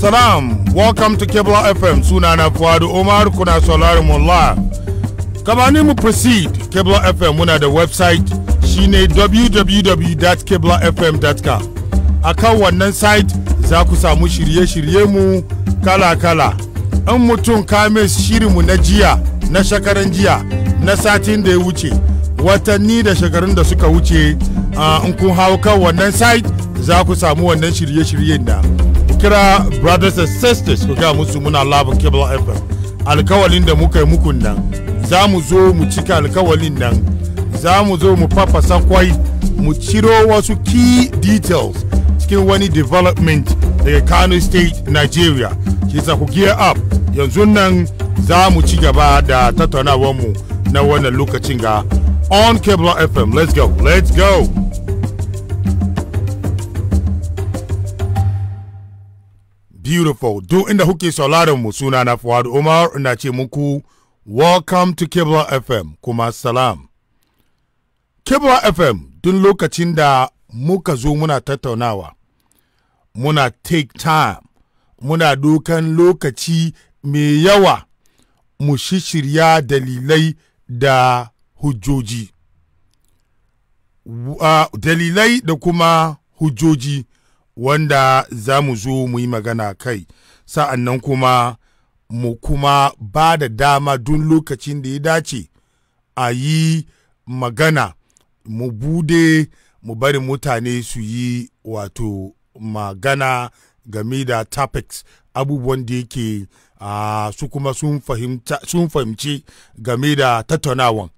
salam welcome to kebla fm sunana fuadu omar kuna Solari mu Kama ni mu proceed kebla fm muna da website shine www.kablafm.com a kan wannan site za ku samu shirye-shirye mu kala-kala in mutum kame shirinmu na jiya na shekaran jiya na satin da ya wuce watanni da shekarun da suka wuce ah, in kun hau kan wannan site za ku samu wannan shirye-shiryen da kira brothers and sisters ku ga musu muna labin kibla fm alkawalin da muka yi mukun nan za mu zo mu cika alkawalin nan za mu zo mu fafasa kwai mu ciro wasu key details cikin wani development daga kano state nigeria shi sa ku gear up yanzu nan za mu ci gaba da tattaunawarmu na wannan lokacin ga on kibla fm let's go let's go Beautiful. Duk inda kuke sauraron mu suna na Fuad Umar ina ce muku welcome to Kibla FM kuma salam. Kibla FM duk lokacin da muka zo muna tattaunawa, muna take time, muna dokan lokaci mai yawa mu shishirya dalilai da hujjoji. Uh, dalilai da kuma hujjoji. wanda za mu zo mu yi magana kai sa'an nan kuma mu kuma ba da dama duk lokacin da ya dace a yi magana mu bude mu bari mutane su yi wato magana game da topics abubuwan da yake su kuma sun fahimci game da tattaunawan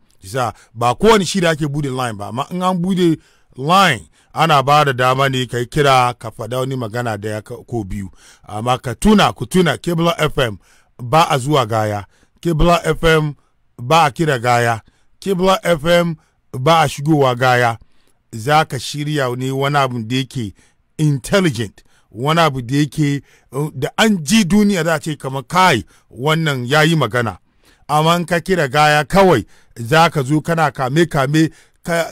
ba kowane shida ake bude line ba amma in an bude line ana ba da dama ne kai kira ka faɗa wani magana da ya ko biyu amma ka tuna ku tuna kebla fm ba a zuwa gaya kebla fm ba a kira gaya kebla fm ba a shigowa gaya za ka shirya ne wani abu da yake intelligent wani abu da yake da an ji duniya za a ce kamar kai wannan ya yi magana amma ka kira gaya kawai za ka zo kana kame-kame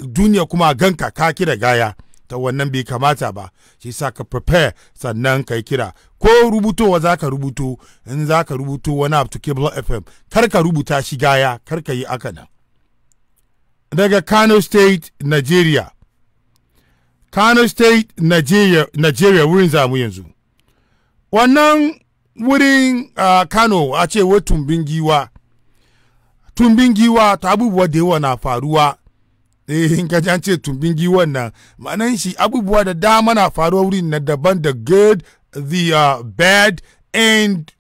duniya kuma ganka ka kira gaya ta wannan bai kamata ba shi sa ka prepare sannan ka yi kira ko rubutowa za ka rubuto in za ka rubuto wani abu to cable fm kar ka rubuta shi gaya kar ka yi aka nan daga kano state nigeria kano state nigeria, wurin zamu yanzu wannan wurin uh, kano a ce wa tumbin giwa tumbin giwa ta abubuwa da yawa na faruwa Eh, in ka an ce tumbin giwon nan ma'anan shi abubuwa da dama na faruwa wurin na daban da good the uh, bad and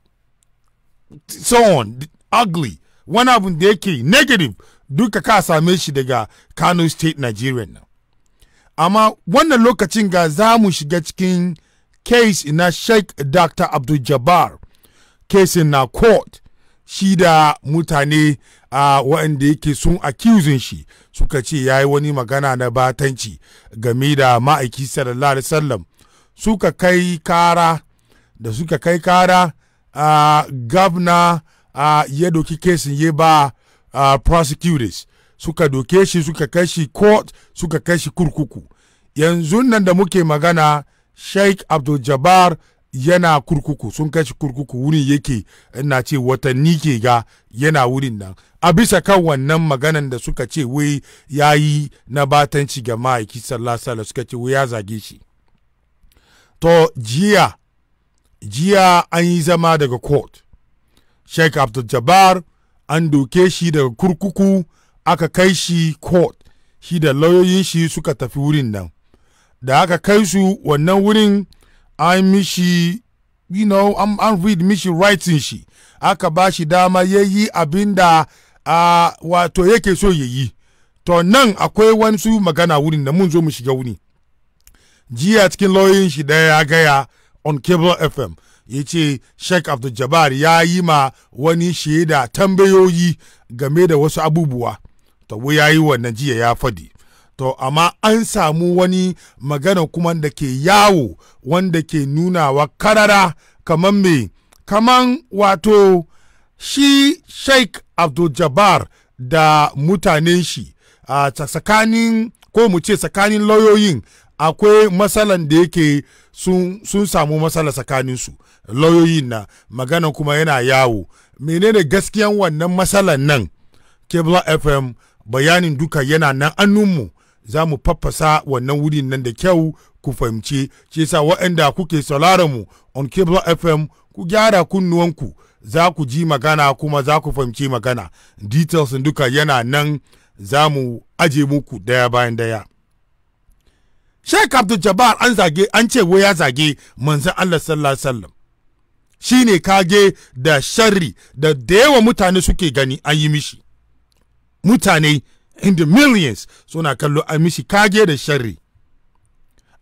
so on ugly wani abun da yake negative duka ka same shi daga kano state nigeria nan amma wannan lokacin ga za mu shiga cikin case na sheikh dr abdul jabbar case na court shi da mutane a uh, waɗanda yake sun accusing shi suka ce ya yi wani magana na batanci game da ma'aiki sallallahu alaihi wasallam suka kai kara da suka kai kara a uh, gabna uh, ya doki kesin ya ba uh, prosecutors suka doke shi suka kai shi court suka kai shi kurkuku yanzu nan da muke magana sheikh abdul jabbar yana kurkuku sun kashi kurkuku wurin yake ina ce watanni ke ga yana wurin nan a bisa kan wannan maganan da suka ce wai ya yi na batanci ga ma'aiki sallasala suka ce wai ya zage shi to jiya jiya an yi zama daga court sheikh abdul an doke shi daga kurkuku aka kai shi court shi da lauyoyin shi suka tafi wurin nan da aka kai su wannan wurin an mishi you know an, read mishi writing shi aka ba shi dama ya yi abin da wato yake so ya yi to nan akwai wasu magana wuni da mun zo mu shiga wuni jiya cikin lauyoyin shi daya ya gaya on cable fm ya ce sheikh abdul ya yi ma wani shaida tambayoyi game da wasu abubuwa to ya yi wannan jiya ya fadi to amma an samu wani magana kuma da ke yawo wanda ke nuna wa karara kaman me kaman wato shi sheikh abdul-jabbar da mutane shi a tsakanin ko mu ce tsakanin lauyoyin akwai matsalan da yake sun, sun samu matsala tsakaninsu lauyoyin na magana kuma yana yawo menene gaskiyan wannan matsalan nan kebla fm bayanin duka yana nan annunmu za mu faffasa wannan wurin nan da kyau ku fahimci shi yasa waɗanda kuke sauraron mu on cable fm ku gyara kunnuwanku za ku ji magana kuma za ku fahimci magana details duka yana nan za mu aje muku daya bayan daya Sheikh Abdul Jabbar an zage an ce wai ya zage manzon Allah sallallahu alaihi wasallam shine kage da sharri da da yawa mutane suke gani an yi mishi mutane in the millions suna kallo a kage da sharri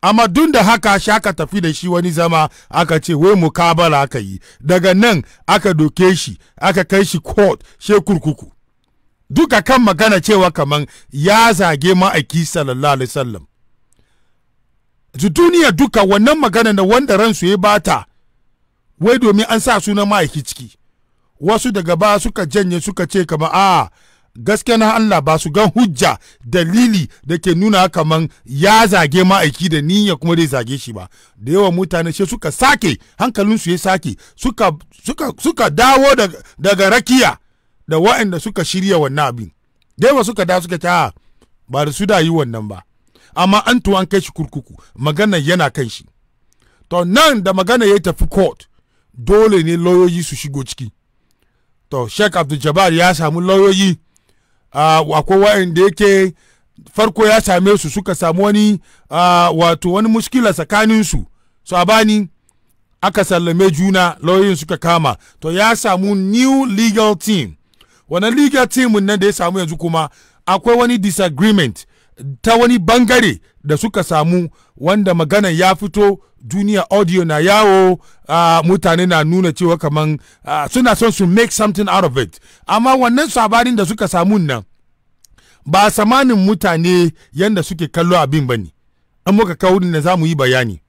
amma duk da haka shi aka tafi da shi wani zama aka ce wai mukabala aka yi daga nan aka doke shi aka kai shi court she kurkuku duka kan magana cewa kaman ya zage ma'aiki sallallahu alaihi wasallam duniya duka wannan magana da wanda ransu ya bata wai domin an sa sunan ma'aiki ciki wasu daga ba suka janye suka ce kama a gaskiya na Allah ba su gan hujja dalili da ke nuna kaman ya zage ma'aiki da niyya kuma zai zage shi ba da yawa mutane shi suka sake hankalinsu ya sake suka, suka, suka dawo daga, rakiya da wa'anda suka shirya wannan abin da yawa suka da suka ta ba da su da yi wannan ba amma an tuwan kai shi kurkuku magana yana kan shi to nan da magana ya tafi court dole ne lauyoyi su shigo ciki to Sheikh abdul ya samu lauyoyi akwai wa'anda yake farko ya same su suka samu wani wato wani muskila tsakaninsu su a bani aka sallame juna lauyoyin suka kama to ya samu new legal team wannan legal team nan da ya samu yanzu kuma akwai wani disagreement ta wani bangare da suka samu wanda magana ya fito duniya audio na yawo uh, mutane na nuna cewa kaman uh, suna son su make something out of it amma wannan sabarin da suka samu nan ba samanin mutane yadda suke kallo abin ba ne an muka kawo da za mu yi bayani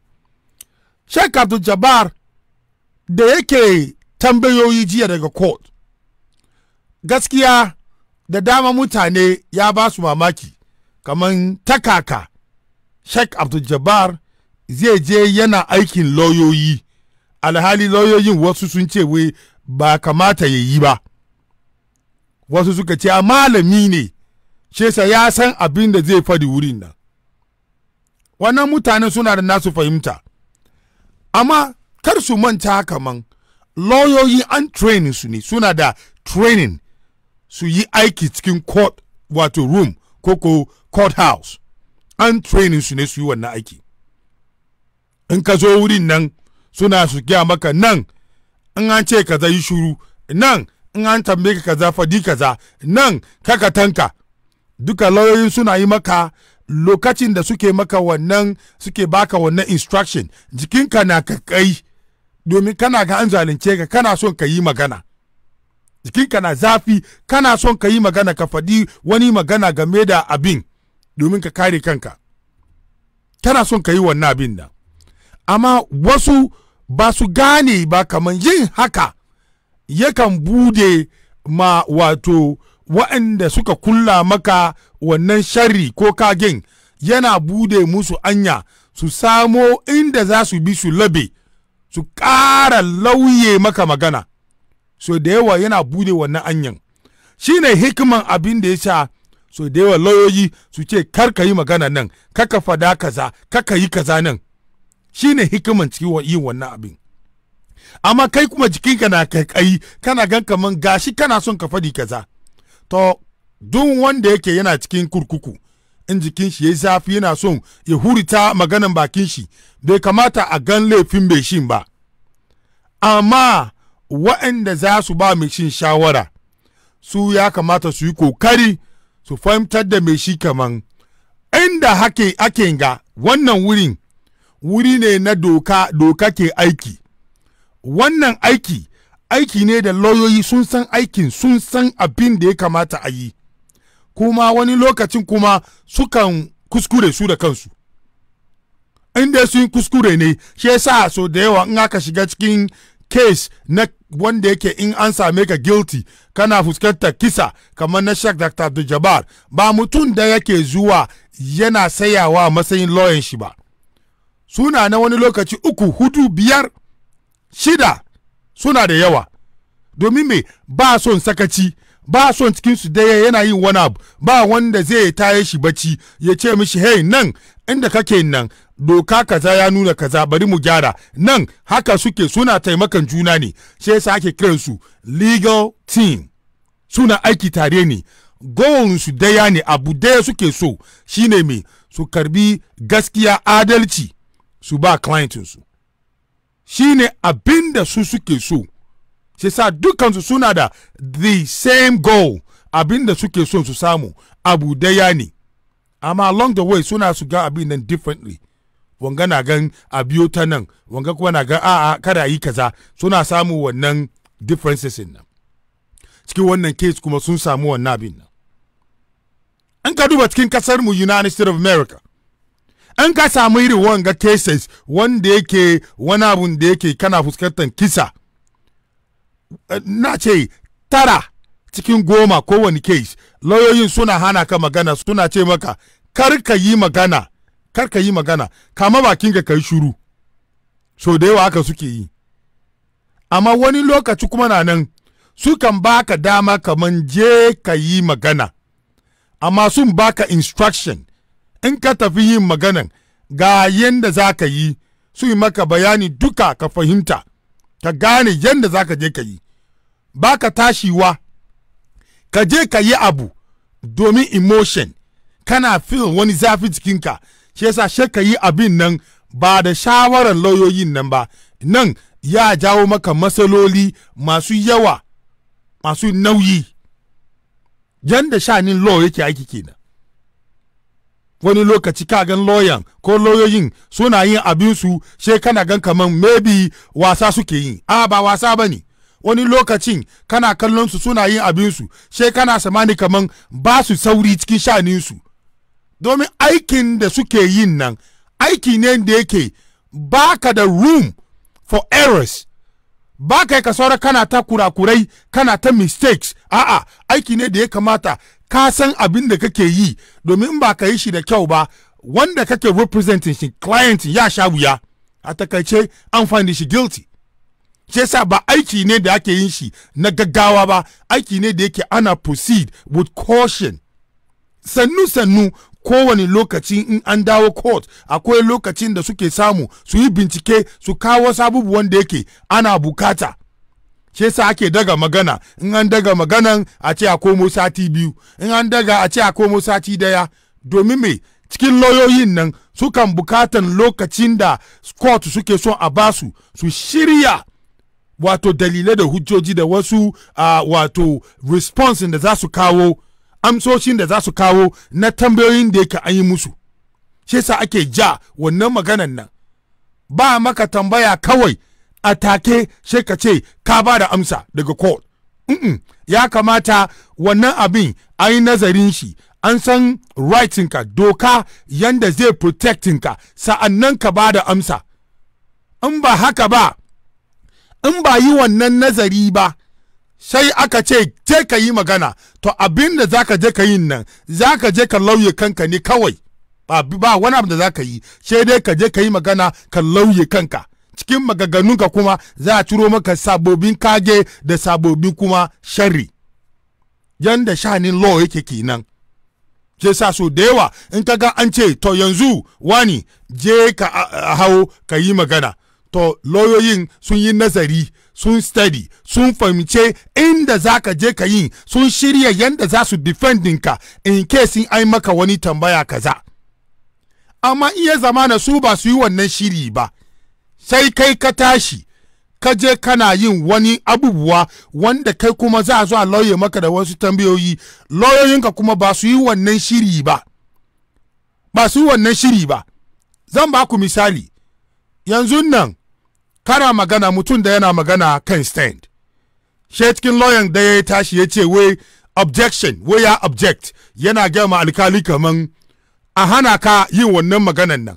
sheikh jabar da yake tambayoyi jiya daga court gaskiya da dama mutane ya ba su mamaki kamar takaka sheikh abdul jabbar zai je yana aikin lauyoyi alhali lauyoyin wasu sun ce wai ba kamata ya yi ba wasu suka ce a malami ne shesa ya san abin da zai fadi wurin nan wannan mutane suna da nasu fahimta amma kar su manta kaman lauyoyi an training su ne suna da training su yi aiki cikin court wato room ko ko courthouse an training su ne su yi wannan aiki in ka zo wurin nan suna su gya maka nan in an ce kaza yi shuru nan in an tambaye ka kaza fadi kaza nan kaka tanka duka lauyoyin suna yi maka lokacin da suke maka wannan suke baka wannan instruction jikinka na kakai domin kana ga an zalunce ka kana son ka yi magana jikinka na zafi kana son ka yi magana ka faɗi wani magana game da abin domin ka kare kanka tana son ka yi wannan abin nan amma wasu ba su gane ba kamar yin haka yakan bude ma wato wa'anda suka kulla maka wannan shari ko kagen yana bude musu anya su samo inda za su bi su labe su ƙara lauye maka magana so da yawa yana bude wannan anyan shine hikiman abin da ya sha so da yawa lauyoyi su ce kar ka yi magana nan kaka fada kaza kaka yi kaza nan shine hikiman cikin yin wannan abin amma kai kuma jikinka na kaikayi kana gan kaman gashi kana son ka fadi kaza to duk wanda yake yana cikin kurkuku in jikin shi yayi zafi yana son ya hurita maganan bakin shi bai kamata a gan laifin bai shin ba amma waɗanda za su ba mai shin shawara su ya kamata su yi kokari su fahimtar da mai shi kaman inda hake ake ga wannan wurin wuri ne na doka doka ke aiki wannan aiki aiki ne da lauyoyi sun san aikin sun san abin da ya kamata a yi kuma wani lokacin kuma sukan kuskure su da kansu inda sun kuskure ne shi yasa so da yawa in aka shiga cikin case na wanda yake in an same ka guilty kana fuskantar kisa kamar na Sheikh Dr. Abdul ba mutum da yake zuwa yana sayawa matsayin lawyer shi ba suna na wani lokaci uku hudu biyar shida suna da yawa domin me ba son sakaci ba son cikin su daya yana yin wani abu ba wanda zai taye shi bacci ya ce mishi hey nan inda kake nan doka kaza ya nuna kaza bari mu gyara nan haka suke suna taimakan juna ne sai yasa ake kiransu legal team suna aiki tare ne su daya ne abu daya suke so shine mai su karbi gaskiya adalci su ba clientinsu shine abin da su suke so sai sa dukansu suna da the same goal abin da suke so su samu abu daya ne amma along the way suna su ga abin nan differently wanga na gan a biyo ta nan wanga kuma na gan a'a kada yi kaza suna samu wannan differences nan cikin wannan case kuma sun samu wannan abin nan an ka duba cikin kasar mu United States of America an ka samu irin wanga cases wanda yake wani abun da yake kana fuskantar kisa eh, na ce tara cikin goma kowane case lauyoyin suna hana ka magana suna ce maka kar ka yi magana kar ka yi magana kama bakinka ka yi shuru so da yawa haka suke yi amma wani lokaci kuma na nan su sukan baka dama kaman je ka yi magana amma sun baka instruction in ka tafi yin maganan ga yadda za ka yi su yi maka bayani duka ka fahimta ka gane yadda za ka je ka yi ba ka tashiwa ka je ka yi abu domin emotion kana feel wani zafi jikinka shi yasa ka yi abin nan ba da shawarar lauyoyin nan ba nan ya jawo maka matsaloli masu yawa masu nauyi da shanin law yake aiki kenan wani lokaci ka gan lawyer ko lauyoyin suna yin abinsu sai kana gan kaman maybe wasa suke yi a ba wasa ba ne wani lokacin kana kallon su suna yin abinsu sai kana samani kaman ba su sauri cikin shaninsu domin aikin da suke yin nan aiki ne da yake ba ka da room for errors ba ka yi kana ta kurakurai kana ta mistakes a'a aiki ne da ya kamata ka san abin da kake yi domin ba ka yi shi da kyau ba wanda kake representing shi client ya sha wuya a takaice an find shi guilty shi yasa ba aiki ne da ake yin shi na gaggawa ba aiki ne da yake ana proceed with caution sannu sannu kowane lokaci in an dawo court akwai lokacin da suke samu su yi bincike su kawo sabubuwan da yake ana bukata shi sa ake daga magana in an daga maganan a ce a komo sati biyu in an daga a ce a komo sati daya domin me cikin lauyoyin nan sukan bukatan lokacin da court suke son a basu su shirya wato dalilai da hujjoji da wasu uh, wato response da za su kawo amsoshin da za su kawo na tambayoyin da yake an yi musu shi yasa ake ja wannan maganan nan ba maka tambaya kawai a take sai ka ce ka ba da amsa daga court mm ya kamata wannan abin a yi nazarin shi an san ka doka yanda zai protectinka sa'annan ka ba da amsa in ba haka ba in ba yi wannan nazari ba sai aka ce je ka yi magana to abin da za ka je ka yin nan za ka je ka lauye kanka ne kawai ba, ba wani abu da za ka yi sai dai ka je ka yi magana ka lauye kanka cikin magaganunka kuma za a ciro maka sabobin kage da sabobin kuma sharri yanda shanin law yake kenan je sa so da yawa in ka ga an ce to yanzu wani je ka hau ka yi magana to lauyoyin sun yi nazari sun study sun fahimce inda za ka je ka yi sun shirya yadda za su defendinka in case ai maka wani tambaya kaza amma iya zama na su ba su yi wannan shiri ba sai kai ka tashi ka je kana yin wani abubuwa wanda kai kuma za a zo a lauye maka da wasu tambayoyi lauyoyinka kuma ba su yi wannan shiri ba ba su yi wannan shiri ba zan ba ku misali yanzu nan kana magana mutum da yana magana kan stand she cikin lawyer da ya tashi ya ce wai objection wai ya object yana gama alkali kaman a hana ka yin wannan maganan nan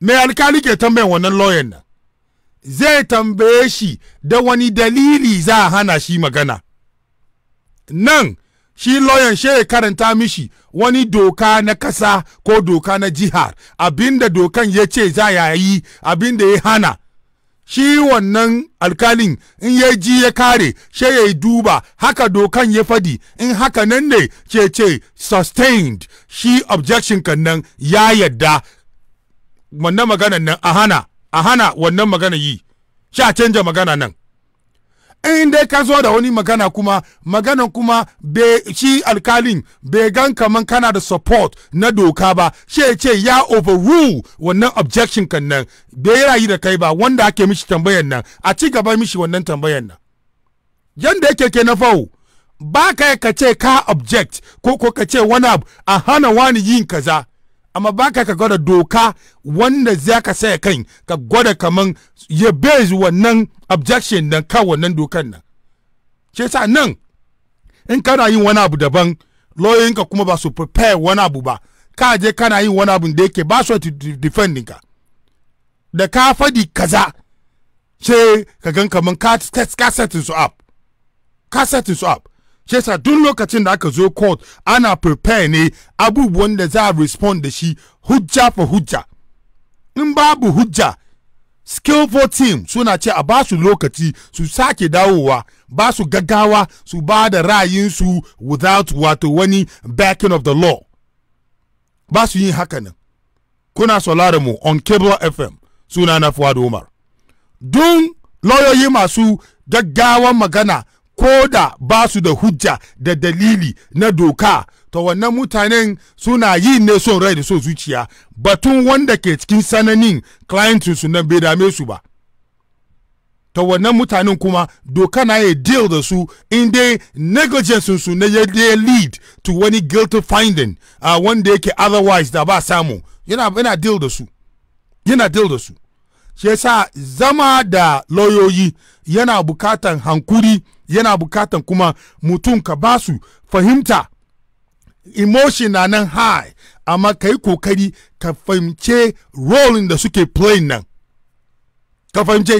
Mai alkali ke tambayan wannan lawyer nan zai tambaye shi da wani dalili za a hana shi magana nan shi lawyer she ya karanta mishi wani doka na kasa ko doka na jihar abinda dokan ya ce za ya yi abinda ya hana shi wannan alkalin in ya ji ya kare sai ya duba haka dokan ya fadi in haka nan ne ce ce sustained shi objection kan nan ya yadda wannan maganan nan a hana a hana wannan magana yi sha canja magana nan in dai ka zo da wani magana kuma magana kuma shi alkalin bai gan kaman kana da support na doka ba shi ya ce ya overrule wannan objection kan nan bai rayu da kai ba wanda ake mishi tambayan nan a ci gaba mishi wannan tambayan nan yanda yake ke na fawo ba ka ka ce ka object ko ko ka ce wani abu a hana wani yin kaza amma baka ka gwada doka wanda za ka saya kai ka gwada kaman ya base wannan objection nan ka wannan dokan nan ce sa nan in kana yin wani abu daban ka kuma ba su prepare wani abu ba ka je kana yin wani abu da yake ba su defending ka da ka fadi kaza ce ka gan kaman ka set su up ka set su up shi duk lokacin da aka zo court ana prepare ne abubuwan da za a respond da shi hujja fa hujja in babu hujja skillful team suna ce a ba su lokaci su sake dawowa ba su gaggawa su ba da ra'ayinsu without wato wani backing of the law ba su yin haka nan kuna saurara mu on cable fm suna na da umar dun lauyoyi masu gaggawan magana ko da ba su da hujja da dalili na doka to wannan mutanen suna yi ne son rai da son zuciya batun wanda ke cikin sananin clientinsu na bai dame su ba ta wannan mutanen kuma doka na ya deal da su in dai negligence su na ya lead to wani guilty finding a uh, wanda yake otherwise da ba samu yana yana deal da su yana deal da su shi yasa zama da lauyoyi yana bukatan hankuri yana bukatan kuma mutum ka ba su fahimta emotion na nan high amma ka yi kokari ka fahimce rolin da suke playing nan ka fahimce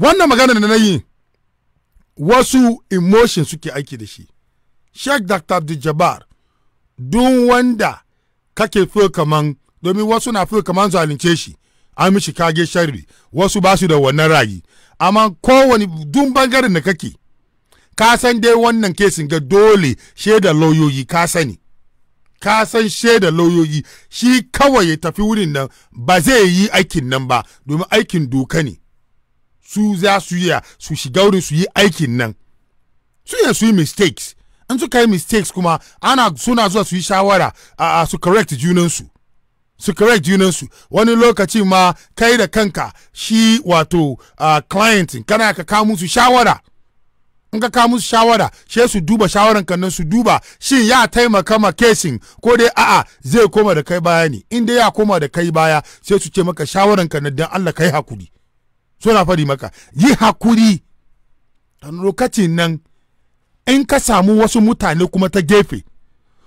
wannan magana da na yi wasu emotion suke aiki da shi sheikh dr abdul-jabbar duk wanda kake fi kaman domin wasu na fi kaman zalunce shi an mishi kage sharri wasu ba su da wannan rayi amma kowane dun bangaren da kake ka san dai wannan kesin ga dole shaida lauyoyi ka sani ka san shaida lauyoyi shi kawai ya tafi wurin nan ba zai yi aikin nan ba domin aikin doka ne su za su yi su shiga wurin su yi aikin nan su yi su yi mistakes in suka yi mistakes kuma ana suna zuwa su yi shawara a su correct junansu su correct junansu wani lokaci ma kai da kanka shi wato uh, client kana ka kawo musu shawara in ka kawo musu shawara she su duba shawaran kan su duba shin ya taimaka ma kesin ko dai a'a zai koma da kai baya ne in dai ya koma da kai baya sai su ce maka shawaran kan nan dan Allah kai hakuri suna fadi maka yi hakuri dan lokacin nan in ka samu wasu mutane kuma ta gefe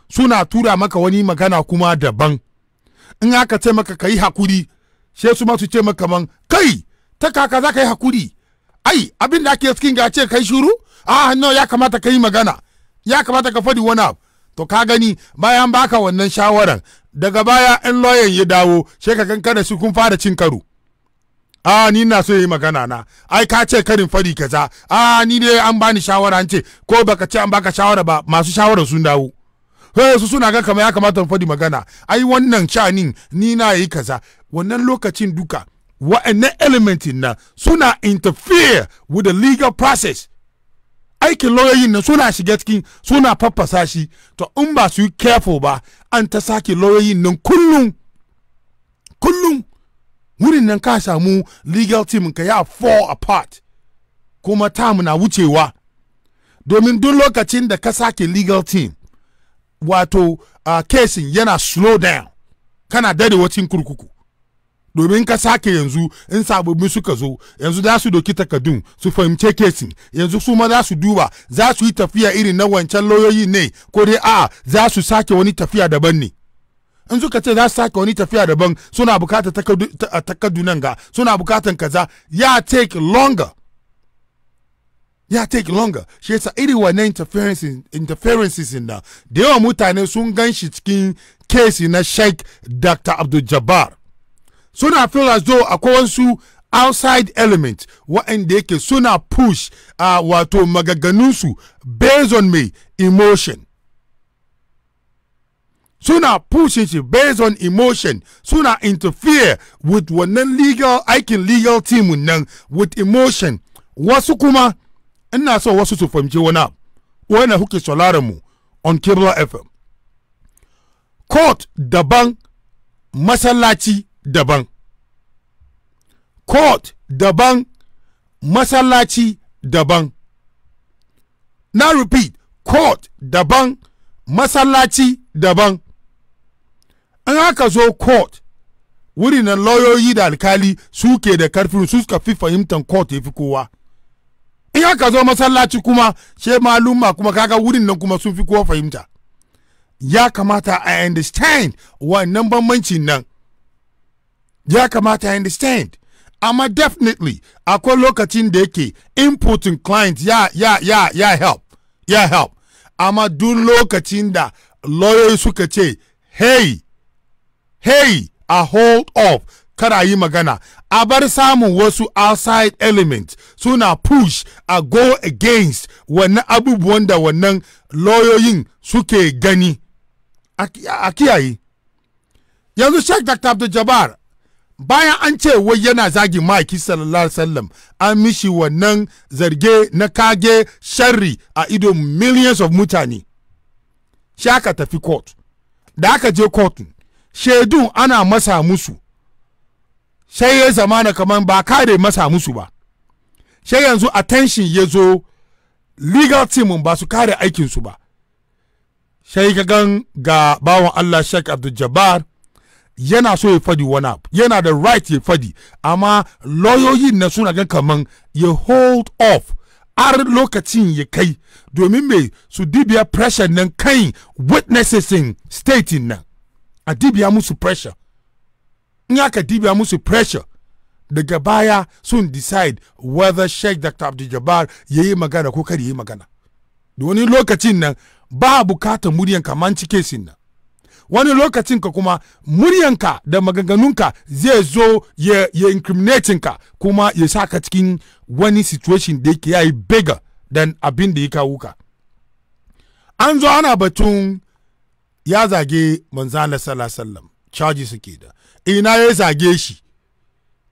suna tura maka wani magana kuma daban in aka ce maka ka yi hakuri sai su ma ce maka man kai ta kaka za ka yi hakuri ai abin da ake cikin ga ce kai shuru a ah, no ya kamata ka yi magana ya kamata ka faɗi wani abu to ka gani bayan baka wannan shawaran daga baya in lawyer ya dawo sai ka ganka da su kun fara cin karo a ah, ni na so yi magana na ai ka ce karin fari kaza a ah, ni ne an bani shawara an ce ko baka ce an baka shawara ba masu shawara sun dawo hey, su suna ga kamar ya kamata mu faɗi magana ai wannan canin ni na yi kaza wannan lokacin duka wa'annan elementin na suna interfere with the legal process aikin lauyoyin nan suna shiga cikin suna faffasa shi to in ba su yi careful ba an ta sake lauyoyin nan kullum kullum wurin nan ka samu legal team ka ya fall apart kuma tamu na wucewa domin duk lokacin da ka sake legal team wato uh, kesin yana slow down kana dare wacin kurkuku domin ka sake yanzu in sababbi suka zo yanzu za su doki takardun su fahimce kesin yanzu su ma za su duba za su yi tafiya irin na wancan lauyoyi ne ko dai a'a za su sake wani tafiya daban ne in suka ce za su sake wani tafiya daban suna bukatar takardu nan ga suna bukatar kaza ya take longer ya take longer shi yasa iri wannan interferences, interferences in da da yawa mutane sun gan shi cikin kesi na sheikh dr abdul jabbar suna feel as though akwai wasu outside element waɗanda yake suna push a uh, wato magaganunsu based on me emotion suna pushing shi based on emotion suna interfere with wannan legal aikin legal team nan with emotion wasu kuma ina so wasu su fahimci wani abu wanda kuke mu on cable fm court daban masallaci daban court daban masallaci daban na repeat court daban masallaci daban an aka zo court wuri nan lauyoyi da alkali suke da karfin su suka fi fahimtar court ya fi kowa in ka zo masallaci kuma she maluma kuma kaga wurin nan kuma sun fi kowa fahimta ya kamata i understand wannan bambancin nan ya kamata i understand amma definitely akwai lokacin da yake inputin client ya ya ya ya help ya help amma duk lokacin da lawyer suka ce hey hey a hold off kada yi magana a bar samun wasu outside element suna push a go against wannan abubuwan da wannan lauyoyin suke gani a kiyaye yanzu sheikh dr abdul jabbar bayan an ce wai yana zagin ma'aiki sallallahu wasallam an mishi wannan zarge na kage sharri a ido millions of mutane shi aka tafi court da aka je court shaidu ana masa musu sai ya zamana kaman ba kare masa musu ba sai yanzu attention ya zo legal team ba su kare aikinsu ba sai ka gan ga bawan Allah Sheikh Abdul Jabbar yana so ya fadi wani abu yana da right ya fadi amma lauyoyin na suna gan kaman ya hold off har lokacin ya kai domin me su dibiya pressure nan kai witnesses in state nan a dibiya musu pressure in aka dibiya musu pressure daga baya sun decide whether sheikh dr abdul-jabbar ya yi magana ko kar ya yi magana da wani lokacin nan ba bukatar muryan kaman sin nan wani lokacin ka kuma muryan ka da maganganunka zai zo ya, ya incriminating ka kuma ya sa ka cikin wani situation da yake yayi bigger dan abin da ya kawo ka an zo ana batun ya zage manzana sallallahu alaihi wasallam charges suke da ina ya zage shi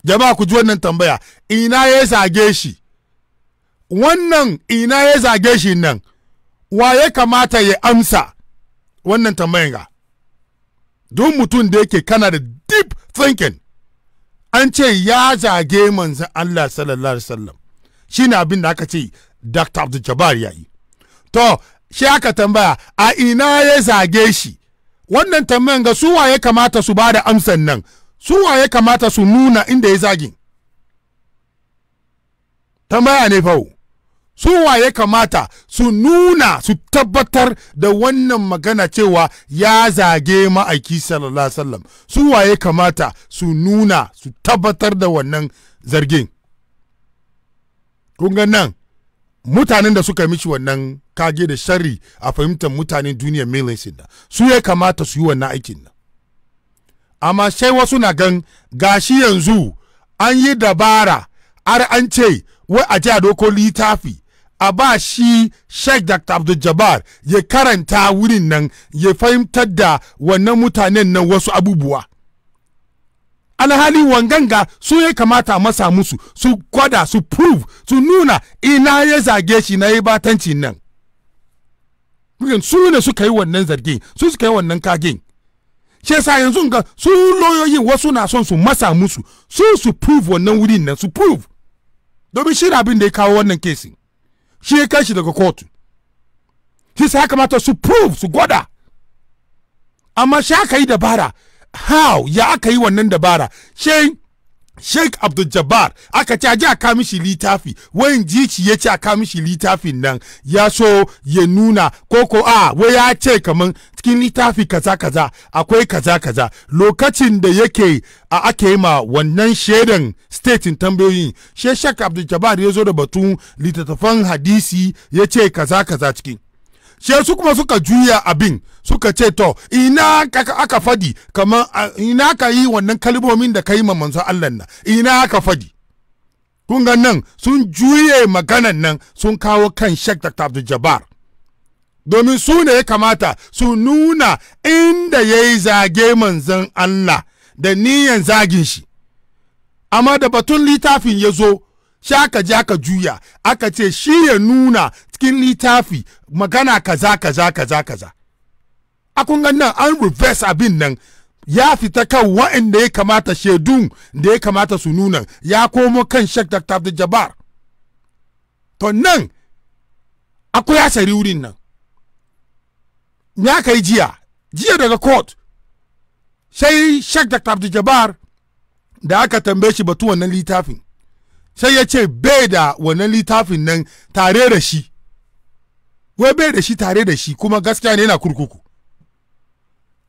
jama'a ku ji wannan tambaya ina ya zage shi wannan ina ya zage shi nan wa ya kamata ya amsa wannan tambayan ga duk mutum da yake kana da deep thinking an ce ya zage manzan Allah sallallahu alaihi wasallam shi ne abin da aka ce Dr. Abdul Jabbar ya yi to shi aka tambaya a ina ya zage shi wannan tambayan ga su waye kamata su ba da amsan nan su waye kamata su nuna inda ya zagi tambaya ne fau su waye kamata su nuna su tabbatar da wannan magana cewa ya zage ma'aiki sallallahu alaihi wasallam su waye kamata su nuna su tabbatar da wannan zargin kun nan mutanen da suka mishi wannan kage da shari a fahimtar mutanen duniya milisin da su ya kamata su yi wannan aikin nan amma sai wasu na gan gashi yanzu an yi dabara har an ce wai a a doko littafi a ba shi sheikh dr abdul jabbar ya karanta wurin nan ya fahimtar da wannan mutanen nan wasu abubuwa alhali wanganga su ya kamata a masa musu su gwada su prove su nuna ina ya zage shi na yi batanci nan su ne suka yi wannan zargin su suka yi wannan kagin shi yasa yanzu ga su loyoyin wasu na son su masa musu su su prove wannan wurin nan su prove domin shi abin da ya kawo wannan kesin shi ya kai shi daga kotu shi sa kamata su prove su gwada amma shi aka yi dabara how ya aka yi wannan dabara shai Sheikh Abdul Jabbar aka ce ji a kawo mishi littafi wayan jici ya ce a kawo mishi littafin nan ya so ya nuna ko ko a wai ya ce kaman cikin littafi kaza kaza akwai kaza kaza lokacin da yake a ake ma wannan shaidan statin tambayoyin Sheikh Abdul Jabbar ya zo da batun litattafan hadisi ya ce kaza kaza cikin shi su kuma suka juya abin suka ce to ina aka fadi kamar ina ka yi wannan kalmomin da ka yi mamansu Allah na ina aka fadi kun nan sun juye maganan nan sun kawo kan Sheikh Dr. Abdul Jabbar domin su ne ya kamata su nuna inda ya yi zage manzon Allah da niyan zagin shi amma da batun littafin ya zo shaka ja ka juya aka ce shi ya nuna cikin littafi magana kaza kaza kaza kaza a kun nan an reverse abin nan ya fita kan wa'anda ya kamata shaidun da ya kamata su nuna ya komo kan shek dr abdul to nan akwai asari wurin nan ya kai jiya jiya daga court sai shek dr abdul da aka tambaye shi batu wannan littafin sai ya ce bai da wannan littafin nan tare da shi wai bai da shi tare da shi kuma gaskiya ne yana kurkuku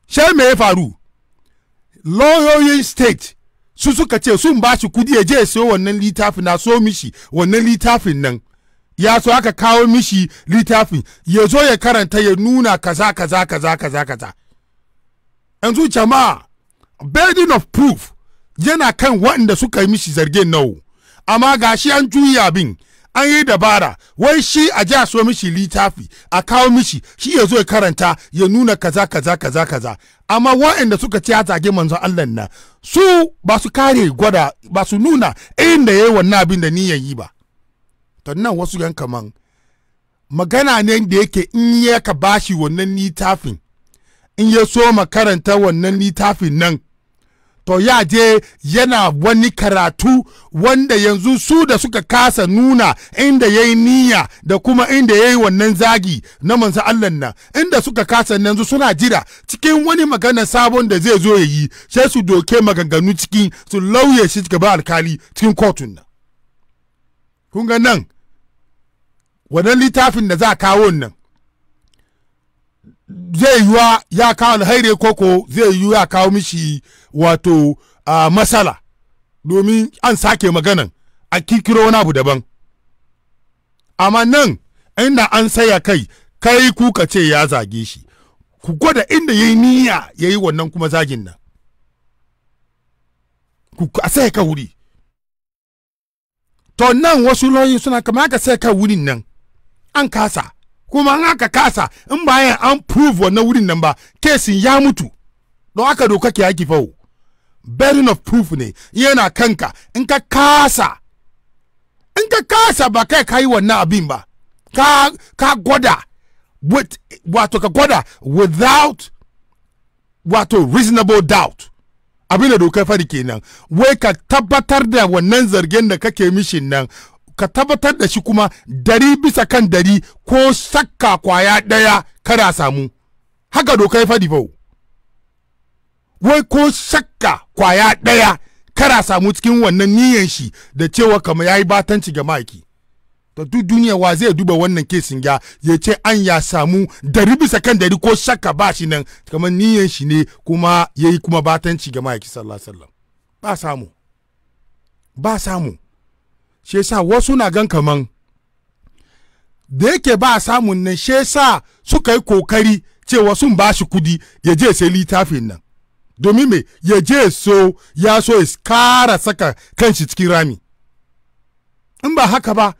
shai mai ya faru lauyoyin state su suka ce sun ba shi kudi ya je sayo wannan littafin na so mishi wannan littafin nan ya so aka kawo mishi littafin ya zo ya karanta ya nuna kaza kaza kaza kaza kaza yanzu jama'a burden of proof yana kan waɗanda suka yi mishi zargin nau amma ga shi an juya bin an yi dabara wai shi a ja so mishi littafi a kawo mishi shi ya zo ya karanta ya nuna kaza kaza kaza kaza amma waɗanda suka ci a zage manzon Allah na su ba su kare gwada ba su nuna inda yayi wannan abin da niyan yi ba to nan wasu yan kaman magana ne da yake in ya ka bashi wannan littafin in ya so makaranta wannan littafin nan to ya je yana wani karatu wanda yanzu su da suka kasa nuna inda ya yi niyya da kuma inda ya yi wannan zagi na mansa Allah nan inda suka kasa yanzu suna jira cikin wani magana sabon da zai zo ya yi sai su doke maganganu cikin su lauye shi gaba alkali cikin kotun nan kun ga nan wannan littafin da za a kawo nan zai yiwa ya kawo alhaire koko zai yiwa ya kawo mishi wato a masala domin an sake maganan a kikiro wani abu daban amma nan inda an saya kai kai kuka ce ya zage shi ku gwada inda ya yi niyya ya yi wannan kuma zagin nan ku a saya ka wuri to nan wasu lauyi suna kama ka saya ka wurin nan an kasa kuma an aka kasa in bayan an prove wannan wurin nan ba kesin ya mutu don aka doka ke yaki fawo burden of proof ne yana kanka in ka kasa in ka kasa ba kai ka yi wannan abin ba ka gwada wato ka gwada without wato reasonable doubt abin da dokar fari kenan wai ka tabbatar da wannan zargin da kake mishin nan ka tabbatar da shi kuma dari bisa kan dari ko shakka kwaya ɗaya kada samu haka dokar fari bau wai ko shakka kwaya ɗaya kara samu cikin wannan niyan shi da cewa kamar ya yi batanci ga ma'aiki to duk duniya wa zai duba wannan kesin ya ya ce an ya samu dari bisa kan ko shakka ba shi nan kamar niyan shi ne kuma ya yi kuma batanci ga ma'aiki sallallahu alaihi ba samu ba samu shi yasa wasu na gan kaman da yake ba samu nan shi yasa suka yi kokari cewa sun ba shi kudi ya je sai littafin nan domin me ya je so ya so ya kara saka kanshi cikin rami in ba haka ba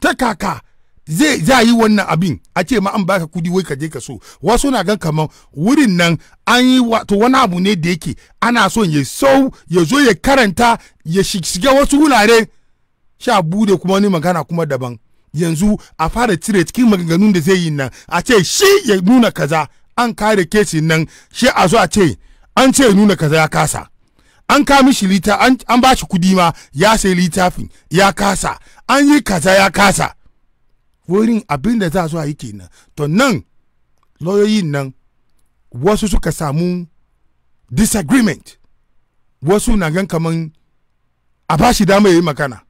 ta kaka zai za yi wannan abin a ce ma an baka kudi wai ka je ka so wasu na gan kaman wurin nan an yi wato wani abu ne da yake ana son ya sau ya zo ya karanta ya shiga wasu wurare sha bude kuma wani magana kuma daban yanzu a fara cire cikin maganganun da zai yi nan a ce shi ya nuna kaza an kare kesi nan shi a zo a ce an ce nuna kaza ya kasa an ka mishi lita an ba shi kudi ma ya sai littafin ya kasa an yi kaza ya kasa wurin abin da za su a yi kenan to nan lauyoyin nan wasu suka samu disagreement wasu na gan kaman a ba shi dama ya yi magana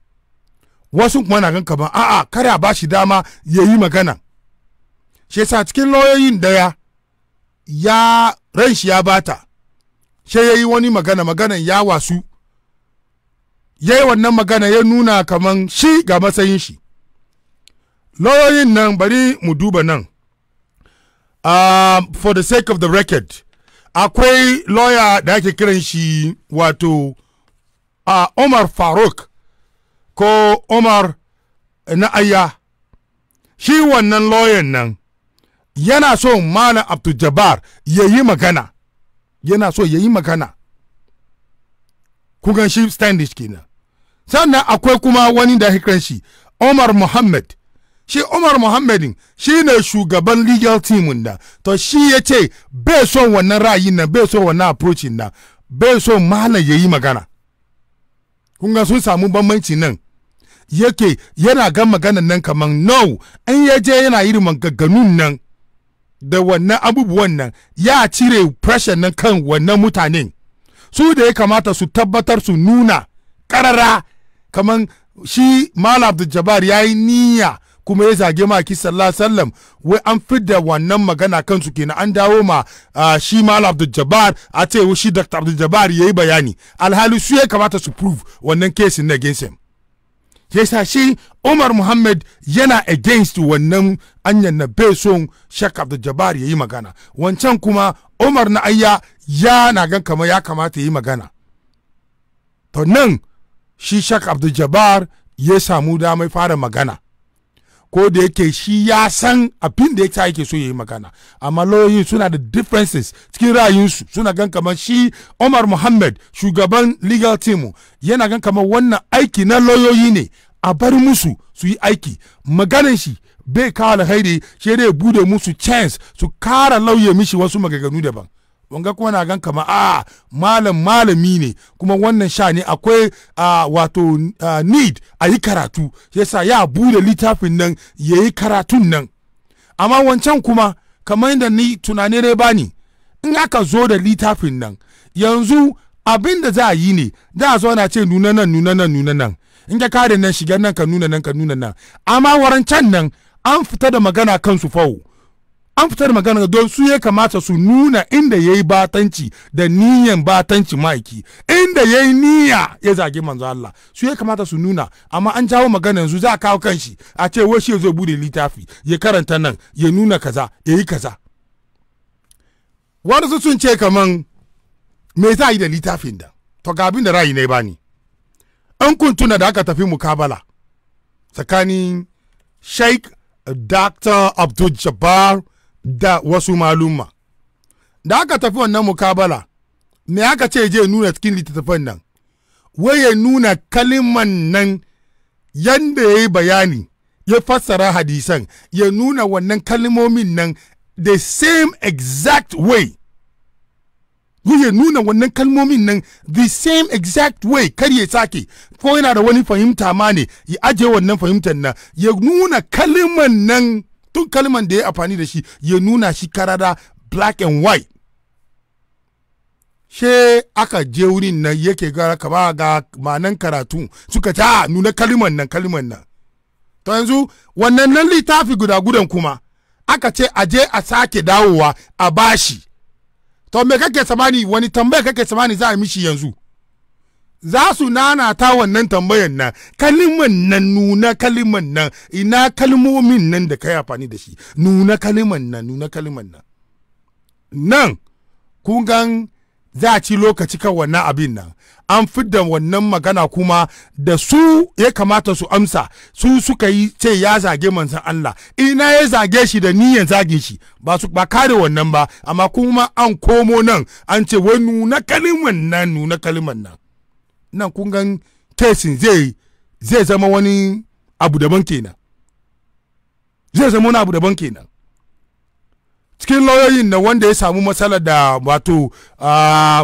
wasu kuma na gan kaman a'a kare a ba shi dama ya yi magana shi yasa cikin lauyoyin daya ya ran shi ya bata sai ya yi wani magana maganan ya wasu ya yi wannan magana ya nuna kaman shi ga matsayin shi lauyoyin nan bari mu duba nan um, for the sake of the record akwai lawyer da ake kiran shi wato uh, omar faruk ko umar na aya shi wannan lawyer nan yana so mana abdul ya yi magana yana so ya yi magana kugan shi standish kenan sannan akwai kuma wani da hikran shi omar muhammad shi omar muhammadin shi ne shugaban legal team da to shi ya ce bai son wannan ra'ayin nan bai son wannan approaching nan bai son malam ya yi magana ga sun samu bambanci nan yake yana gan maganan nan kaman no in yaje je yana irin maganganun nan da wannan abubuwan nan ya cire pressure nan kan wannan mutanen su da ya kamata su tabbatar su nuna karara kamar shi malam abdul ya yi niyya kuma ya zage maki sallallahu sallam wai an da wannan magana kansu kenan an dawo ma shi mal abdul a ce shi dr abdul ya yi bayani alhali su ya kamata su prove wannan kesin na ginsim sa shi umar muhammad yana against wannan anyan na bai son shek abdul jabar ya yi magana wancan kuma umar na ayya ya na gan kama ya kamata ya yi magana to nan shi shek abdul jabar ya samu damai fara magana ko da yake shi ya san abin da yasa yake so ya yi magana amma lauyoyin suna da differences cikin ra'ayinsu suna gan kamar shi Omar muhammed shugaban legal team yana gan kamar wannan aiki na lauyoyi ne a bar musu su yi aiki maganan shi bai kawo alhairi shi dai bude musu chance su kara lauye mishi wasu magaganu daban wanga kuma na gan kama a ah, malam malami ne kuma wannan sha ne akwai ah, wato ah, need a yi karatu yasa ya bude littafin nan ya yi karatun nan amma wancan kuma kamar yadda ni tunani dai bani in aka zo da littafin nan yanzu abin da za a yi ne za a zo na ce nuna nan nuna nan nuna nan in ka kare nan shigar nan ka nuna nan ka nuna nan amma warancan nan an fita da magana kansu fawo an fitar da magana don su ya kamata su nuna inda ya yi batanci da niyan batanci ma'aiki inda ya yi niyya ya zage manzo Allah su ya kamata su nuna amma an jawo magana yanzu za a kawo kanshi a ce wai shi zai bude littafi ya karanta nan ya nuna kaza ya yi kaza wani sun ce kaman me za a yi da littafin da to ga abin da ra'ayi ne bani an kuntuna da aka tafi mukabala tsakanin sheikh dr abdul jabbar da wasu malumma da aka tafi wannan mukabala me aka ce je nuna cikin littattafan nan wai ya nuna kaliman nan yadda ya yi bayani ya fassara hadisan ya nuna wannan kalmomin nan the same exact way ya nuna wannan kalmomin nan the same exact way kar ya sake ko yana da wani fahimta ma ne ya ajiye wannan fahimtar nan ya nuna kaliman nan tun kalman da ya amfani da shi ya nuna shi karada black and white she aka je wurin nan yake gara ka ba ga manan karatu suka ta ah, nuna kalman nan kalman nan to yanzu wannan nan littafi guda gudan kuma aka ce a je a sake dawowa a bashi to me kake samani wani tambaya kake samani za a mishi yanzu za su nanata wannan tambayan nan kaliman nan nuna kaliman nan ina kalmomin nan da ka amfani da shi nuna kaliman nan nuna kaliman nan nan kun za a ci lokaci kan wannan abin nan an fidda wannan magana kuma da su ya kamata su amsa su suka yi ce ya zage manzan Allah ina ya zage shi da niyan zage shi ba su ba kare wannan ba amma kuma an komo nan an ce wai nuna kaliman nan nuna kaliman nan nan kun gan kesin zai zai zama wani abu daban kenan zai zama wani abu daban kenan cikin lauyoyin na wanda ya samu matsala da wato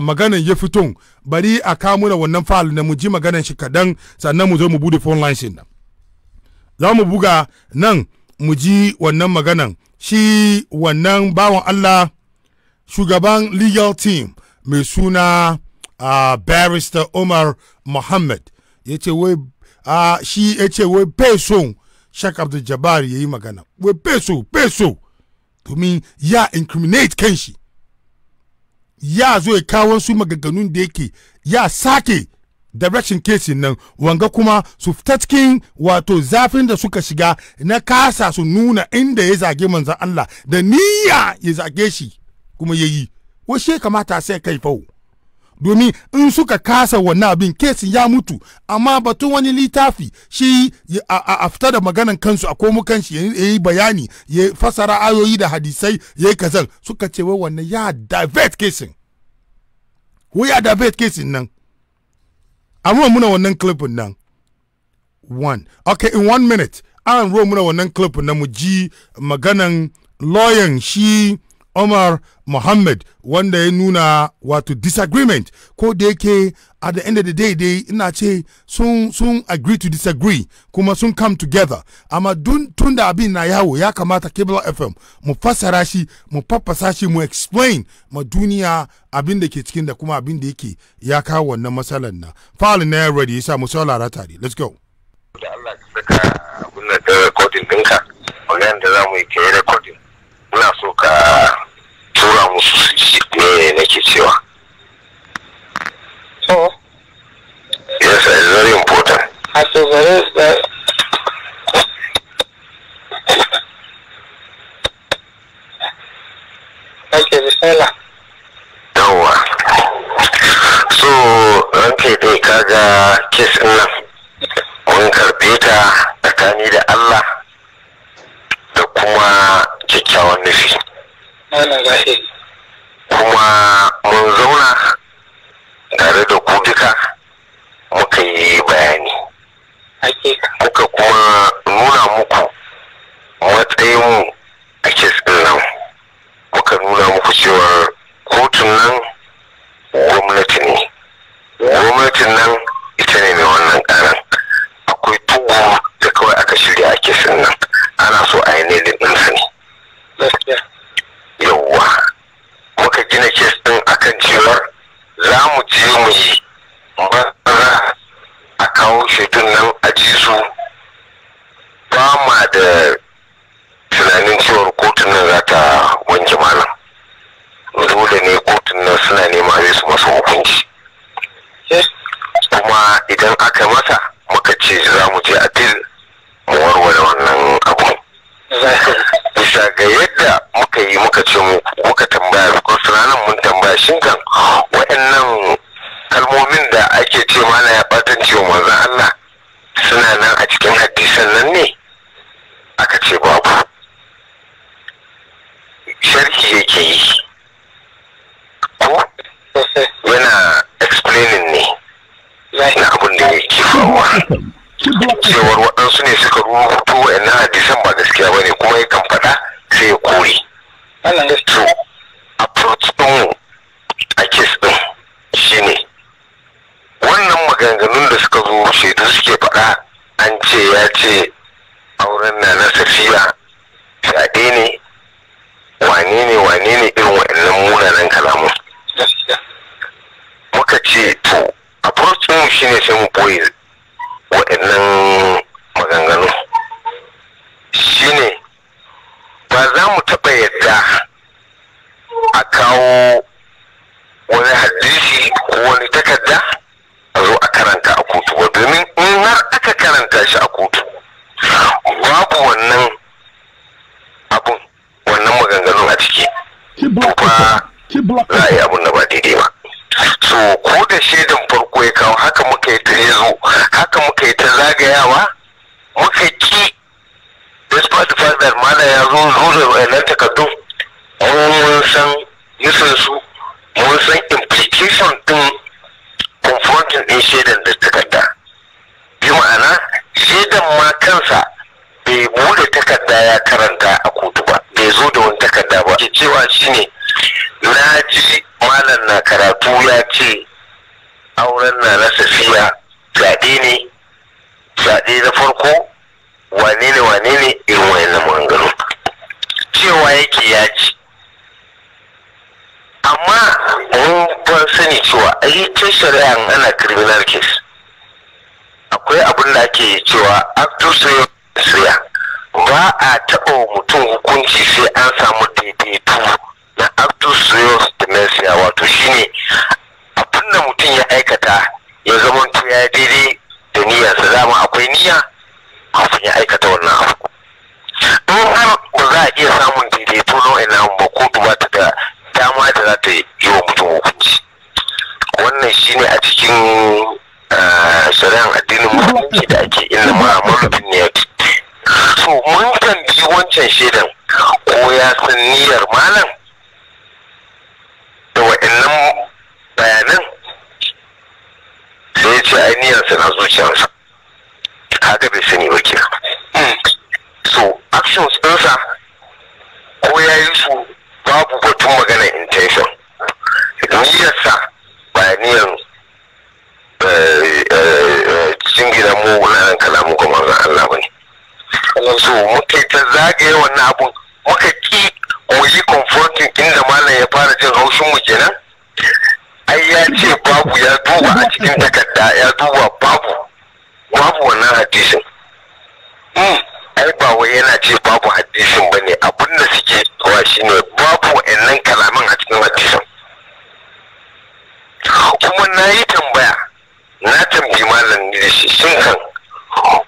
maganan ya fito bari a kamuna wannan fal na mu ji maganan shi kadan sannan mu zo mu bude phone lines nan za mu buga nan mu ji wannan maganan shi wannan bawan Allah shugaban legal team mai suna uh, barrister umar muhammad ya ce wai uh, shi ya ce wai bai shak abdul jabbar ya yi magana wai bai so domin ya incriminate kanshi ya zo ya kawo su magaganun da yake ya sake direction kesi nan wanga kuma su fita cikin wato zafin da suka shiga na kasa su nuna inda ya zage manzan Allah da niyya ya zage shi kuma ya yi washe kamata sai kai fau domin in suka kasa wannan abin kesin ya mutu amma batun wani littafi shi a fita da maganan kansu a komo kanshi ya yi bayani ya fasara ayoyi da hadisai ya yi kazan suka ce wai wannan ya divert kesin ko ya divert kesin nan amma muna wannan clipin nan one okay in one minute an ro muna wannan clip na mu ji maganan lawyer shi Omar Mohammed wanda ya nuna wato disagreement ko da yake at the end of the day dai ina ce sun sun agree to disagree kuma sun come together amma tun da abin na yawo ya kamata cable FM mu fassara shi mu faffasa shi mu explain ma duniya abin da ke cikin da kuma abin da yake ya kawo wannan matsalan na falin na ya da ya sa mu saurara tare let's go da Allah ka saka abin da eh, recording ɗinka magana da za mu yi ke recording muna so ka tura musu su ne ke cewa oh yes it's very important as a very okay bismillah yawa so ranke dai kaga kes ɗin nan mun karbe ta tsakani da Allah da kuma kyakkyawan nufi kuma mun zauna tare da ku duka muka yi bayani muka kuma nuna muku matsayinmu a ɗin nan muka nuna muku cewar kotun nan gwamnati ne gwamnatin nan ita ne mai wannan karan akwai tugu za mu je mu yi mara a kawo shaidun nan a ji su ba ma da tunanin cewar kotun nan za ta wanke malam dole ne kotun nan suna nema zai su masa hukunci kuma idan aka masa muka ce za mu je a til mu warware wannan abu bisa ga yadda muka yi muka ce muka tambaya nan mun tambaya shin kan waɗannan kalmomin da ake ce mana ya batan ciwo manzo Allah suna nan a cikin hadisan nan ne aka ce babu sharhi yake yi ko yana explaining ne na abin da yake faruwa cewar waɗansu ne suka rubuto a na ba gaskiya ba ne kuma yakan faɗa sai ya kore to approach ɗin a kes ɗin ne wannan maganganun da suka zo shaidu suke faɗa an ce ya ce auren na na safiya fyaɗe ne wane ne wane ne irin wa'annan munanan kalamun muka ce to approach ɗin ne sai mu boye waɗannan maganganu shine ba za mu taɓa yadda a kawo wani hadisi ko wani takarda a zo a karanta a kotu ba domin in har aka karanta shi a kotu babu wannan abun wannan maganganun a ciki ba za a yi abun da ba daidai ba so ko da shaidan farko ya kawo haka muka yi ta yazo haka muka yi ta zagayawa muka ki despite the fact that mana ya zo zo da wayannan takardun mun san nufin su mun san implication din confronting din shaidan da takarda bi ma'ana shaidan ma kansa bai bude takarda ya karanta a kotu ba bai zo da wani tambaya ba ke cewa shine na ji malam na karatu ya ce auren na na safiya fyaɗe ne fyaɗe na farko wane ne wane ne irin na maganganu cewa yake ya ci amma mun ban sani cewa ayyukan shari'a ana criminal case akwai abin da ake cewa actus reus ba a taɓa mutum hukunci sai an samu daidaito na actus da dementia wato shine abin da mutum ya aikata ya zama ya daidai da niyyarsa dama akwai niyya kafin ya aikata wannan abu in har ba za a iya samun daidaito na wa'annan ba kotu ba ta da dama da za ta yi wa mutum hukunci wannan shine a cikin ah, shari'ar addinin musulunci da ake inna ma'amuru bin niyati to mun bi wancan shaidan ko ya san niyyar malam da wa'annan bayanan sai ce ai sa na zuciyarsa haka bai sani ba kira so actions ɗinsa ko ya yi su babu batun maganar intention niyyarsa ba niyyar eh, eh, eh, jingina mu wani kalamu kamar Allah ba ne so muka ta zagaye wannan abun muka ki koyi yi confronting inda malam ya fara jin haushin mu kenan ai ya ce babu ya duba a cikin takarda ya duba babu babu wannan hadisin hmm, ai ba wai yana ce babu hadisin bane abin da suke cewa shine babu wannan kalaman a cikin hadisin kuma na yi tambaya na tambayi malam ne da shi shin kan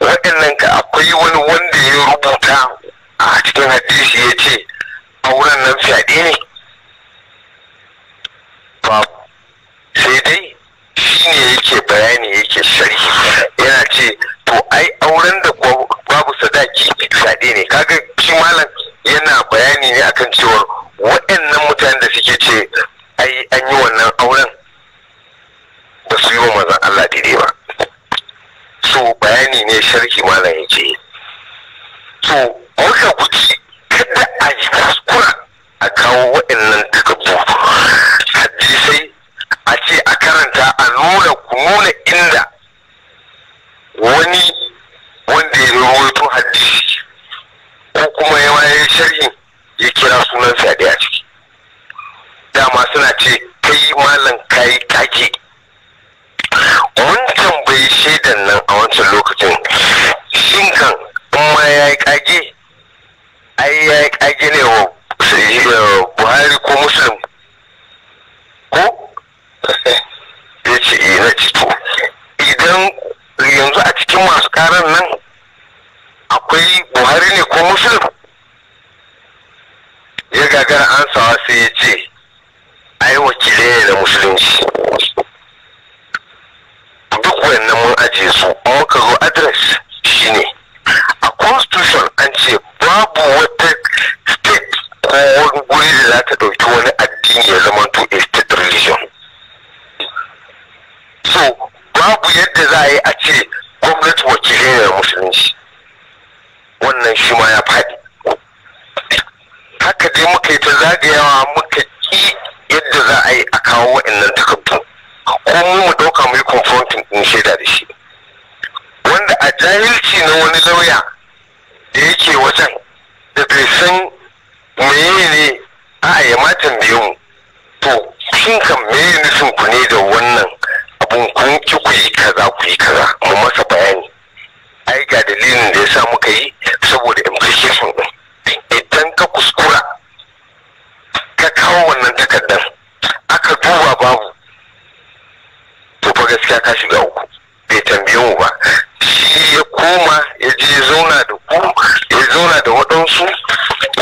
waɗannan ka akwai wani wanda ya rubuta a cikin hadisi ya ce a wurin nan fyaɗe ne sai dai shi ne yake bayani yake sharhi yana ce to ai auren da babu sadaki fyaɗe ne kaga shi malam yana bayani ne akan cewar waɗannan mutanen da suke ce ai an yi wannan auren ba su yi wa mazan Allah daidai ba to bayani ne sharhi malam ya ce to muka guji kada a yi kuskura a kawo waɗannan takardu hadisai a ce a karanta a nuna nuna inda wani wanda ya rawaito hadisi ko kuma ya waye sharhi ya kira sunan sa a ciki dama suna ce kai malam kayi take Mun tambayi shaidan nan a wancan lokacin shin kan ma ya yi kage ai ya yi kage ne wa eh, buhari ko muslim ko ya ce eh, na cito idan yanzu a cikin masu karan nan akwai buhari ne ko muslim ya gagara ansawa sai ya ce ai wakilai ne da musulunci duk wannan mun ajiye su muka zo adres shi ne. a constitution an ce babu wata state ko wani guri da za ta ɗauki wani addini ya zama to a state religion so babu yadda za a yi a ce gwamnati wakilai da musulunci wannan shi ma ya faɗi haka dai muka yi ta zagayawa muka ki yadda za a yi a kawo wa'annan takardu ko mu mu ɗauka mu yi confronting ɗin shaida da shi wanda a jahilci na wani lauya da yake wajen da bai san meye ne a ya ma tambaye to shin kan meye nufin ku ne da wannan abun kun ki ku yi kaza ku yi kaza mu masa bayani ai ga dalilin da ya sa muka yi saboda implication ɗin idan ka kuskura ka kawo wannan takardar aka duba babu gaskiya ka shiga uku bai tambaye mu ba shi ya koma ya je zauna da ku ya zauna da waɗansu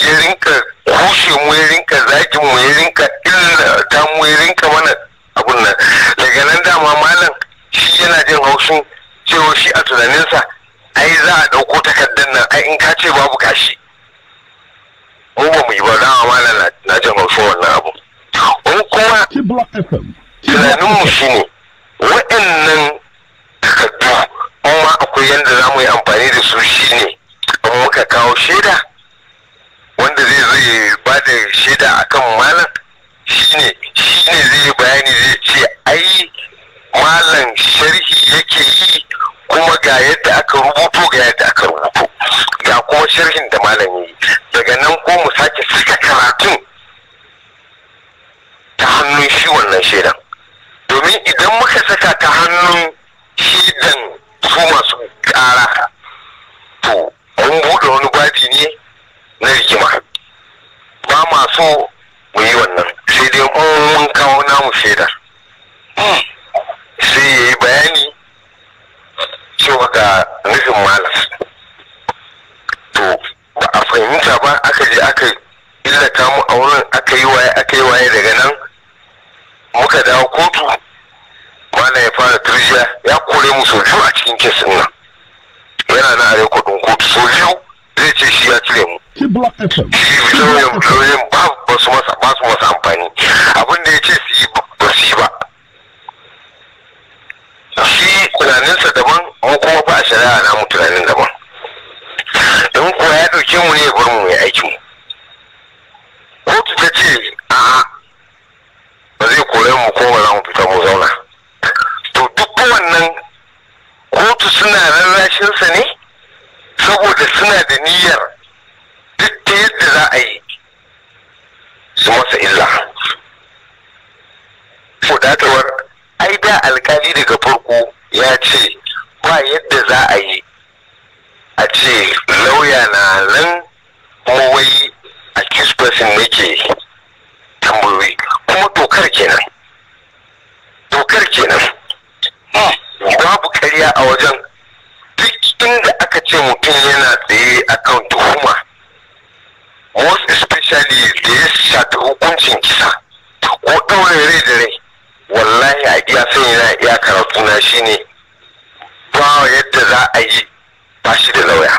ya rinka kushe mu ya rinka zagin mu ya rinka illa ta mu ya rinka mana abun nan daga nan dama malam shi yana jin haushin cewa shi a tunaninsa ai za a ɗauko takardar nan ai in ka ce babu kashi mu ba mu yi ba dama malam na jin haushin wannan abu in kuma tunaninmu shi ne waɗannan takardu ma akwai yadda za mu yi amfani da su shi ne. in muka kawo shaida wanda zai zo ba da shaida a kan malam shi ne zai bayani zai ce ai malam sharhi yake yi kuma ga yadda aka rubuto ga yadda aka rubuto ga kuma sharhin da malam yi daga nan ko mu sake saka karatun ta hannun shi wannan shaidan domin idan muka saka ta hannun shi dan su masu kara to an buɗe wani gwaji ne na rigima ba ma so mu yi wannan sai dai mun kawo namu shaidar sai ya yi bayani cewa ga nufin malas to ba a fahimta ba aka je aka illata mu a wurin aka yi waye aka yi waye daga nan muka dawo kotu malam ya fara turjiya ya kore mu sau biyu a cikin kesin nan yana na a kudin kotu sau biyu zai ce shi ya cire mu shi lauyan ba su masa amfani abin da ya ce su yi ba su yi ba shi tunaninsa daban mu kuma ba a shari'a na mu tunanin daban don kuwa ya ɗauke mu ne ya bar mu mai aikin kotu ta ce a'a ba zai kore mu ko ba za mu fita mu zauna Kowannan kotu suna sa ne saboda suna da niyyar duk da yadda za a yi su masa illa fudatawar ai da alkali daga farko ya ce ba yadda za a yi a ce lauya na nan wai a kisbasin nake tambayoyi kuma dokar kenan dokar kenan karya a wajen duk inda aka ce mutum yana tsaye a kan tuhuma most especially da ya shafi hukuncin kisa ko ɗaure rai da rai wallahi a iya sanya na iya karatu na ne. ba yadda za a yi ba shi da lauya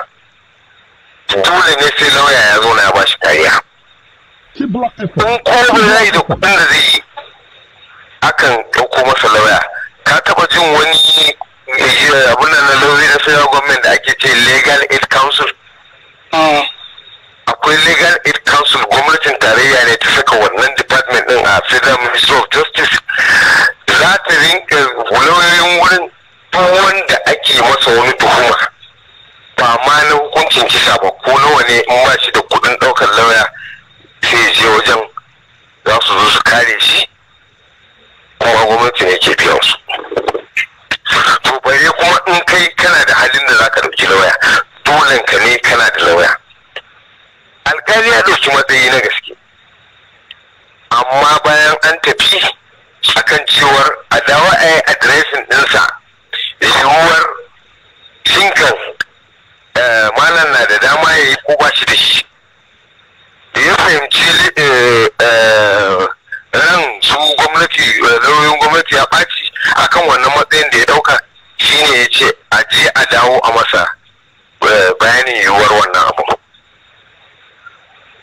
dole ne sai lauya ya zo na ba shi kariya in ya yi da kuɗin da zai yi akan ɗauko masa lauya ka taɓa jin wani Eh, abun nan na lauzi na da ake ce legal aid council ah. akwai legal aid council gwamnatin tarayya ne ta saka wannan department din a federal ministry of justice za ta rinka lauyoyin wurin wanda ake masa wani tuhuma ba ma na hukuncin kisa ba ko nawa ne in ba shi da kudin daukar lauya sai je wajen za su zo su kare shi kuma gwamnati ne ke biyan su to bare kuma in kai kana da halin da zaka dauki lauya dolen ka ne kana da lauya alkali ya dauki matsayi na gaske amma bayan an tafi akan cewar a dawo a yi adireshin ɗinsa yiwuwar shinkan eh, malam na da dama ya yi ko shi da shi da ya fahimci eh, eh, lokaci ya ɓaci akan wannan matsayin da ya ɗauka shine ya ce a je a dawo a masa eh, bayanin yiwuwar wannan abu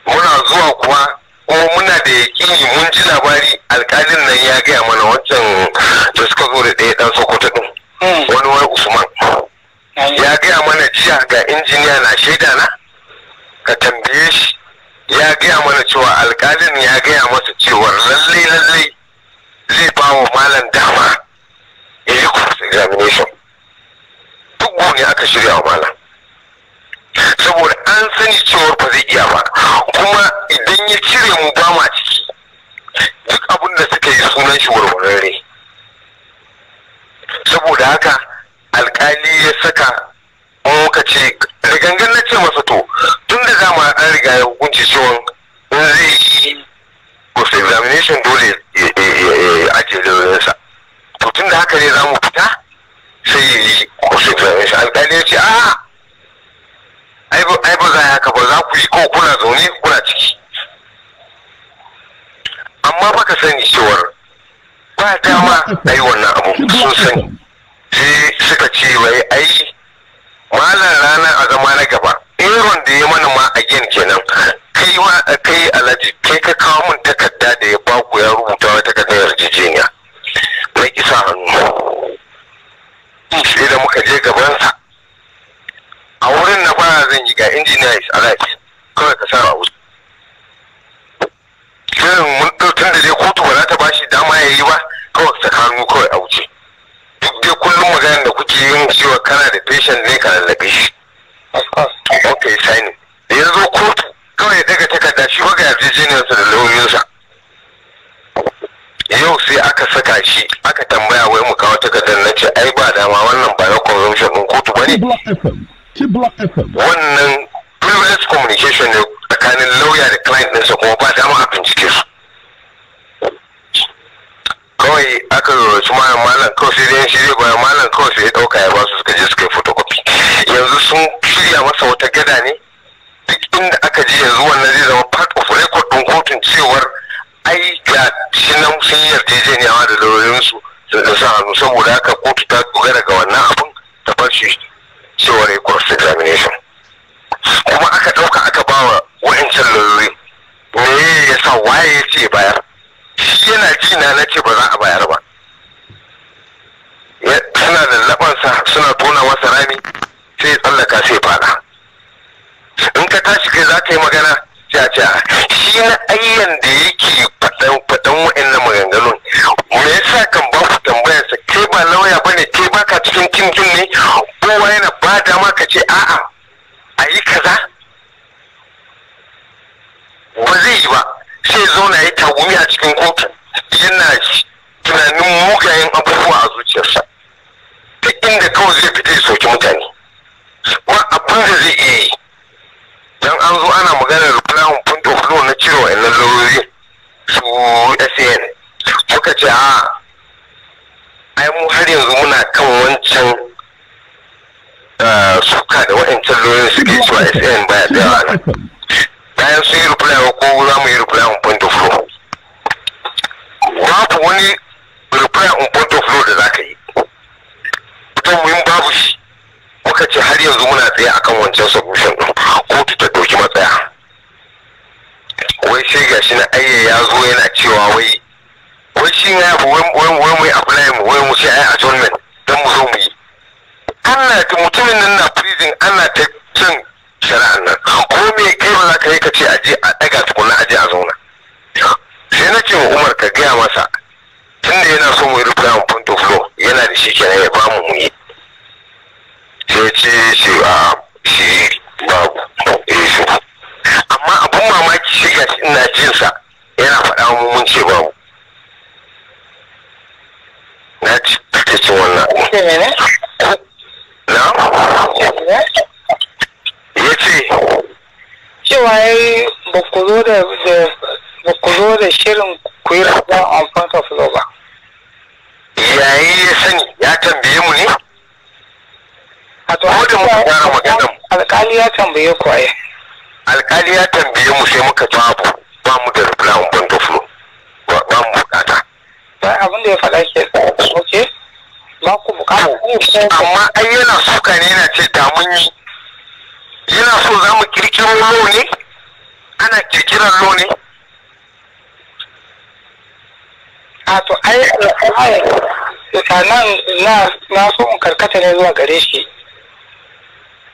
muna zuwa kuwa ko muna da yakini mun ji labari alkalin nan ya gaya mana wancan da suka zo da ɗaya ɗan sokoto ɗin hmm. wani wani usman ya gaya mana jiya ga injiniya na shaida na ka tambaye shi ya gaya mana cewa alkalin ya gaya masa cewa lallai lallai zai ba wa malam dama ya yi cross examination duk ne aka shirya wa malam saboda an sani cewar ba zai iya ba kuma idan ya cire mu ba ma ciki duk abin da suka yi sunan shi warwarare saboda haka alkali ya saka muka ce rigangan na ce masa to tun da zama an riga ya hukunci cewa zai yi kusa examination dole ya e, e, e, ajiye lauyoyinsa to tun da haka ne za mu fita sai ya yi post examination alƙali ya ce a ai ba za a haka ba za ku yi ko kuna zaune kuna ciki amma baka sani cewar ba dama a yi wannan abu sun sani sai suka ce wai ai malam rana a zama na gaba irin da ya mana ma a gen kenan kai ma kai alhaji kai ka kawo mun takarda da ya baku ya rubuta wa takardar yarjejeniya na isa hannu sai da muka je gabansa a wurin na ba zan yi ga injiniya is alhaji kawai ka sa wuce Kiran mun tun da dai kotu ba za ta bashi dama ya yi ba kawai saka hannu kawai a wuce duk dai kullum maganar da kuke yin cewa kana da patient ne ka lallabe shi ok sani da ya zo kotu kawai daga takarda shi ga yarjejeniyarsa da lauyoyinsa yau sai aka saka shi aka tambaya wai mu kawo takardar na ce ai ba dama wannan ba na convention din kotu ba ne wannan privilege communication ne tsakanin lauya da client ɗinsa kuma ba dama a bincike su kawai aka rurrutu malam malam kawai sai dai shi zai bayan malam kawai sai ya ɗauka ya ba su suka je suka yi photocopy yanzu sun shirya masa wata gada ne inda aka je yanzu wannan zai zama part of record ɗin kotun cewar ai ga shi nan sun yi yarjejeniyawa da lauyoyinsu sun da sa hannu saboda haka kotu ta dogara ga wannan abin ta bar shi cewar ya cross examination kuma aka ɗauka aka ba wa wa'ancan lauyoyi me ya sa waye ya ce bayar shi yana ji na na ce ba za a bayar ba suna da labansa suna tona masa rami sai tsallaka sai fada in ka tashi kai za ka yi magana caca ah, shi na ayyan da yake faɗan fadan wa'annan maganganun me yasa kan ba ku tambaya sa kai ba lauya ba ne kai baka cikin kinkin ne kowa yana ba dama ka ce a'a a yi kaza ba zai yi ba sai zauna ya tagumi a cikin kotu yana tunanin mugayen abubuwa a zuciyarsa ta inda kawai zai fita ya soki mutane ba abin da zai iya yi dan an zo ana maganar plan point of law na cire nan lauri su san muka ce a ai mu har yanzu muna kan wancan eh, suka da wa'ancan su ke cewa san baya tsayawa bayan sun yi reply ko za mu yi reply on point of law babu wani reply on point of law da za ka yi ta yi babu shi muka ce har yanzu muna tsaye akan wancan solution ko kotu ta sai ga shi na ayya ya zo yana cewa wai wai shi ya wai wai wai mai apply mu wai mu sai ai adjournment dan mu zo mu yi Allah ta mutumin nan na prison Allah ta cin shari'an nan ko me kai ba za ka yi ka ce aje a daga tukuna aje a zauna sai na ce wa Umar ka gaya masa tun da yana so mu yi reply on point of law yana da shi kenan ya bamu mu yi sai ce shi a ah, shi babu eh, amma abun mamaki ina jin sa yana faɗa mun mun ce babu na ci takaicin wannan na ya ce cewa ya yi ba da ba ku da shirin ku yi amfan ka fulo ba yayi ya sani ya tambaye mu ne a to haka alƙali ya tambaye kwaye alkali ya tambaye mu sai muka babu ba mu da reply on bond ba mu bukata abin da ya faɗa ke okay ba ku bukata amma ai yana ka ne yana ce damun yi yana so za mu kirkiro law ne ana kirkiran law ne a to ai yi na na so in karkata ne zuwa gare shi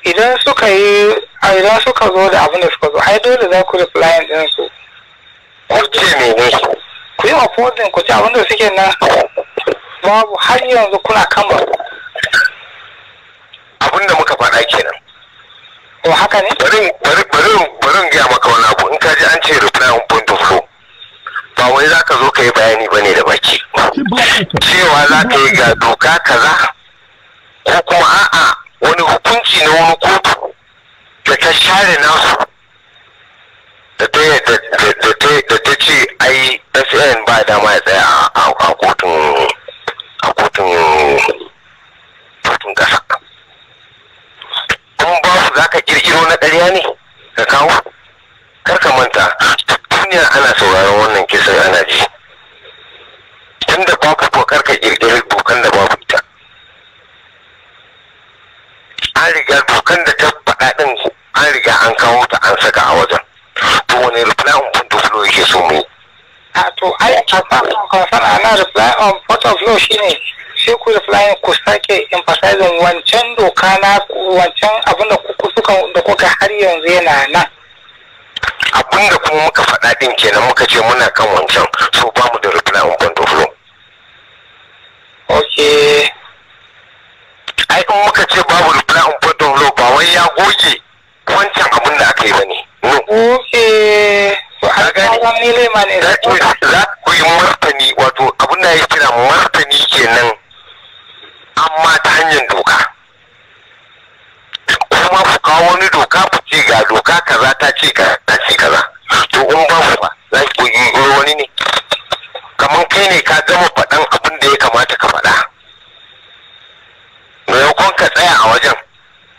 idan suka yi idan suka zo da abin da suka zo ai dole za ku reply din su ku ce ne ku yi opposing ku ci abin da suke nan babu har yanzu kuna kan ba abin da muka faɗa kenan to haka ne bari bari bari bari ga maka wani abu in ka ji an ce reply on point of law ba wai za ka zo ka yi bayani ba ne da baki cewa za ka yi ga doka kaza ko kuma a'a wani hukunci na wani kotu da ta share nasu da ta ce ai sn ba dama ya tsaya a kotun a kotun gasa kuma ba su za ka kirkiro na ƙarya ne ka kawo kar ka manta duniya ana sauraron wannan kisar, ana ji tun da babu kokar ka kirkiro dokan da babu ita an riga dokan da ta faɗa ɗin an riga an kawo ta an saka a wajen to wani reply on point of law yake so mu a to ai a farkon kwafar ana reply on point of law shine sai ku reply ku sake emphasizing wancan doka na wancan abin da kuka da kuka har yanzu yana nan abin da kuma muka faɗa ɗin kenan muka ce muna kan wancan so ba mu da reply on point of law okay ai in muka ce babu reply in point of law ba wai ya goge wancan abin da aka yi ba no okay za ku yi martani wato abin da ya kira martani kenan amma ta hanyar doka kuma ku kawo wani doka ku ce ga doka kaza ta ce kaza ta ce kaza to in ba ku ba za ku yi wani ne kamar kai ne ka gama faɗan abin da ya kamata ka faɗa maimakon ka tsaya a wajen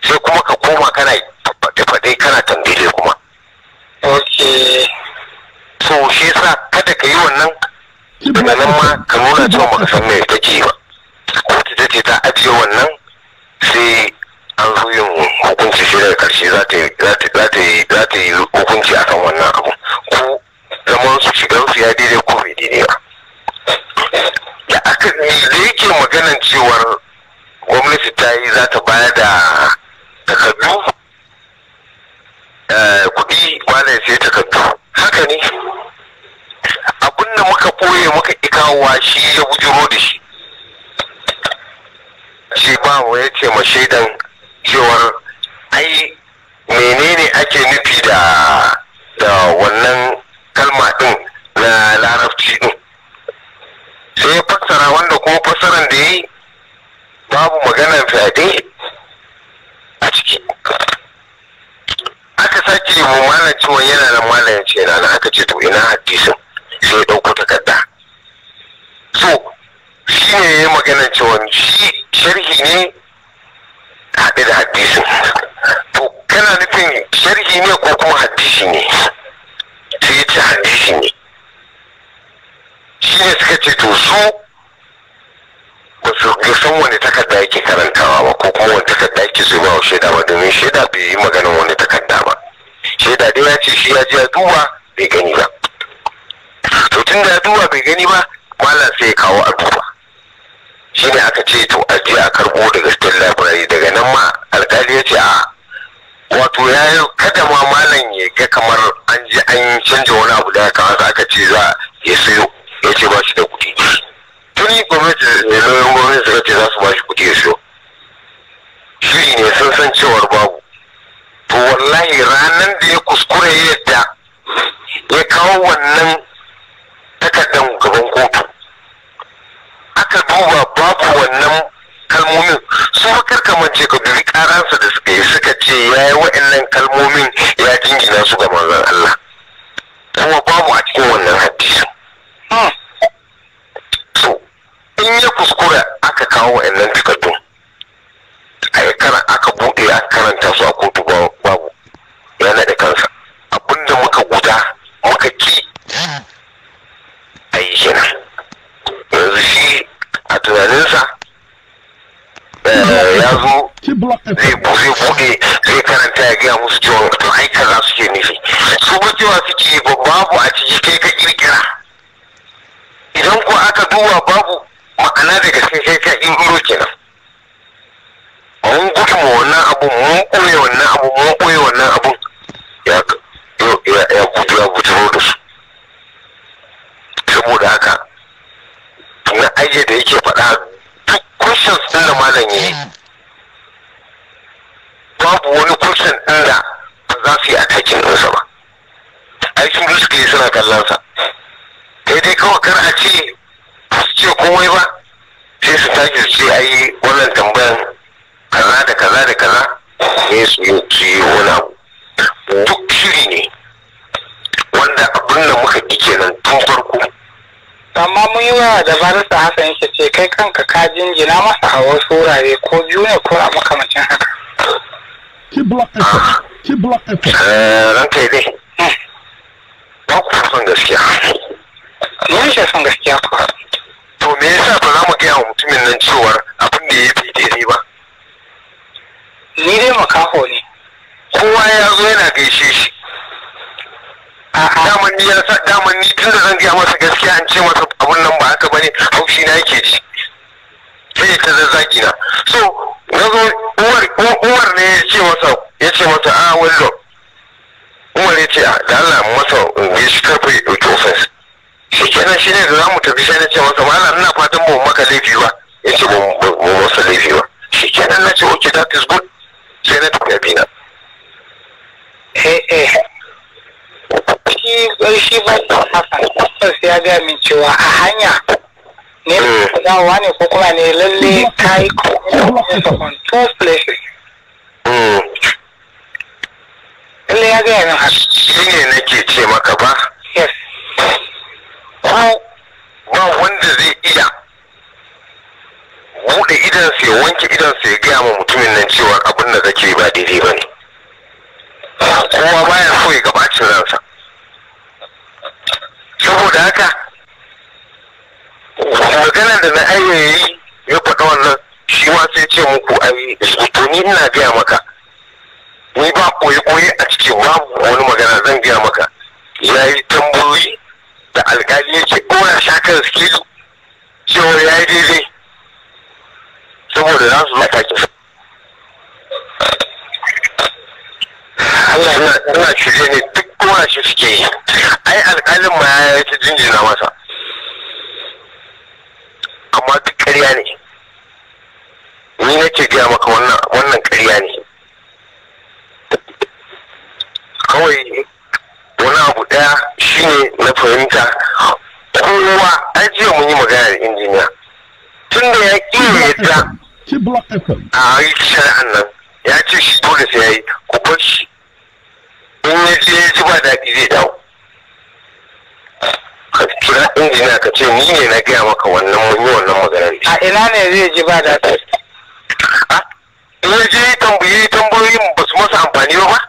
sai kuma ka koma kana faɗe-faɗe kana tambile kuma ok so shi yasa kada ka yi wannan daga nan ma ka nuna cewa ka san me kake ba kotu ta ce ta ajiye wannan sai an zo yin hukunci shi daga karshe za ta yi hukunci akan wannan abu ko zaman su shigar su ya daidai ko bai daidai ba da aka ne da yake maganan cewar gwamnati ta yi za ta bayar da takardu eh, kuɗi kwanan sai takardu haka ne Abinda muka ɓoye muka ikawa shi ya bujiro da shi shi ba mu ya ce ma shaidan cewar ai menene ake nufi da da wannan kalma din na larabci din? sai ya fassara wanda ko fassaran da ya yi babu maganar fyaɗe a ciki aka sake mu mana cewa yana da malam ce na aka ce to ina hadisin sai ya ɗauko takarda so shi ne ya magana cewa shi sharhi ne haɗe da hadisin to kana nufin sharhi ne ko kuma hadisi ne sai ya ce hadisi ne shi ne suka ce to su ba san wani takarda yake karantawa ba ko kuma wani takarda yake zai ba wa shaida ba domin shaida bai yi maganin wani takarda ba shaida dai ya ce shi ya ji ya duba bai gani ba to tun da ya duba bai gani ba malam sai ya kawo a duba shi ne aka ce to a je a karbo daga state library daga nan ma alkali ya ce a wato ya yi kada ma malam ya ga kamar an je an canja wani abu da ya kamata aka ce za ya sayo ya ce ba shi da kuɗi wuri gwamnati ne lauyan gwamnati suka ce za su bashi kuɗi ya siyo shiri ne sun san cewar babu to wallahi ranar da ya kuskure yadda ya kawo wannan takardar gaban kotu aka duba babu wannan kalmomin su makar kamance ka dubi karansa da suka yi suka ce ya yi wa'annan kalmomin ya jingina su ga manzon Allah kuma babu a cikin wannan hadisin hmm. in ya kuskura aka kawo wa'annan takardun aka buɗe aka karanta su a kotu babu ya naɗe kansa abinda muka guda muka ki a yi kenan yanzu shi a tunaninsa eh, ya zo zai buɗe zai karanta ya gaya musu cewa to ai kaza suke nufi su ba cewa ke babu a ciki kai ka kirkira idan ko aka duba babu ma'ana da gaske sai ka ingiro kenan mun gudu ma wannan abu mun koye wannan abu mun ɓoye wannan abu. ya gudu ya ro da su saboda haka na aje da yake faɗa duk questions ɗin da malam ya yi babu wani question ɗin da za su yi a takin ɗinsa ba ai sun suna kallon sa daidai kawai kar a ce su ce komai ba sai su ta su a yi wannan tambayan kaza da kaza da kaza ne su yi su yi wani abu duk shiri ne wanda abin da muka ƙi kenan tun farko amma mun yi waya da barista Hassan yake ce kai kanka ka jinjina masa a wasu wurare ko biyu ne ko a makamacin haka ki block ɗinka ki block ɗinka eh, ranka dai hmm. ba ku son gaskiya mun shi son gaskiya ko to me yasa ba za mu gaya wa mutumin nan cewar abin da ya fi daidai ba ni dai makaho ne kowa ya zo yana gaishe shi daman ni ya sa daman ni tun da zan gaya masa gaskiya an ce masa abun nan ba haka bane haushi na yake ji sai ta zazzaki na so na zo umar ne ya ce masa ya ce masa a ah, wani umar ya ce ah, da Allah masa ya shi karfe ya ɗauki ofis. shi kenan shi ne da za mu tafi sai na ce masa malam ina fatan ba maka laifi ba ya ce ba masa laifi ba shi kenan na ce ok that is good sai na tafi abina eh eh shi shi ba hasan tabbas ya ga min cewa a hanya ne eh. dawowa ne ko kuma ne lalle ta yi on two places hmm. lalle ya ga min hasan shi ne nake ce maka ba yes ko ba wanda zai iya buɗe idansa ya wanke idansa ya gaya ma mutumin nan cewa abin da kake ba daidai ba ne kowa baya so ya gabacin ransa saboda haka Magana da na ayyayi ya faɗa wannan shi ma sai ce muku ai to ni ina gaya maka ni ba koyi koyi a cikin babu wani magana zan gaya maka ya yi tambayoyi da alƙali yake ɗora sha kan sikilu cewa ya yi daidai saboda za su maka ki Allah na shirye ne duk kuma shi suke yi ai alƙalin ma ya yi ta jinjina masa amma duk ƙarya ne ni nake gaya maka wannan ƙarya ne kawai na abu daya shine na fahimta kowa ai jiya mun yi magana da injiniya tun da ya ƙi yadda a yi shari'an nan ya ce shi dole sai ya yi ku bar shi in ya je ya ji ba daɗi zai dawo ka kira injiniya ka ce ni ne na gaya maka wannan mun yi wannan maganar a ina ne zai ji ba daɗi in ya je tambayoyin ba su masa amfani ba ba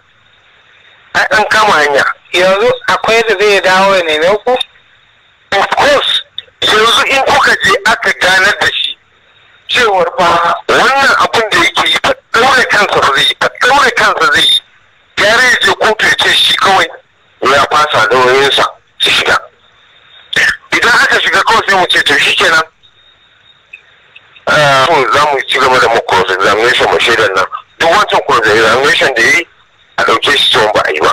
ai kama hanya yanzu akwai da zai dawo ya neme ku? of course yanzu in kuka je aka ganar da shi cewar ba wannan abin da yake yi ba ɗaure kansa zai yi ba ɗaure kansa zai yi gyara ya je kotu ya ce shi kawai ya fasa da wayoyinsa su shiga idan aka shiga kawai sai mu ce to shi kenan ah, za mu ci gaba da mu cross examination mu shaidan nan duk wancan cross examination da yi a ɗauke shi cewa ba a yi ba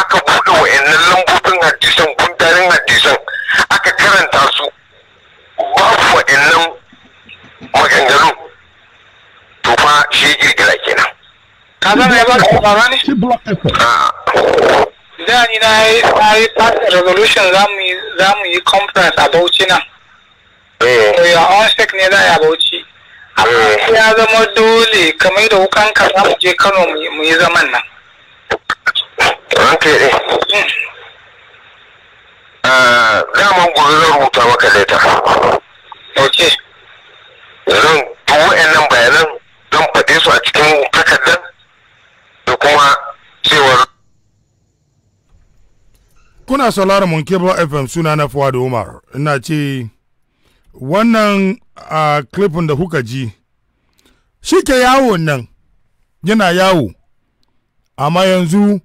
aka buɗe wa'annan lambobin hadisan gundarin hadisan aka karanta su babu wa'annan maganganu to fa shi girgira kenan ka zama ya ba ka tsara ne? da ni na yi tsari fast resolution za mu yi conference a bauchi nan eh. to ya on sec ne za a yi a bauchi amma eh. ya zama dole kamar da wukan ka za mu je kano mu yi zaman nan ranke ne eh, daman gobe zan rubuta maka leta ok zan duk wa'annan bayanan zan faɗe su a cikin takardar da kuma cewar kuna sauraron mun kebla fm suna na fuwa da umar ina ce wannan a uh, da kuka ji shi ke yawo nan yana yawo amma yanzu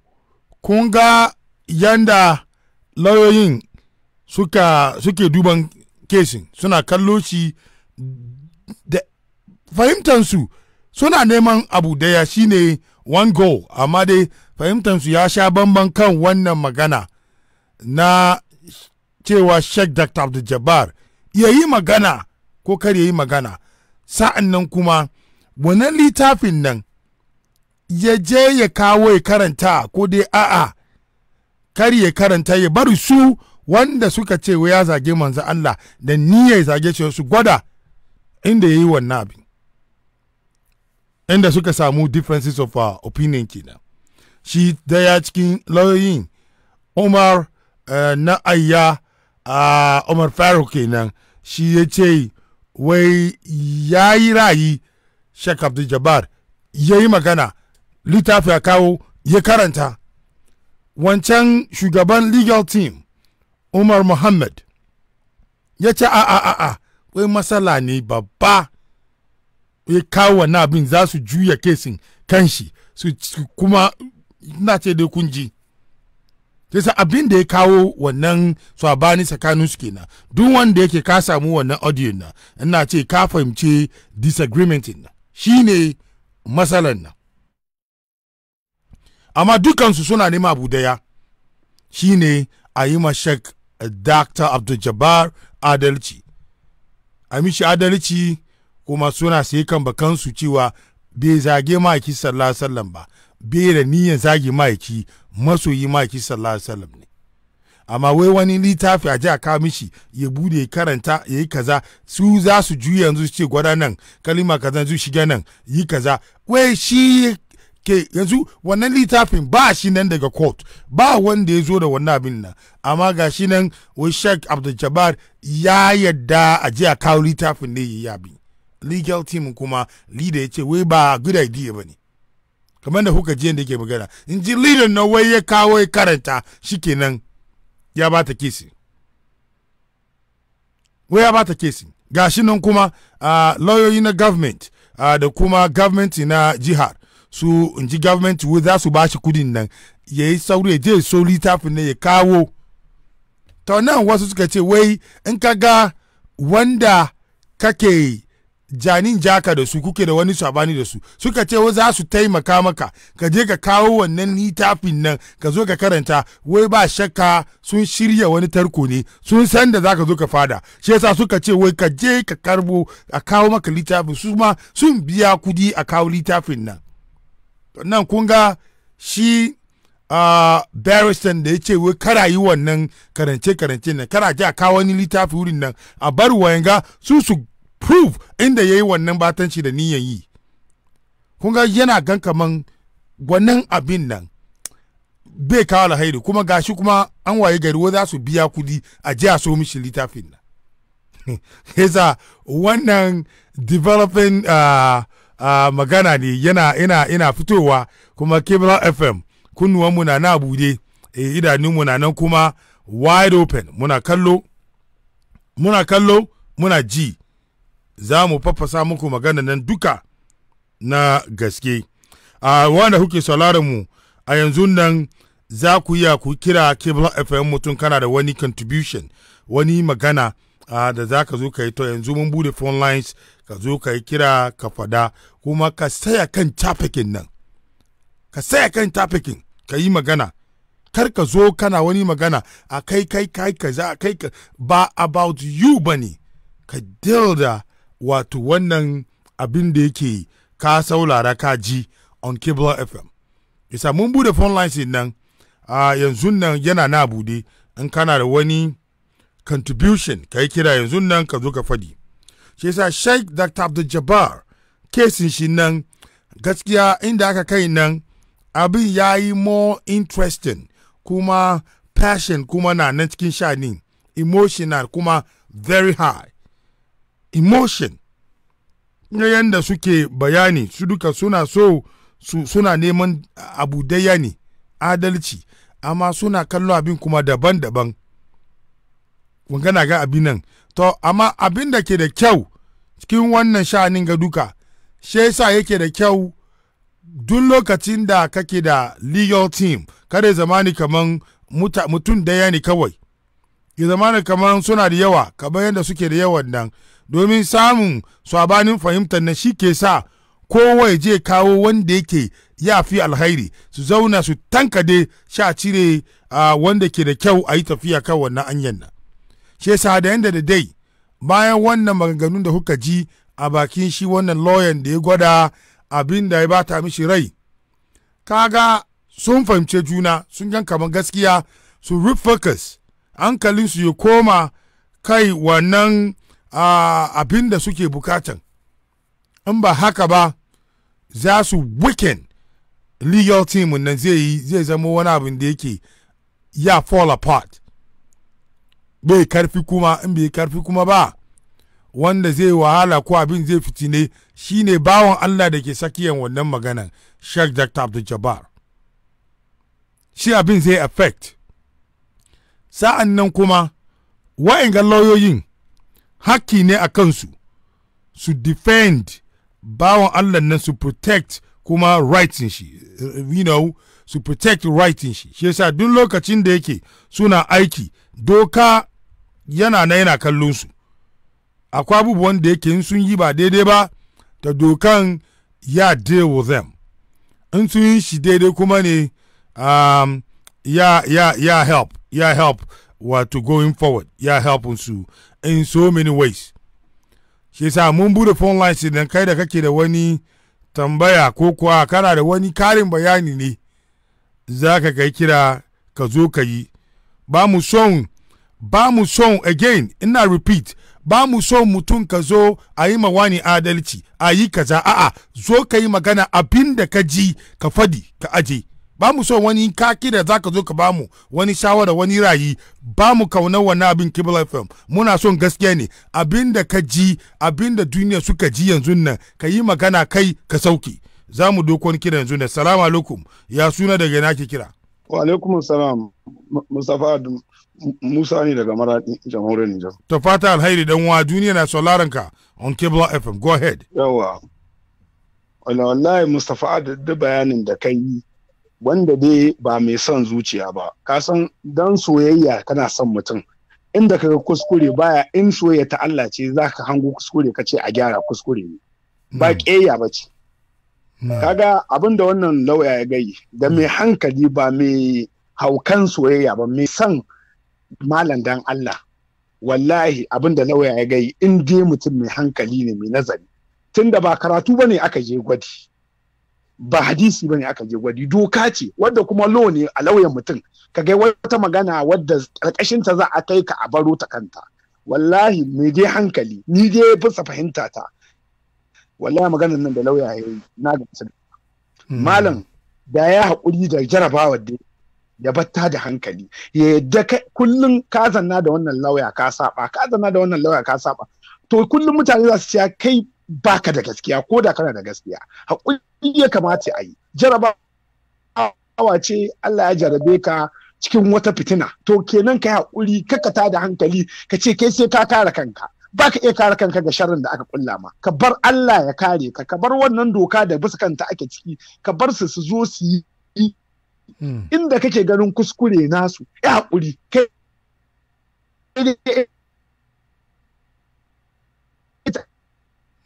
kun ga yanda lauyoyin suke duban kesin suna kallo shi da fahimtansu suna neman abu daya shine one goal amma dai fahimtansu ya sha bamban kan wannan magana na cewa sheikh dr abdul jabbar ya yi magana ko kar ya yi magana sa'an nan kuma wannan littafin nan ya je ya kawo ya karanta ko dai a'a kar ya karanta ya bari su wanda suka ce ya zage manzo Allah da niyya ya zage shi su gwada inda ya yi wannan abin inda suka samu differences of uh, opinion kenan shi daya cikin lauyoyin umar uh, na ayya uh, umar faruk kenan shi ya ce wai ya yi rayi sheikh abdul jabbar ya yi magana littafi a kawo ya karanta wancan shugaban legal team umar muhammad ya ce a a a wai matsala ne babba ya kawo wani abin za su juya kesin kanshi su kuma na ce dai kun ji sai abin da ya kawo wannan swabani tsakanin su kenan duk wanda yake ka samu wannan audio na ina ce ka fahimci disagreement na shine matsalan nan amma dukansu suna nema abu daya ne a yi mashek eh, dr abdul jabbar adalci a mishi adalci kuma suna sai kan bakansu cewa bai zage ma'aiki sallallahu sallam ba bai da niyyar zage ma'aiki masoyi ma'aiki sallallahu sallam ne amma wai wani littafi a jiya ka mishi ya bude karanta ya yi kaza su za su juya yanzu su ce gwada nan kalima kaza zu shiga nan yi kaza wai shi ke yanzu wannan littafin ba shi nan daga court ba wanda ya zo da wannan abin nan amma ga shi nan wai sheikh abdul ya yadda a je a kawo littafin ne ya bi legal team kuma leader yace ce wai ba good idea ba ne kamar da kuka jiyan da ke magana in ji leader na wai ya kawo karanta shikenan ya ba ta kesi wai ya ba ta kesi shi nan kuma uh, ah, lauyoyi na government ah, da kuma government na jihar su in ji government wo za su ba shi kudin nan ya yi sauri ya je so littafin ne ya kawo ta nan wasu suka ce wai in ka ga wanda kake janin jaka da su kuke da wani sabani da su suka ce wai za su taimaka maka ka je ka kawo wannan littafin nan ka zo ka karanta wai ba shakka sun shirya wani tarko ne sun san da za ka zo ka fada shi yasa suka ce wai ka je ka karbo a kawo maka littafin su ma sun biya kudi a kawo littafin nan nan kun ga shi uh, barristan da ya ce wai kara yi wannan karance-karance na kara ji a kawo wani littafi wurin nan a bar wayanga su su prove inda ya yi wannan batanci da niyan yi kun ga yana gan kaman wannan abin nan bai kawo alhairi kuma gashi kuma an waye gari wa za su biya kudi a ji a so mishi littafin nan Heza wannan developing uh, magana ne yana ina ina fitowa kuma Kibra FM kunnuwan mu na na bude e, eh, idanun mu na nan kuma wide open muna kallo muna kallo muna ji za mu faffasa muku magana nan duka na gaske a wanda kuke sauraron mu a yanzu nan za ku iya ku kira Kibra FM mutum kana da wani contribution wani magana da za ka zo ka yi to yanzu mun bude phone lines ka zo ka yi kira ka fada kuma ka saya kan tafikin nan ka saya kan tafikin ka yi magana kar ka zo kana wani magana a kai kai kai ka za kai ka ba about you bane ka deal da wato wannan abin da yake ka saulara ka ji on cable fm isa mun bude phone lines nan a yanzu nan yana na bude in kana da wani contribution ka yi kira yanzu nan ka zo ka fadi shi yasa sheikh dr abdul jabbar kesin shi nan gaskiya inda aka kai nan abin ya yi more interesting kuma passion kuma na nan cikin shani emotional kuma very high emotion yadda suke bayani su duka suna so su, suna neman abu daya ne adalci amma suna kallo abin kuma daban-daban wangana ga abin nan to amma abin da ke da kyau cikin wannan sha'anin ga duka shi yasa yake da kyau duk lokacin da kake da legal team kare zamani kaman mutum daya ne kawai ya zamana kaman suna da yawa kamar yadda suke da yawan nan domin samun sabanin fahimtar na shi ke sa kowa ya je kawo wanda yake ya fi alhairi su zauna su tankade sha cire wanda ke da kyau a yi tafiya kan wannan anyan nan shi yasa da yanda da dai bayan wannan maganganun da kuka ji a bakin shi wannan lawyer da ya gwada abin da ya bata mishi rai kaga sun fahimce juna sun gan kamar gaskiya su refocus hankalin su ya koma kai wannan abin da suke bukatan in ba haka ba za su weekend legal team nan zai yi zai zama wani abin da yake ya fall apart bai karfi kuma in bai karfi kuma ba wanda zai wahala ko abin zai fiti shi shine bawan Allah da ke sakiyan wannan maganan Sheikh Dr. Abdul Jabbar shi abin zai affect sa'an nan kuma wa'ingan lauyoyin hakki ne a kansu su defend bawan Allah nan su protect kuma rightin shi you know su protect rightin shi shi yasa duk lokacin da yake suna aiki doka yana na yana kallon su akwai abubuwan da yake sun yi ba daidai ba ta dokan ya deal with them in sun yi shi daidai kuma ne um, ya, help ya help wato going forward ya help su in so many ways shi sa mun bude phone lines idan kai da kake da wani tambaya ko kuwa kana da wani karin bayani ne za ka kai kira ka zo ka yi ba mu son ba mu son again ina repeat ba mu son mutum ka zo a yi mawani adalci a yi kaza a'a zo ka yi magana abin da ka ji ka fadi ka aje ba mu son wani kaki da ka zo ka ba mu wani shawara wani rayi ba mu kauna wani abin kibla fm muna son gaskiya ne abin da ka ji abin da duniya suka ji yanzu nan ka yi magana kai ka sauke za mu doko wani kira yanzu nan salamu alaikum ya suna daga na ke kira wa alaikum salam mustapha adam Musa ne daga Maraɗi, jamhuriyar Nijar. Ta fata alhairi dan wa duniya na sauraron ka on Kibla FM. Go ahead. Yawa. Wala wallahi Mustapha da bayanin da kai yi wanda dai ba mai son zuciya ba. Ka san dan soyayya kana son mutum. Inda kaga kuskure baya in soyayya ta Allah ce za ka hango kuskure ka ce a gyara kuskure ne. Ba hmm. ƙeya ba ce. Hmm. Kaga abin da wannan lauya ya gayi da mai hankali ba mai haukan soyayya ba mai son malam dan Allah wallahi abin da lauya ya gai in je mutum mai hankali ne mai nazari tunda ba karatu bane aka je gwadi ba hadisi bane aka je gwadi doka ce wadda kuma lo ne a lauyan mutum ka ga wata magana wadda karkashin ta za a kai ka a baro ta kanta wallahi me dai hankali ni dai fusa fahimta ta wallahi maganar nan da lauya ya yi na ga hmm. malam da ya haƙuri da jarabawa da ya batta da hankali ya yadda kullum ka zanna da wannan lauya ka saba ka zanna da wannan lauya ka saba to kullum mutane za su ce kai baka da gaskiya ko da kana da gaskiya haƙuri ya kamata a yi jarabawa ce Allah ya jarabe ka cikin wata fitina to kenan kai hakuri kakata da hankali ka ce kai sai ka kare kanka ba ka iya kare kanka ga sharrin da aka kulla ma ka bar Allah ya kare ka ka bar wannan doka da bisa kanta ake ciki ka bar su su zo su yi Hmm. inda kake ganin kuskure nasu ya haƙuri kai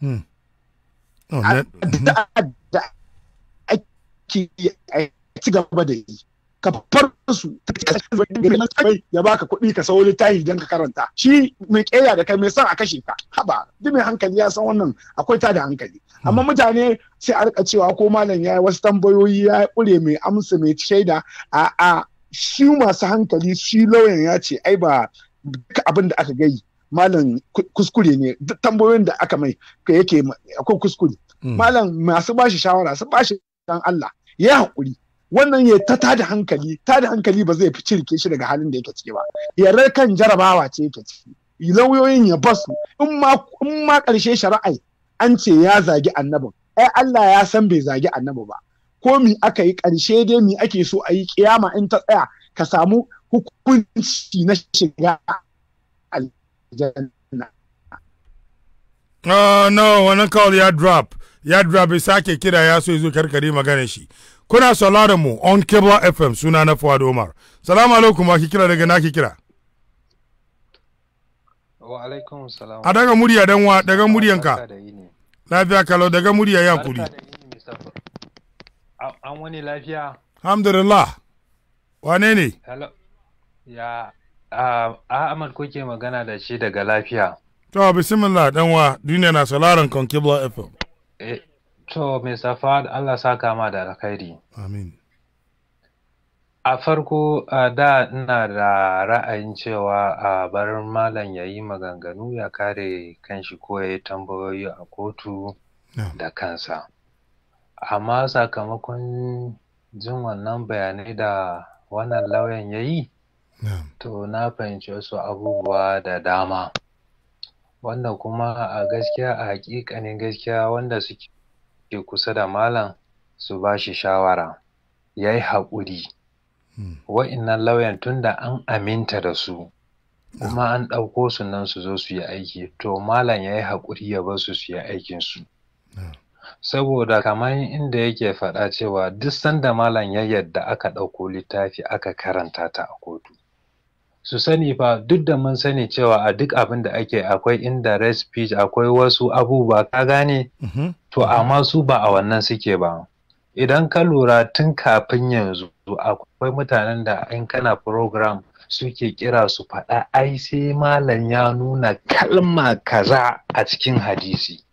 hmm. oh, da ake ci gaba da yi ka far su ya baka kuɗi ka sauri tahi don ka karanta shi mai ƙeya da kai mai son a kashe ka haba duk mai hankali ya san wannan akwai ta da hankali amma hmm. mutane sai a rika cewa ko malam ya yi wasu tambayoyi ya yi kure mai amsa mai shaida a a shi masu hankali shi lauyan ya ce ai ba duka abin da aka gai malam kuskure ne duk tambayoyin da aka mai ka yake akwai kuskure hmm. malam masu bashi shawara su bashi dan Allah ya hakuri wannan ya ta tada hankali tada hankali ba zai fi cirke shi daga halin da yake ciki ba yarrar kan jarabawa ce yake ciki lauyoyin ya basu in ma in ma karshe shari'ai an ce ya zagi annabin ai Allah ya san bai zagi annabi ba ko mi aka yi ƙarshe dai mi ake so a yi kiyama in ta tsaya ka samu hukunci na shiga aljanna oh no wannan call ya drop ya drop bai sake kira ya so ya karkare magana shi kuna sauraron mu on cable fm suna na Fuad Umar salamu alaikum wa ki kira daga na naki kira A daga murya dan wa daga muryanka. Lafiya kalau daga murya ya kuri. An wani lafiya. Alhamdulillah. Wane ne? Hello. Ya Ahmad kuke magana da shi daga lafiya. To bismillah dan wa duniya na sauraron kan Kibla FM. Eh, to mai safa Allah sa ma da alkhairi. Amin. A farko, a da ina da ra'ayin cewa a bar malam ya yi maganganu ya kare kanshi ko ya yi tambayoyi a kotu da kansa. Amma sakamakon jin wannan bayanai da wannan lauyan ya yi, to na fahimci wasu abubuwa da dama. Wanda kuma a gaskiya a hakikanin gaskiya wanda suke kusa da malam su ba shi shawara, ya yi haƙuri. wa'innan lauyan tun da an aminta da su kuma an ɗauko su nan su zo su yi aiki to malam ya yi haƙuri ya bar su su yi aikinsu saboda kamar inda yake faɗa cewa duk sanda malam ya yadda aka ɗauko littafi aka karanta ta a kotu su sani fa duk da mun sani cewa a duk abin da ake akwai inda speech akwai wasu abubuwa ka gane mhm. to amma su ba a wannan suke ba idan ka lura tun kafin yanzu akwai mutanen da in kana program suke kira su faɗa ai sai malam ya nuna kalma kaza a cikin hadisi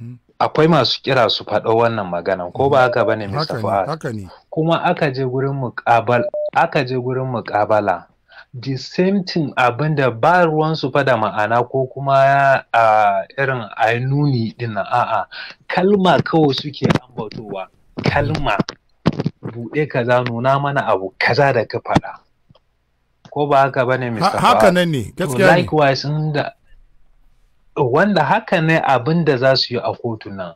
mhm. akwai masu kira su faɗo wannan magana, ko ba haka bane Mr. Fuad kuma aka je gurin muƙabala aka je gurin muqabala the same thing abinda ba ruwan su fada ma'ana ko kuma a irin ainuni din a'a kalma kawai suke ambatowa kalma buɗe kaza nuna mana abu kaza da ka faɗa ko ba haka bane haka ne wanda haka ne abin da za su yi a kotu nan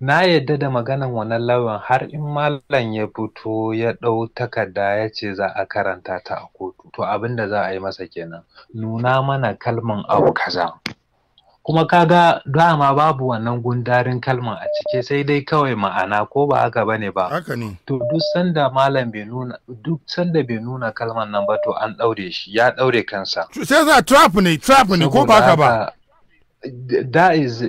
na yadda da maganan wannan lawan har in malam ya fito ya ɗau takarda ya ce za a karanta ta a kotu to abin da za a yi masa kenan nuna mana kalmin abu kaza kuma kaga dama babu wannan gundarin kalma a cike sai dai kawai ma'ana ko ba haka bane ba haka ne to duk sanda malam bai nuna duk sanda bai nuna kalmar nan ba to an daure shi ya daure kansa sai za trap ne trap ne ko ba haka ba da is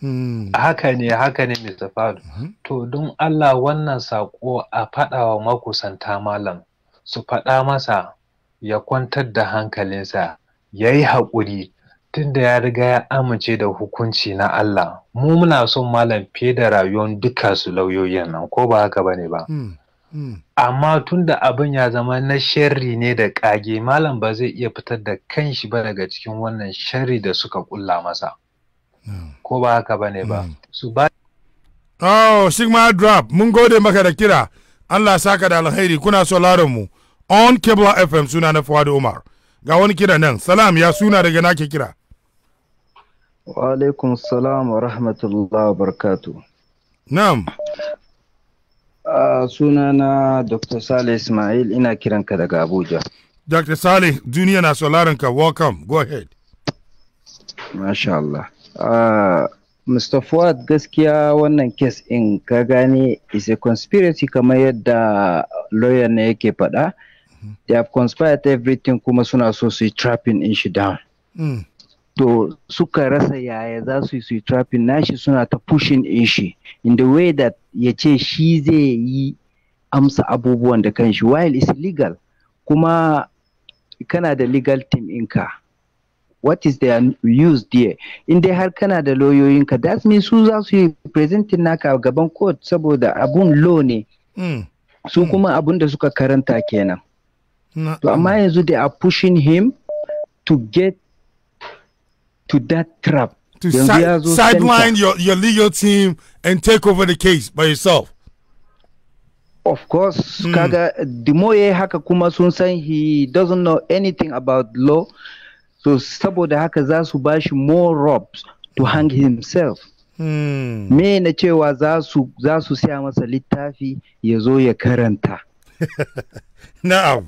hmm. Haka ne, haka ne Mr. Fadu. Mm-hmm. To, don Allah wannan saƙo a faɗawa makusanta malam, su faɗa masa ya kwantar da hankalinsa, ya yi haƙuri, da ya riga ya amince da hukunci na Allah mu muna son malam fiye da rayuwar duka su lauyoyin nan ko ba haka bane ba hmm, hmm. amma tunda abin ya zama na sharri ne da kage malam ba zai iya fitar da kan shi ba daga cikin wannan sharri da suka kulla masa hmm. ko ba haka bane ba su ba oh sigma drop mun gode maka da kira Allah saka da alheri kuna sauraron mu on Kebla FM suna na Fuad Umar ga wani kira nan salam ya suna daga nake kira Wa alaikum salam wa rahmatullahi wa barakatu. Na'am. Uh, sunana Dr. Sale Ismail ina kiranka daga Abuja. Dr. Sale, duniya na sauraronka, welcome, go ahead. Masha Allah. Mr. Fuad gaskiya wannan kes in ka gane is a conspiracy kamar yadda lawyer na yake faɗa. Mm-hmm. They have conspired everything kuma suna so su yi trapping in shi down. Mm. to suka rasa yaya za su yi su trapping nashi suna ta pushing in shi in the way that ya ce shi zai yi amsa abubuwan da kanshi while is legal kuma kana da legal team inka what is their use there in dai har kana da lauyoyinka that means su za su yi presenting naka a gaban court saboda abun lo ne hmm. su hmm. kuma abun da suka karanta kenan to amma yanzu they are pushing him to get to that trap. To si sideline your, your legal team and take over the case by yourself. Of course, mm. kaga Dimoye haka kuma sun san he doesn't know anything about law. So saboda haka za su bashi more ropes to hang himself. Mm. Me na cewa za su za siya masa littafi ya zo ya karanta. Na'am.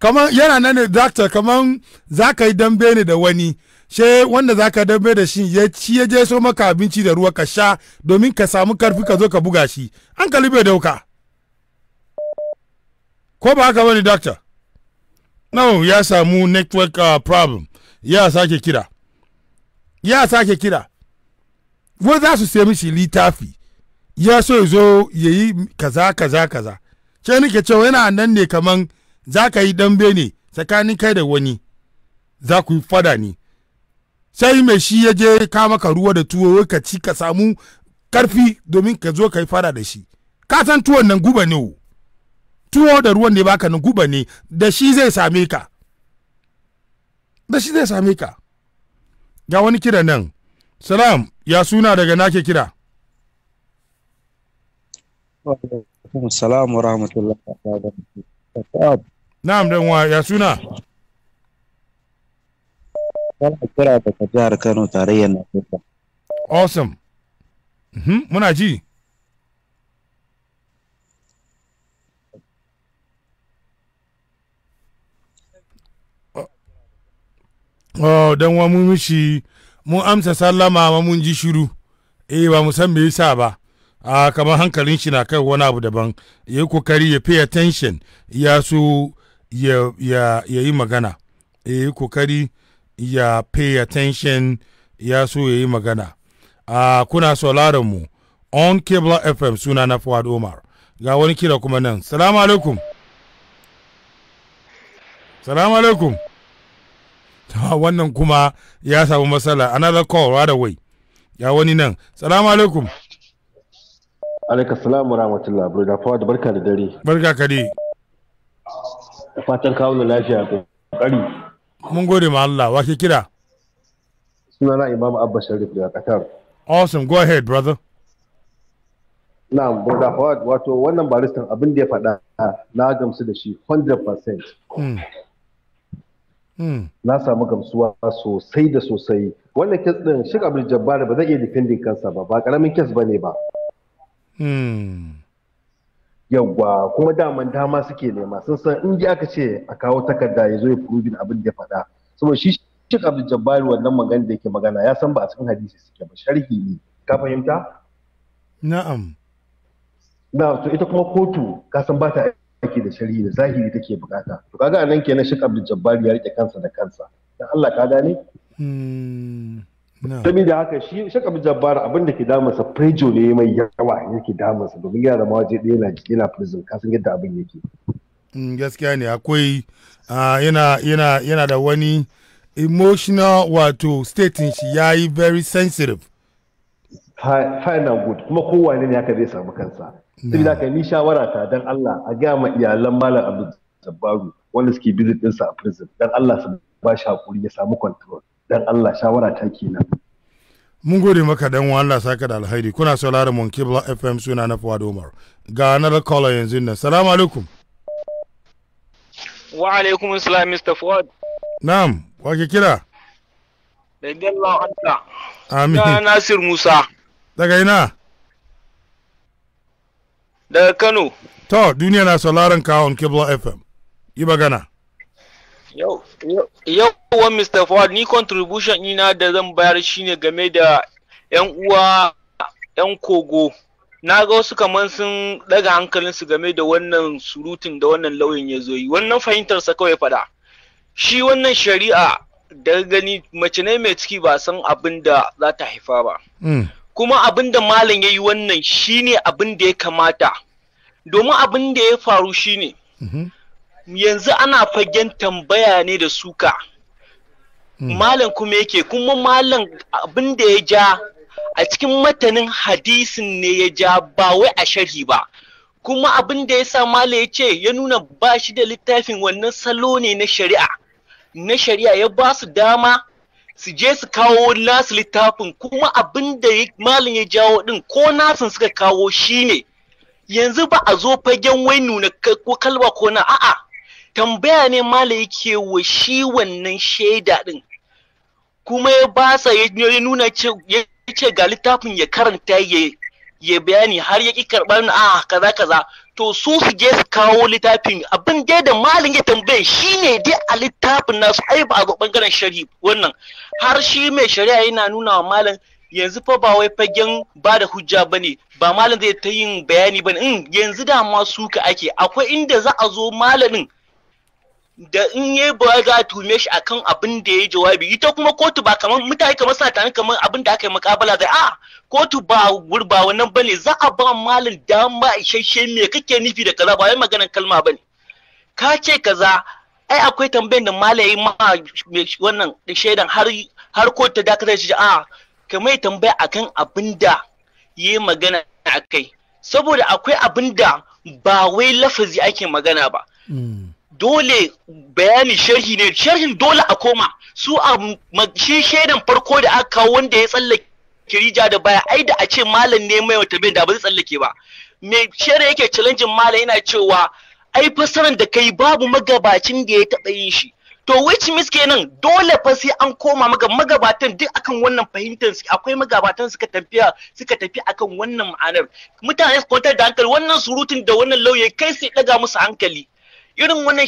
Kaman yana nan ne doctor kaman za ka yi dambe ne da wani. she wanda zaka dambe da shi ya ci ya je so maka abinci da ruwa ka sha domin ka samu karfi ka zo ka buga shi an kalli bai dauka ko ba haka bane doctor no ya samu network uh, problem ya sake kira ya sake kira wai za su sai mishi littafi ya so ya zo ya yi kaza kaza kaza ce nake cewa yana nan ne kaman za ka yi dambe ne tsakanin kai da wani za ku yi fada ne sai mai shi ya je ka maka ruwa da tuwo ka ci ka samu karfi domin ka zo ka yi fara da shi ka san tuwon nan guba ne tuwo da ruwan ne baka nan guba ne da shi zai same ka da shi zai same ka ga wani kira nan salam ya suna daga nake kira Assalamu wa rahmatullahi wa barakatuh. Na'am dan wa ya suna. Kana kira daga jihar Kano tarayyar Najeriya. Awesome. Mhm, muna ji. Oh, oh don wa mun mishi mun amsa sallama ma mun ji shiru. Eh ba mu san me yasa ba. a ah, kamar hankalin shi na kai wani abu daban ya yi kokari ya pay attention ya so ya yi magana eh, ya yi kokari ya pay attention ya so ya yi magana uh, kuna sauraron mu on cable fm suna na Fuad omar ga wani kira kuma nan salamu alaikum salamu alaikum wannan kuma ya samu matsala another call right away ya wani nan salamu alaikum alaika salamu wa rahmatullah bro da fawad barka da dare barka ka dai fatan kawo lafiya ko kari Mun gode ma Allah, wa ke kira? Sunana Imam Abba Sharif daga Qatar. Awesome, go ahead brother. Na brother Fawad, wato wannan baristan abin da ya faɗa na gamsu da shi 100%. Hmm. Hmm. Na samu gamsuwa sosai da sosai. Wannan kes ɗin Sheikh Abdul Jabbar ba zai iya defending kansa ba, ba ƙaramin kes ba ne ba. Hmm. yawwa kuma daman dama suke nema sun san in ji aka ce a kawo takarda ya zo ya furubin abin da ya faɗa saboda shi shi Abdul wannan magana da yake magana ya san ba a cikin hadisi suke ba sharhi ne ka fahimta na'am na to ita kuma kotu ka san ba ta aiki da sharhi da zahiri take bukata to kaga nan kenan shi Abdul ya rike kansa da kansa dan Allah ka gane hmm. saboda haka shi shaka jabbar abin da ke damunsa prejo ne mai yawa yake damunsa domin yana da mawaje ɗaya yana yana prison kasan yadda abin yake mm, gaskiya ne akwai ah, yana da wani emotional wato statin shi ya yi very sensitive fine and good kuma kowane ne haka zai samu kansa saboda haka ni shawara ta dan Allah a ga ma iyalan malam Abdul Jabbaru wanda suke visit ɗinsa a prison dan Allah su ba shi hakuri ya samu control dan Allah shawara ta kenan mun gode maka dan wa Allah saka da alhairi kuna sauraron mun Kibla FM suna na Fuad Umar ga another caller yanzu nan assalamu alaikum wa alaikum assalam Mr Fuad na'am wa ke kira da Allah hatta amin da Nasir Musa daga ina daga Kano to duniya na sauraron on Kibla FM yi magana Yauwa Mr. Ford, ni contribution ina da zan bayar shine game da 'yan uwa 'yan kogo. Na ga wasu kamar sun daga hankalinsu game da wannan surutun da wannan lauyin ya zo yi. Wannan fahimtarsa kawai fada. Shi wannan shari'a da gani mace ne mai ciki ba san abin da za ta haifa ba. Mm. Kuma abin da malam ya yi wannan shine abin da ya kamata. Domin abin da ya faru shine. ne. Mm-hmm. yanzu ana fagen tambaya ne da suka hmm. malam kuma yake kuma malam abin da ya ja a cikin matanin hadisin ne ya ja ba wai a sharhi ba kuma abin da ya sa malam ya ce ya nuna ba shi da littafin wannan salo ne na shari'a na shari'a ya ba su dama su je su kawo nasu littafin kuma abin da malam ya jawo din ko nasun suka kawo shi ne yanzu ba a zo fagen wai nuna ko kalba ko na a'a tambaya ne mala yake wa shi wannan shaida din kuma ya ba sa ya nuna ya ce ga littafin ya karanta ya bayani har ya ki karɓar a ah, kaza kaza to su su je su kawo littafin abin dai da malin ya tambaye shi ne dai a littafin nasu ai ba a bangaren Sharif wannan har shi mai shari'a yana nuna wa malin yanzu fa ba wai fagen ba da hujja ba ne ba malin zai ta yin bayani ba ne mm, yanzu da ma suka ake akwai inda za a zo malamin da in yi ba za a tume shi akan abin da yayi jawabi ita kuma kotu ba kamar mutane kamar sa tare kamar abin da aka yi mukabala a kotu ba gurba wannan bane za a ba malin dama isasshe me kake nufi da kaza ba wai maganar kalma bane ka ce kaza ai akwai tambayar da malai yayi ma wannan shaidan har har kotu dakatar shi a kamar tambaya akan abin da yayi magana akai saboda akwai abin da ba wai lafazi ake magana ba hmm. dole bayani sharhi ne sharhin dole a koma su a shi shaidan farko da aka kawo wanda ya tsallake rija da baya ai da a ce malam ne mai wata bin da ba zai tsallake ba me shaidan yake challenge malam yana cewa ai fasaran da kai babu magabacin da ya taɓa yin shi to which means kenan dole fa sai an koma maga magabatan duk akan wannan fahimtar su akwai magabatan suka tafiya suka tafi akan wannan ma'anar mutane su kwantar da hankali wannan surutun da wannan lauye kai sai daga musu hankali irin wannan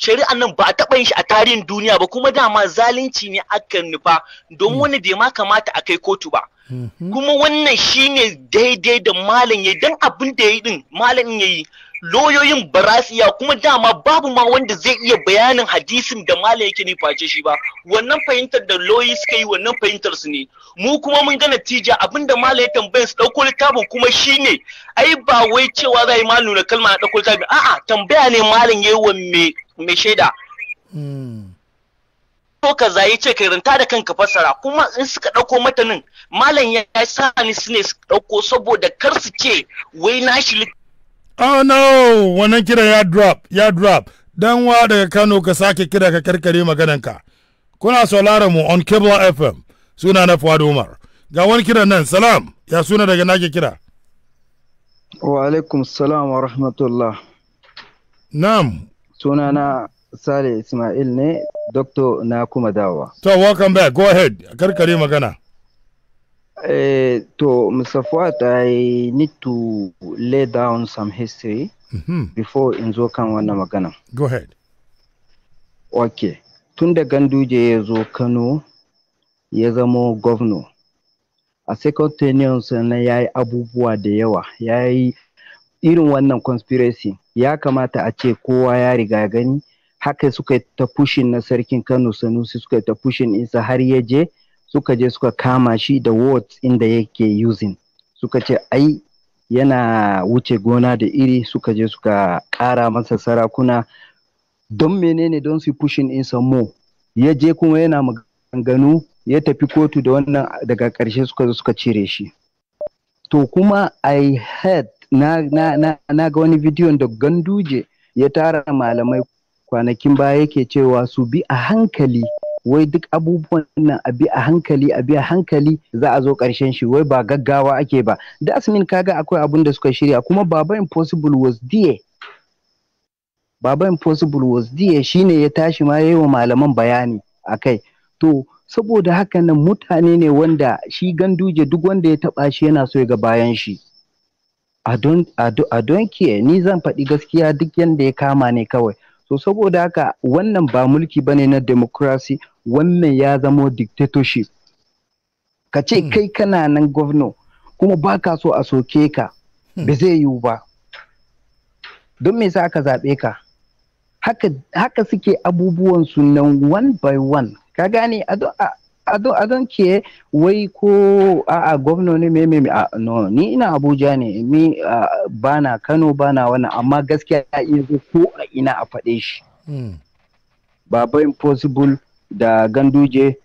shari'a nan ba a taɓa yin shi a tarihin duniya ba kuma dama zalunci ne akan nufa don hmm. wani bai ma kamata a kai kotu ba hmm. kuma wannan shine daidai da malam ya dan abin da ya yi din malam ya yi loyoyin ba za su iya kuma dama babu ma wanda zai iya bayanin hadisin da mala yake ne face shi ba wannan fahimtar da loyi suka yi wannan fahimtar su ne mu kuma mun ga tija abinda mala ya tambaya su dauko littafin kuma shine ai ba wai cewa za a yi ma nuna kalma na dauko littafin a'a tambaya ne malam yayi wa me me shaida hmm. ko kaza ya ce rinta da kanka fassara kuma in suka ɗauko matanin malam ya sa ni su ne su ɗauko saboda kar su ce wai na shi oh no wannan kira ya drop ya drop dan wa daga Kano ka sake kira ka karkare magananka kuna sauraron mu on Cable FM suna na Fuad Umar ga wani kira nan salam ya suna daga nake kira wa alaikum salam wa rahmatullah nam. suna na Sale Ismail ne doctor na kuma dawa to welcome back go ahead karkare magana Eh, to Mr. Fuad, I need to lay down some history mm -hmm. before in zo kan wannan magana. Go ahead. Okay. Tun da Ganduje ya zo Kano ya zamo governor. A second tenure na ya yi abubuwa da yawa, ya yi irin wannan conspiracy ya kamata a ce kowa ya riga gani haka suka ta na sarkin Kano Sanusi suka ta pushin isa har ya je suka je suka kama shi da words inda yake using suka ce ai yana wuce gona da iri suka je suka ƙara masa sarakuna don menene don su pushing in more ya je kuma yana maganganu ya tafi kotu da wannan daga ƙarshe suka zo suka cire shi to kuma i heard na, na, na, na ga wani bidiyon da ganduje ya tara malamai kwanakin baya yake cewa su bi a hankali wai duk abubuwan nan a bi a hankali a bi a hankali za a zo ƙarshen shi wai ba gaggawa ake ba da asmin kaga akwai abun da suka shirya kuma baba impossible was there baba impossible was there shine ya tashi ma yayi wa malaman bayani akai to saboda haka nan mutane ne wanda shi ganduje duk wanda ya taba shi yana so ya ga bayan shi a don ke ni zan faɗi gaskiya duk yanda ya kama ne kawai so saboda haka wannan ba mulki bane na democracy wannan ya zamo dictatorship ka ce hmm. kai kana nan gwamna kuma ba ka so a soke ka hmm. ba zai yiwu ba don me sa aka zaɓe ka haka, suke abubuwan nan one by one ka gane a adon ke wai ko a'a gwamnoni me me no ni ina abuja ne ni bana kano bana wannan amma gaskiya ya iya zo ko a ina a faɗe shi hmm. baba impossible da ganduje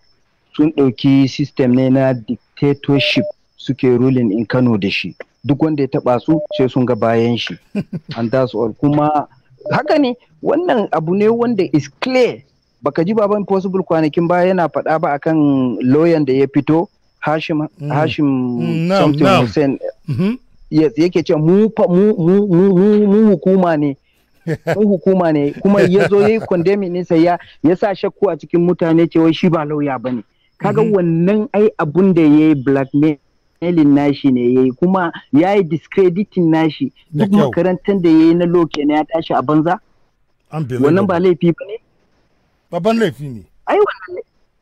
sun ɗauki system ne na dictatorship suke ruling in kano da shi duk wanda ya taɓa su sai sun ga bayan shi and that's all kuma haka ne wannan abu ne wanda is clear baka ji baban possible kwanakin baya yana faɗa ba akan loyan da ya fito hashim mm. hashim mm, something hussein mm-hmm. yes yake ce mu mu hukuma ne mu hukuma ne kuma ya zo ya yi condemning ɗinsa ya ya sa shakku a cikin mutane cewa shi ba lauya ba ne kaga mm-hmm. wannan ai abun da ya yi blackmailing nashi ne ya yi kuma ya yi discrediting nashi duk makarantar da ya yi na loke na ya tashi a banza wannan ba laifi ba ne babban laifi ne ai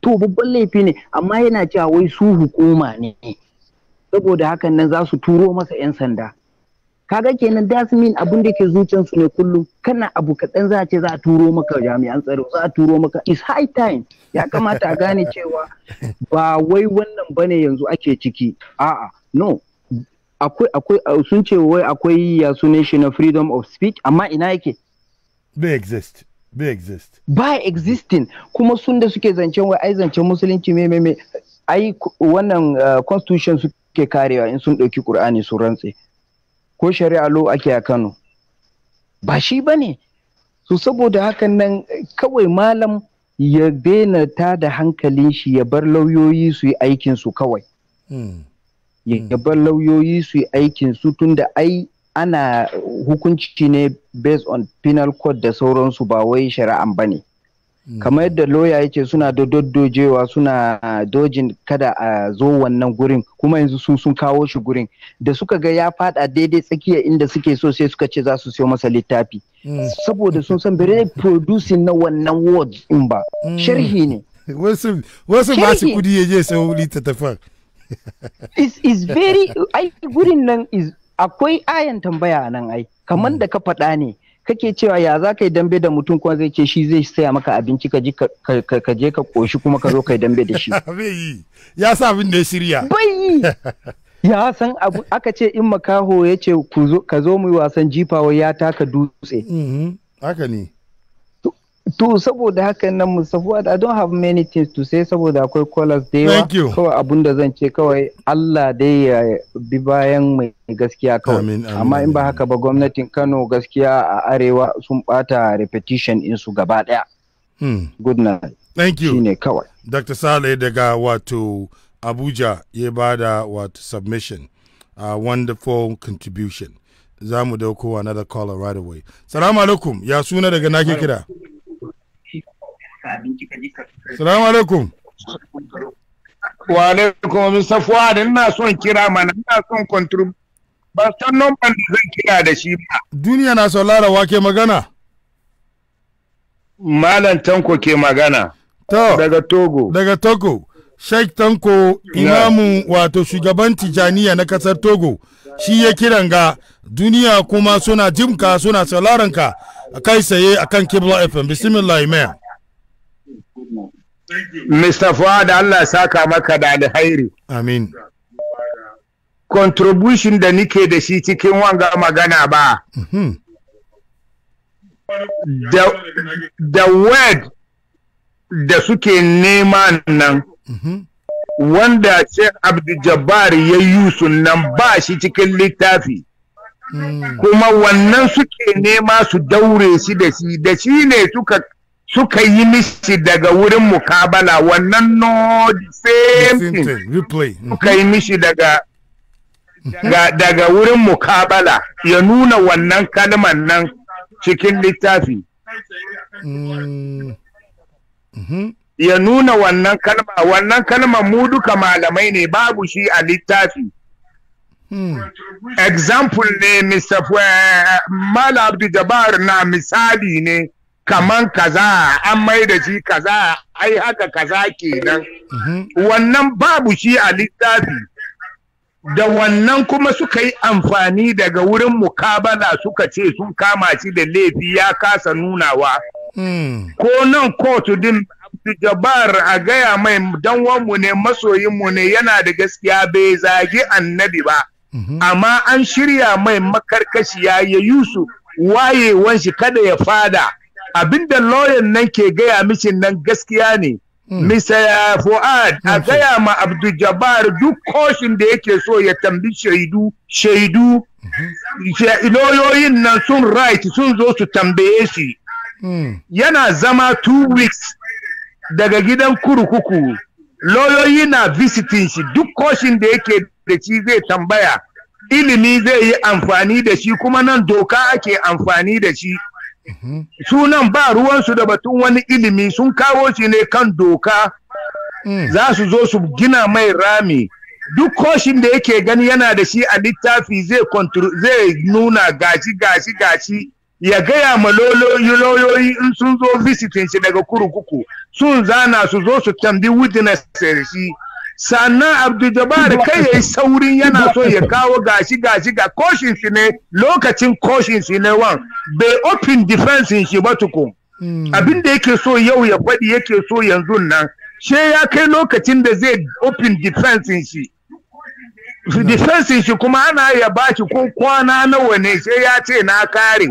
to babban laifi ne amma yana cewa wai su hukuma ne saboda hakan nan za su turo masa 'yan sanda kaga kenan dasmin abin da ke zuciyarsu ne kullum kana abu kaɗan za a ce za a turo maka jami'an tsaro za a turo maka is high time ya kamata a gane cewa ba wai wannan bane yanzu ake ciki a'a no akwai akwai sun ce wai akwai ya sunan shi na freedom of speech amma ina yake they exist bai exist ba existing kuma sun da suke zancen wai ai zancen musulunci me me me ai wannan uh, constitution suke karewa in sun ɗauki qur'ani su rantse ko shari'a lo ake a Kano ba shi bane su so saboda hakan nan kawai malam ya daina ta da hankalin shi ya bar lauyoyi su yi aikin su kawai hmm. ya hmm. bar lauyoyi su yi aikin su tunda ai ana hukunci ne based on penal code da sauransu ba wai shari'an ba ne hmm. kamar yadda loya yake suna da dojewa suna dojin kada a zo wannan gurin kuma yanzu su sun kawo shi gurin da suka ga ya fada daidai tsakiya inda suke so sai suka ce za su siyo masa littafi hmm. saboda sun san bere producing na wannan words in ba hmm. sharhi ne wasu ba su kudi ya je sau littattafan is is very ai gurin nan is akwai ayan tambaya a nan ai kamar hmm. da ka faɗa ne kake cewa ya za ka yi dambe da mutum kuma zai ce shi zai saya maka abinci ka je ka koshi kuma ka zo ka yi dambe da shi bai ya sa abin da ya shirya bai yi ya san abu aka ce in makaho ya ce ka zo mu yi wasan jifawa ya taka dutse mm-hmm. haka ne to saboda haka nan musafuwa i don't have many things to say saboda akwai callers da yawa kawai abun da zan ce kawai Allah dai ya bi bayan mai gaskiya kawai amma in ba haka ba gwamnatin Kano gaskiya a arewa sun bata repetition in su gaba daya hmm. good night thank you shine kawai Dr. Saleh daga wato Abuja ya bada wato submission a wonderful contribution za mu dauko another caller right away salamu alaikum ya suna daga nake kira kamin alaikum Wa alaikum Musa safwan ina son kira mana ina son contribute ba san numban da zan kira da shi ba Duniya na Larawa ke magana Malam Tanko ke magana To daga Togo Daga Togo Sheikh Tanko imamu wato shugaban Tijaniya na kasar Togo shi ya kiran ga duniya kuma suna jimka suna sauraron ka kai saye akan Kibla FM bismillah maya Mr. Fuad Allah saka maka da alkhairi. Amin. Contribution da nike da shi cikin wanga magana ba. Mhm. Da word da suke nema nan, mhm. wanda Sheikh Abdul Jabbar ya yi nan ba shi cikin littafi. Mhm. Kuma wannan suke nema su daure shi da shi, da shi ne suka suka yi mishi daga wurin mukabala wannan no the same thing mm-hmm. suka yi mishi daga daga wurin mukabala ya nuna wannan kalman nan cikin littafi mm-hmm. Mm-hmm. ya nuna wannan kalma wannan kalma mu duka malamai ne babu shi a littafi hmm. example ne mr Malam abdu jabar na misali ne kaman kaza an mai da shi kaza ai haka kaza kenan mhm. wannan babu shi a littafi da wannan kuma suka yi amfani daga wurin mukabala suka ce sun kama shi da laifi ya kasa nunawa hmm. ko nan kotu din Jabar a gaya mai danwanmu ne masoyinmu ne yana da gaskiya bai zagi annabi ba mhm. amma an shirya mai makarkashiya ya Yusuf wayewan shi kada ya fada abinda lawyer nan ke gaya mishin nan gaskiya ne Mr. Hmm. Fuad a hmm. gaya ma Abdul Jabbar duk koshin da yake so ya tambi shaidu shaidu hmm. lauyoyin nan sun right sun zo su tambaye shi yana zama two weeks daga gidan kurkuku lauyoyi na visiting shi duk koshin da yake da shi zai tambaya ilimi zai yi amfani da shi kuma nan doka ake amfani da shi sunan ba ruwansu da batun wani ilimi sun kawo shi ne kan doka mm. za su zo su gina mai rami duk koshin da yake gani yana da shi a littafi zai nuna gashi gashi gashi ya gaya ma lauyoyi in sun zo visitin shi daga kurkuku sun zana su zo su tambi witness shi sannan abdujabbar kai yayi saurin yana so ya kawo gashi gashi ga koshin shi ne lokacin koshin shi ne wan bai open defense shi ba tukun hmm. abin da yake so yau ya faɗi yake so yanzu nan she ya kai lokacin da zai open defense shi hmm. defense shi kuma ana ya shi ko kwana nawa ne she ya ce na kare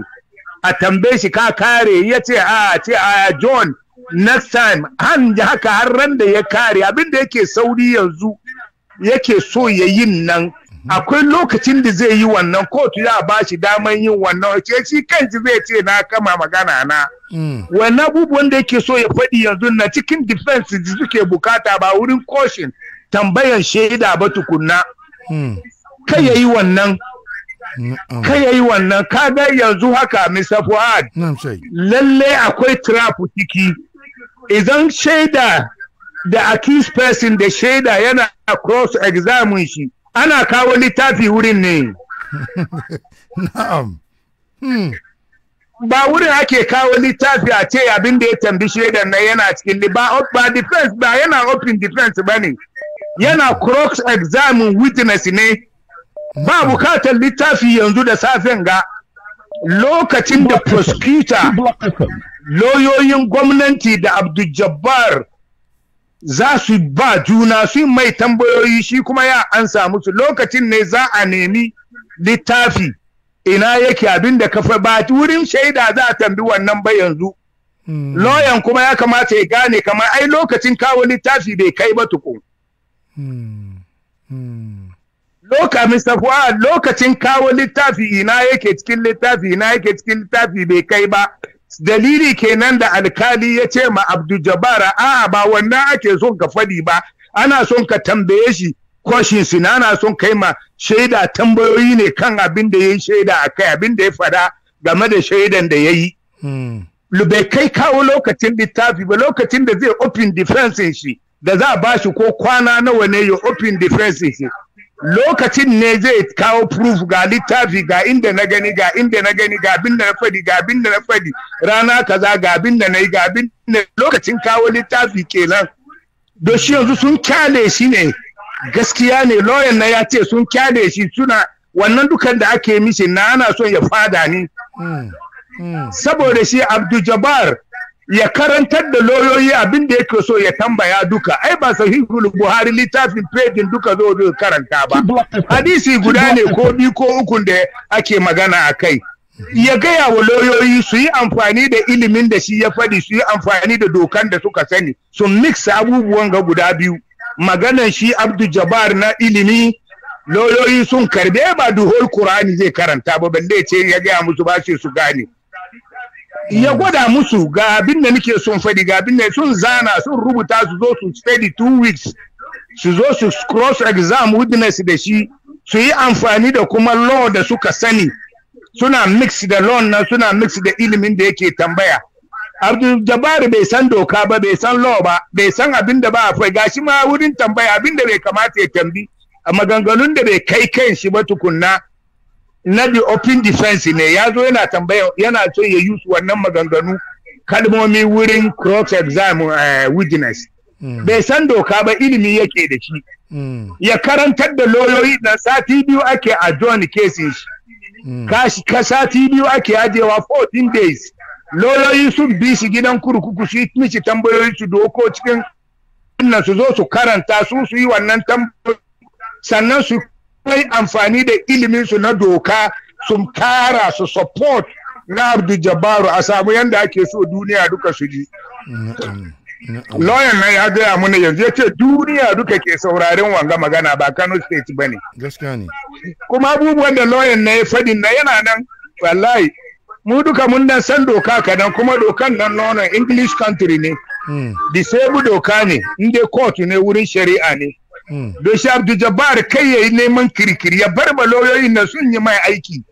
a tambaye shi ka kare ya ce a ah, ce a ah, John next time han haka har ran da ya kare abin da yake sauri yanzu yake so ya yin nan akwai lokacin da zai yi wannan kotu ya ba shi damar yin wannan ce shi kanshi zai ce na kama magana na mm. wannan abubuwan da yake so ya faɗi yanzu na cikin defense da suke bukata ba wurin koshin tambayan shaida ba tukunna mm. kai ya yi wannan mm. kai ya yi wannan kaga yanzu haka Mr. Fuad lalle akwai trap ciki idan shaida da accused person da shaida yana cross examine shi ana kawo littafi wurin ne na'am hmm. ba wurin ake kawo littafi a ce abin da ya tambi shaidan na yana cikin ba ba defense ba yana open defense ba ne yana cross examine witness ne ba bukatar littafi yanzu da safen ga lokacin da prosecutor loyoyin gwamnati da abdujabbar za su ba juna su mai tambayoyi shi kuma ya samu su. lokacin ne za a nemi littafi ina yake abin da kafa ba wurin shaida za a tambi wannan ba yanzu hmm. loyan kuma ya kamata ya gane kamar ai lokacin kawo littafi bai kai ba tukun hmm. Hmm. Loka Mr. Fuad lokacin kawo littafi ina yake cikin littafi ina yake cikin littafi bai kai ba dalili kenan da alkali ya ce ma Jabara a ba wannan ake son ka fadi ba ana son ka tambaye shi kwashin su ana son kai ma shaida tambayoyi ne kan abin da ya yi shaida a kai abin da ya fada game da shaidan da ya yi hmm. bai kai kawo lokacin littafi ba lokacin da zai open defense shi da za a bashi ko kwana nawa ne ya open defense shi lokacin ne zai kawo proof ga littafi ga inda na gani ga inda na gani ga abin da na fadi ga abin da na fadi rana kaza ga abin da na yi ga abin da lokacin kawo littafi kenan do shi yanzu sun kyale shi ne gaskiya ne lawyer na ya ce sun kyale shi suna wannan dukan da ake mishi na ana son ya fada ni hmm. Hmm. saboda shi Abdul Jabbar ya karantar da loyoyi abin da yake so ya tambaya duka ai ba sahihul buhari littafin pejin duka zo da karanta ba hadisi guda ne ko bi ko uku da ake magana a kai ya gaya wa loyoyi su yi amfani da ilimin da shi ya faɗi su yi amfani da dokan da suka sani su mix abubuwan ga guda biyu maganan shi abdu jabbar na ilimi loyoyi sun karbe ba duhol qur'ani zai karanta ba balle ce ya gaya musu ba su gane ya gwada musu ga abin da nake sun faɗi ga abin da sun zana sun rubuta su zo su study two weeks su zo su cross exam witness da shi su yi amfani da kuma law da suka sani suna mix da law na suna mix da ilimin da yake tambaya Abdul Jabari bai san doka ba bai san law ba bai san abin da ba ga gashi ma wurin tambaya abin da bai kamata ya tambi a maganganun da bai kai kan shi ba tukunna na the open defense ne ya zo yana tambaya yana so ya yi wannan maganganu kalmomi wurin cross exam uh, witness mm. bai san doka ba ilimi yake da shi mm. ya karantar da loyoyi na sati biyu ake a john kesin shi ka sati biyu ake ajiyewa 14 days loyoyi sun bi shi gidan kurkuku su mishi tambayoyi su doko cikin su zo su karanta su su yi wannan tambayoyi sannan su yi amfani da ilimin su na doka sun tara su support na Abdul jabaru a samu yadda ake so duniya duka su ji. Lawyer na ya gaya mana yanzu ya ce duniya duka ke sauraren wanga magana ba Kano State ba ne. Kuma abubuwan da lawyer na ya fadin na yana nan wallahi mu duka mun nan san doka kadan kuma dokan nan nonon English country ne. Hmm. Disabled doka ne, inda court ne wurin shari'a ne. Mm. don shi abdu jabbar kai yayi neman kirkiri ya bar ma lauyoyin nan sun yi mai aiki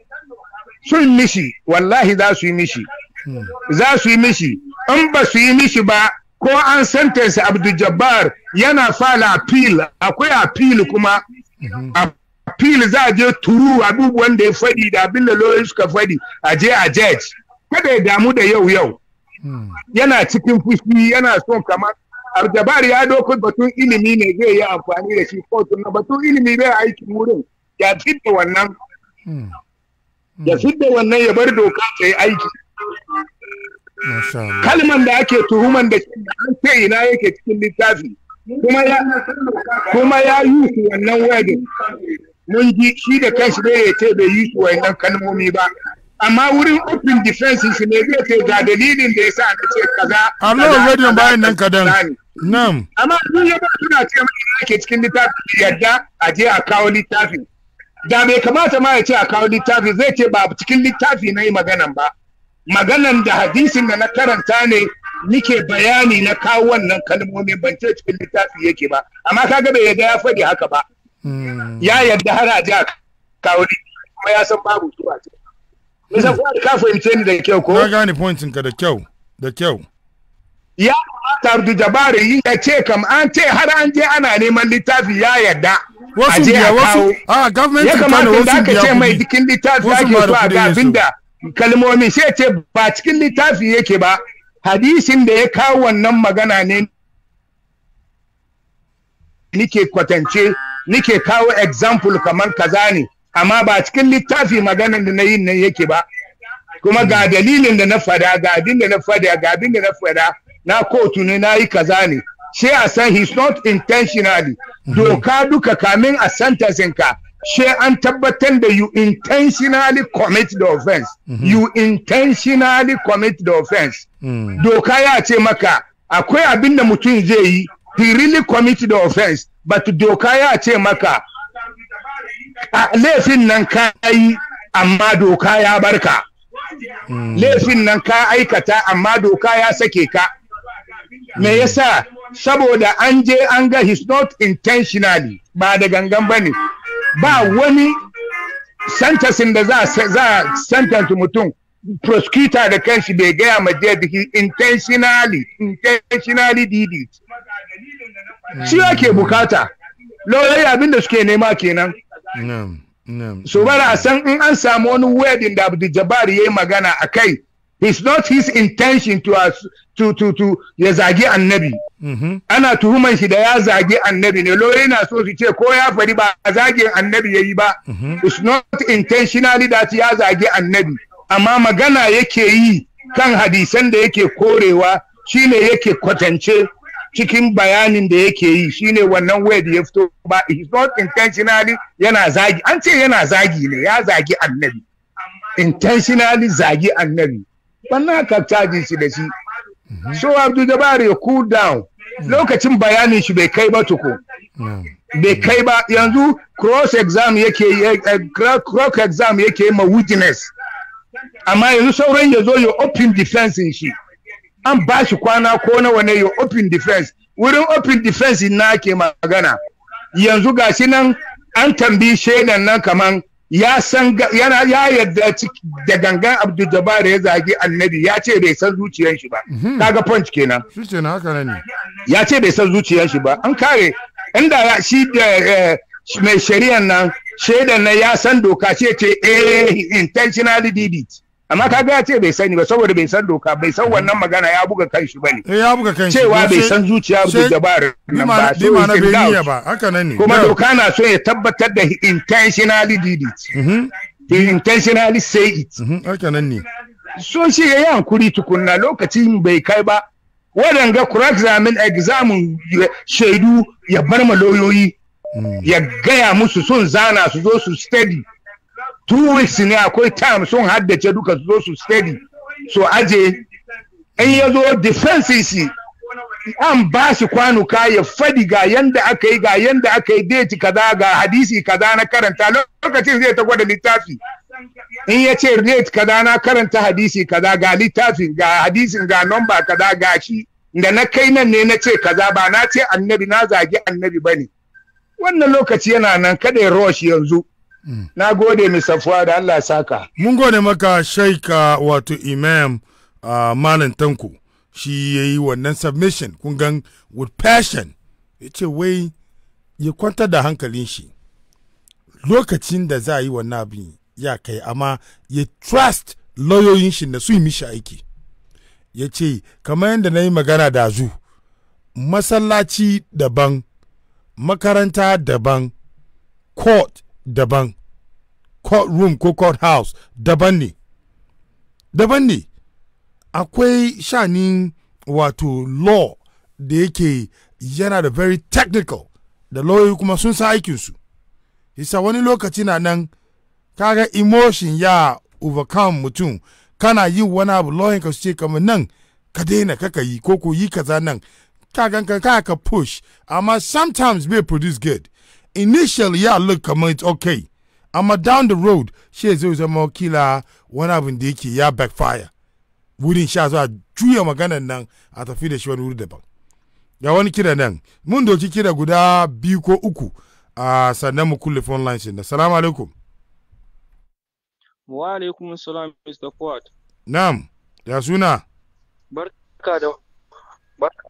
sun mishi wallahi za su yi mishi mm. za su yi mishi in ba su yi mishi ba ko an sentence abdu jabbar yana fala appeal akwai appeal kuma mm-hmm. appeal za a je turu abubuwan da ya faɗi da abin da suka faɗi a je a judge kada ya damu da yau yau mm. yana cikin fushi yana son kamar Arjabar ya doko batun ilimi ne zai yi amfani da shi ko tunan batun ilimi zai aiki wurin ya fidda wannan hmm. ya hmm. fidda wannan ya bar doka ta yi aiki kalman da ake tuhuman da shi an ce ina yake cikin littafi kuma ya yi su wannan wadin mun ji shi da kansu bai ya ce bai yi su wannan kalmomi ba amma wurin open defense shi ne zai ce ga dalilin da yasa na ce kaza Allah radio bayan nan kadan na'am amma duk yaba suna ce mai ake cikin littafi yadda a je a kawo littafi da bai kamata ma ya ce a kawo littafi zai ce ba cikin littafi na yi maganan ba maganan da hadisin da na karanta ne nike bayani na kawo wannan kalmomi ban ce cikin littafi yake ba amma kaga bai yadda ya faɗi haka ba hmm. ya yadda har a je a kawo littafi kuma ya san babu zuwa ce Mr. Fuad ka fahimce ni da kyau ko? Na gane pointin ka da kyau, da kyau. Ya kamata Abdul Jabari ya ce kam an ce har an je ana neman littafi ya yadda. Wasu biya wasu, a gwamnati ah, Kano wasu biya kuɗi. Ya kamata da aka ce mai cikin littafi ake so a ga abinda kalmomi sai ce ba cikin littafi yake ba. Hadisin da ya kawo wannan magana ne nike kwatance nike kawo example kamar kaza ne. amma ba cikin littafi maganan da na yin nan yake ba kuma ga dalilin da na fada ga abin da na fada ga abin da na fada na kotu ne na yi kaza ne she a san he's not intentionally mhm. doka duka kamin a sentencing ka she an tabbatar da you intentionally commit the offense mhm. you intentionally commit the offense mm. doka ya ce maka akwai abin da mutum zai yi he really commit the offense but doka ya ce maka laifin nan ka yi amma doka ya barka hmm. laifin nan ka aikata amma doka ya sake ka me yasa saboda an je an ga his not intentionally ba da gangan ba ne ba wani santasin da za a sentence mutum prosecutor da kanshi bai gaya ma jed he intentionally intentionally did it shi ake bukata lauyoyi abin suke nema kenan su bara a san in an samu wani wedding da abdul Jabari ya yi magana a kai it's not his intention to us, to ya zagi annabi mm-hmm. ana tuhuman shi da ya zagi annabi ne lori na so su ce ko ya fari ba a zagin annabi yayi ba mm-hmm. it's not intentionally that ya zagi annabi amma magana yake yi kan hadisan da yake korewa shine yake kwatance cikin bayanin da yake yi shine wannan waya da ya fito ba he's not intentionally yana zagi an ce yana zagi ne ya zagi annabi intentionally zagi annabi wannan aka caji shi da shi so abdul jabbar ya cool down lokacin bayanin shi bai kai ba tuko bai kai ba yanzu cross exam yake eh, eh, cross exam yake ma witness amma yanzu sauran ya zo ya open defense shi an ba shi kwana ko nawa ne ya open defense wurin open defense na ke magana yanzu ga shi nan an tambi shaidan nan kaman ya san yana ya yadda da gangan Abdul Jabbar ya zagi Annabi ya ce bai san zuciyar shi ba mhm. kaga punch kenan shi haka ne ya ce bai san zuciyar shi ba an kare inda shi da eh, mai shari'an nan shaidan nan ya san doka ce ce eh intentionally did it amma ka ga ce bai sani ba saboda bai san doka bai san mm-hmm. wannan magana ya buga kanshi bane eh ya buga kanshi cewa bai san zuciya da jabar nan ba so ma na bai niyya ba haka nan ne kuma doka na so ya tabbatar da intentionally did it the mm-hmm. intentionally say it mm-hmm. haka nan ne so shi ya yi hankuri tukunna lokacin bai kai ba wadanga kurak examin examin shaidu ya bar ma lauyoyi mm. ya gaya musu sun zana su zo su steady two weeks ne akwai time sun haddace duka su zo su steady so aje in ya zo defenses an ba shi kwanuka ya fadi ga yanda aka yi ga yanda aka yi date kaza ga hadisi kaza na karanta lokacin zai ta gwada littafi in ya ce date kaza na karanta hadisi kaza ga littafi, ga hadisin ga number kaza ga shi da na kai nan ne na ce kaza ba na ce annabi na zagi annabi bane wannan lokaci yana nan kada ya rush yanzu Na gode misafuwa da Allah saka. Mun gode maka shaika wato Imam uh, Malam Tanko shi ya yi wannan submission kun gan with passion ya ce wai ya kwanta da hankalin shi lokacin da za a yi wannan abin ya kai amma ya trust lauyoyin shi na su yi mishi aiki ya ce kamar yadda na yi magana da zu masallaci daban makaranta daban court daban court room ko court house daban ne daban ne akwai shani wato law da yake yana da very technical da lawyer kuma sun sa su isa wani lokaci na nan kaga emotion ya overcome mutum kana yi wani abu lawyer ka ce kamar nan ka daina kaka yi ko ko yi kaza nan kagan ka ka push amma sometimes bai produce good initially yeah look come it's okay amma down the road shi a more killer wani abin been yake ya backfire wurin sha zuwa juya maganan nan a tafi da shi wani wuri daban ga wani kira nan mun doki kira guda biyu ko uku a ah, sannan mu kulle phone lines din assalamu alaikum wa alaikum assalam mr quad na'am da suna barka da barka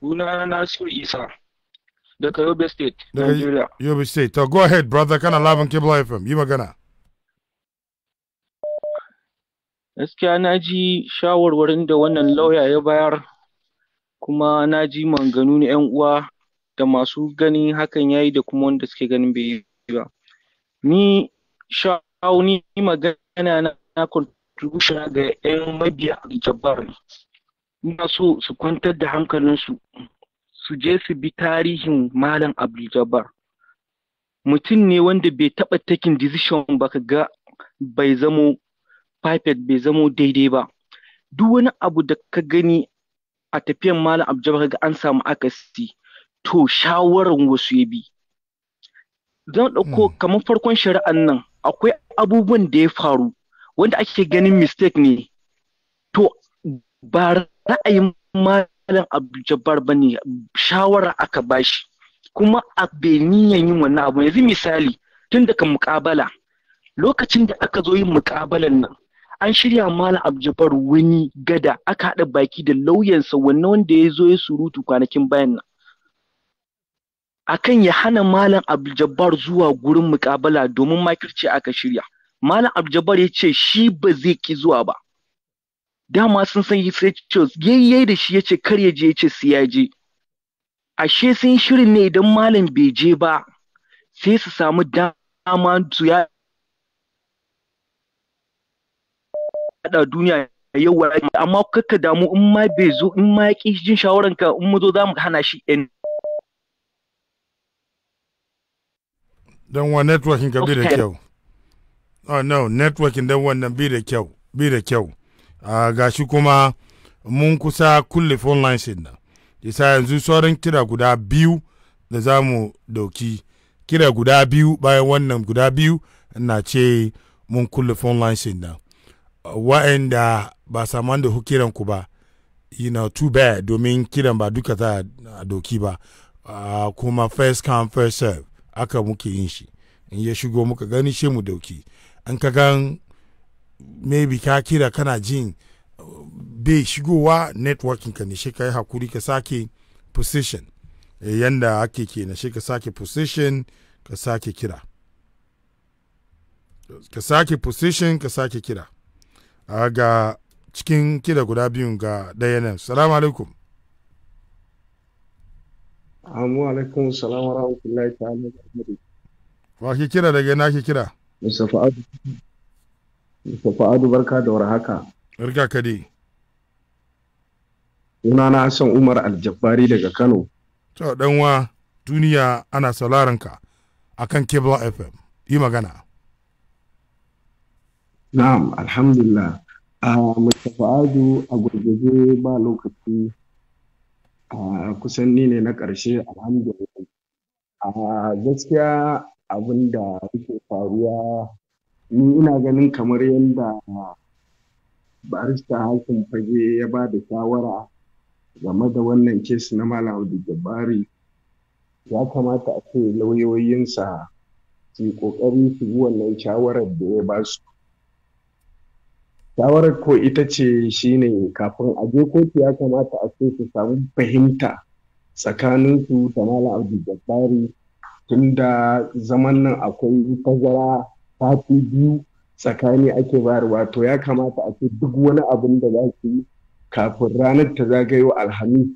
suna nasiru isa daga Yobe State, Nigeria. Yobe State. To oh, go ahead, brother. Kana labin Kibla FM. Yi magana. Gaskiya na ji shawarwarin da wannan lauya ya bayar kuma na ji manganu na 'yan uwa da masu ganin hakan ya yi da kuma wanda suke ganin bai yi ba. Ni shawuni magana na, na contribution ga 'yan mabiya jabbar. Ina so su kwantar da hankalinsu. su je su bi tarihin Malam Abdul Jabbar. Mutum ne wanda bai taɓa takin decision ba ka ga bai zamo perfect bai zamo daidai ba. Duk wani abu da ka gani a tafiyan Malam Abdul Jabbar ga an samu akasi to shawaran wasu ya bi. Zan ɗauko hmm. kamar farkon shari'an nan akwai abubuwan da ya faru wanda ake ganin mistake ne. To ba ra'ayin ma malam abdul ne shawara aka bashi kuma a beniyan yin wannan abu yanzu misali tun daga mukabala lokacin da aka zo yin mukabalan nan an shirya malam abdul wani gada aka haɗa baki da lauyansa wanne wanda ya zo ya surutu kwanakin bayan nan akan ya hana malam abdul zuwa gurin mukabala domin makirci aka shirya malam abdul ya ce shi ba zai ki zuwa ba dama sun san Hesychus yayye da shi yace kar ya je yace sai ya je ashe sun shirin ne idan malam bai je ba sai su samu dama su ya da duniya yau wa amma kakka damu in ma bai zo in ma ya ki jin ka in mu zo za mu hana shi yan dan wa networking ka bi da kyau oh no networking dan wannan bi da kyau bi da kyau uh, gashi kuma mun kusa kulle phone lines nan isa yanzu sauran kira guda biyu da za mu dauki kira guda biyu bayan wannan guda biyu na ce mun kulle phone lines nan wa'anda ba saman da kiran ku ba you know too bad domin kiran ba duka za a doki ba uh, kuma first come first serve aka muke yin shi in ya shigo muka gani shi mu dauki an ka gan maybe ka kira kana jin uh, bai shigowa networking ka ne shi ka yi hakuri ka sake position eh, yanda ake ke na shi ka sake position ka sake kira ka sake position ka sake kira ga cikin kira guda biyun ga daya nan salamu alaikum Amu alaikum salamu alaikum wa ke kira daga na ke kira Mustapha Abdu Adu barka da warhaka. Barka ka dai. na Hassan Umar aljabari daga Kano. To danwa duniya ana sauraron ka akan Cable FM. Yi magana. Na'am, alhamdulillah. A Mustapha Adu a gurguje ba lokaci a kusan ni ne na ƙarshe alhamdulillah. A gaskiya abin da yake faruwa ni ina ganin kamar yadda barista hakan fage ya ba da shawara game da wannan kes na malam jabari ya kamata a ce lauyoyinsa su kokari su bi wannan shawarar da ya ba su shawarar ko ita ce shine kafin a je kotu ya kamata a ce su samu fahimta tsakaninsu da malam jabari tun da zaman nan akwai tazara sati biyu tsakani ake bayarwa to ya kamata a ce duk wani abin da za su yi kafin ranar ta zagayo alhamis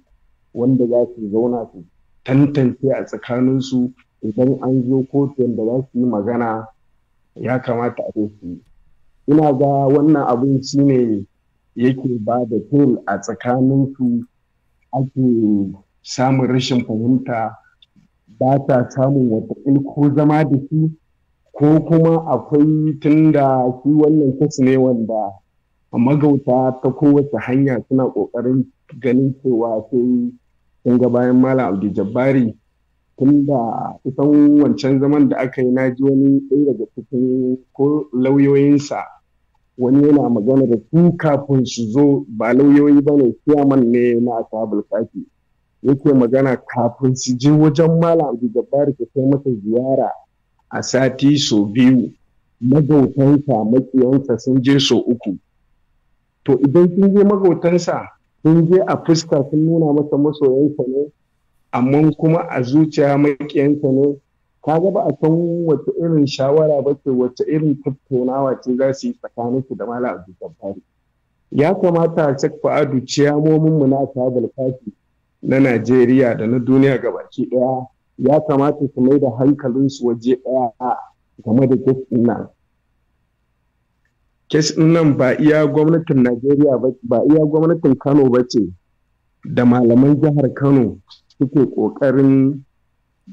wanda za su zauna su tantance a tsakaninsu idan an zo kotun da za su yi magana ya kamata a su yi ina ga wannan abin shi ne yake ba da tol a tsakaninsu ake samun rashin fahimta ba ta samun wata ko zama da shi ko kuma akwai tunda shi wannan kasu ne wanda a magauta ta kowace hanya suna ƙoƙarin ganin cewa sai sun ga bayan malam abdul jabbari tunda kusan wancan zaman da aka yi na ji wani ɗaya daga cikin ko lauyoyinsa wani yana magana da su kafin su zo ba lauyoyi ba ne siyaman ne na asabul kafi yake magana kafin su ji wajen malam abu jabbari su kai masa ziyara a sati so biyu magautansa makiyansa sun je so uku to idan sun je magautansa sun je a fuska sun nuna masa masoyansa ne amma kuma a zuciya makiyansa ne ka gaba ba a san wata irin shawara ba ce wata irin tattaunawa ce za su yi su da mala abu ya kamata a cek fa'adu ciyamomin mu na tabal kafi na najeriya da na duniya gabaki ɗaya. ya kamata su mai da hankalinsu waje ɗaya game da kes nan. Kes nan ba iya gwamnatin Najeriya ba iya gwamnatin Kano ba ce da malaman jihar Kano suke ƙoƙarin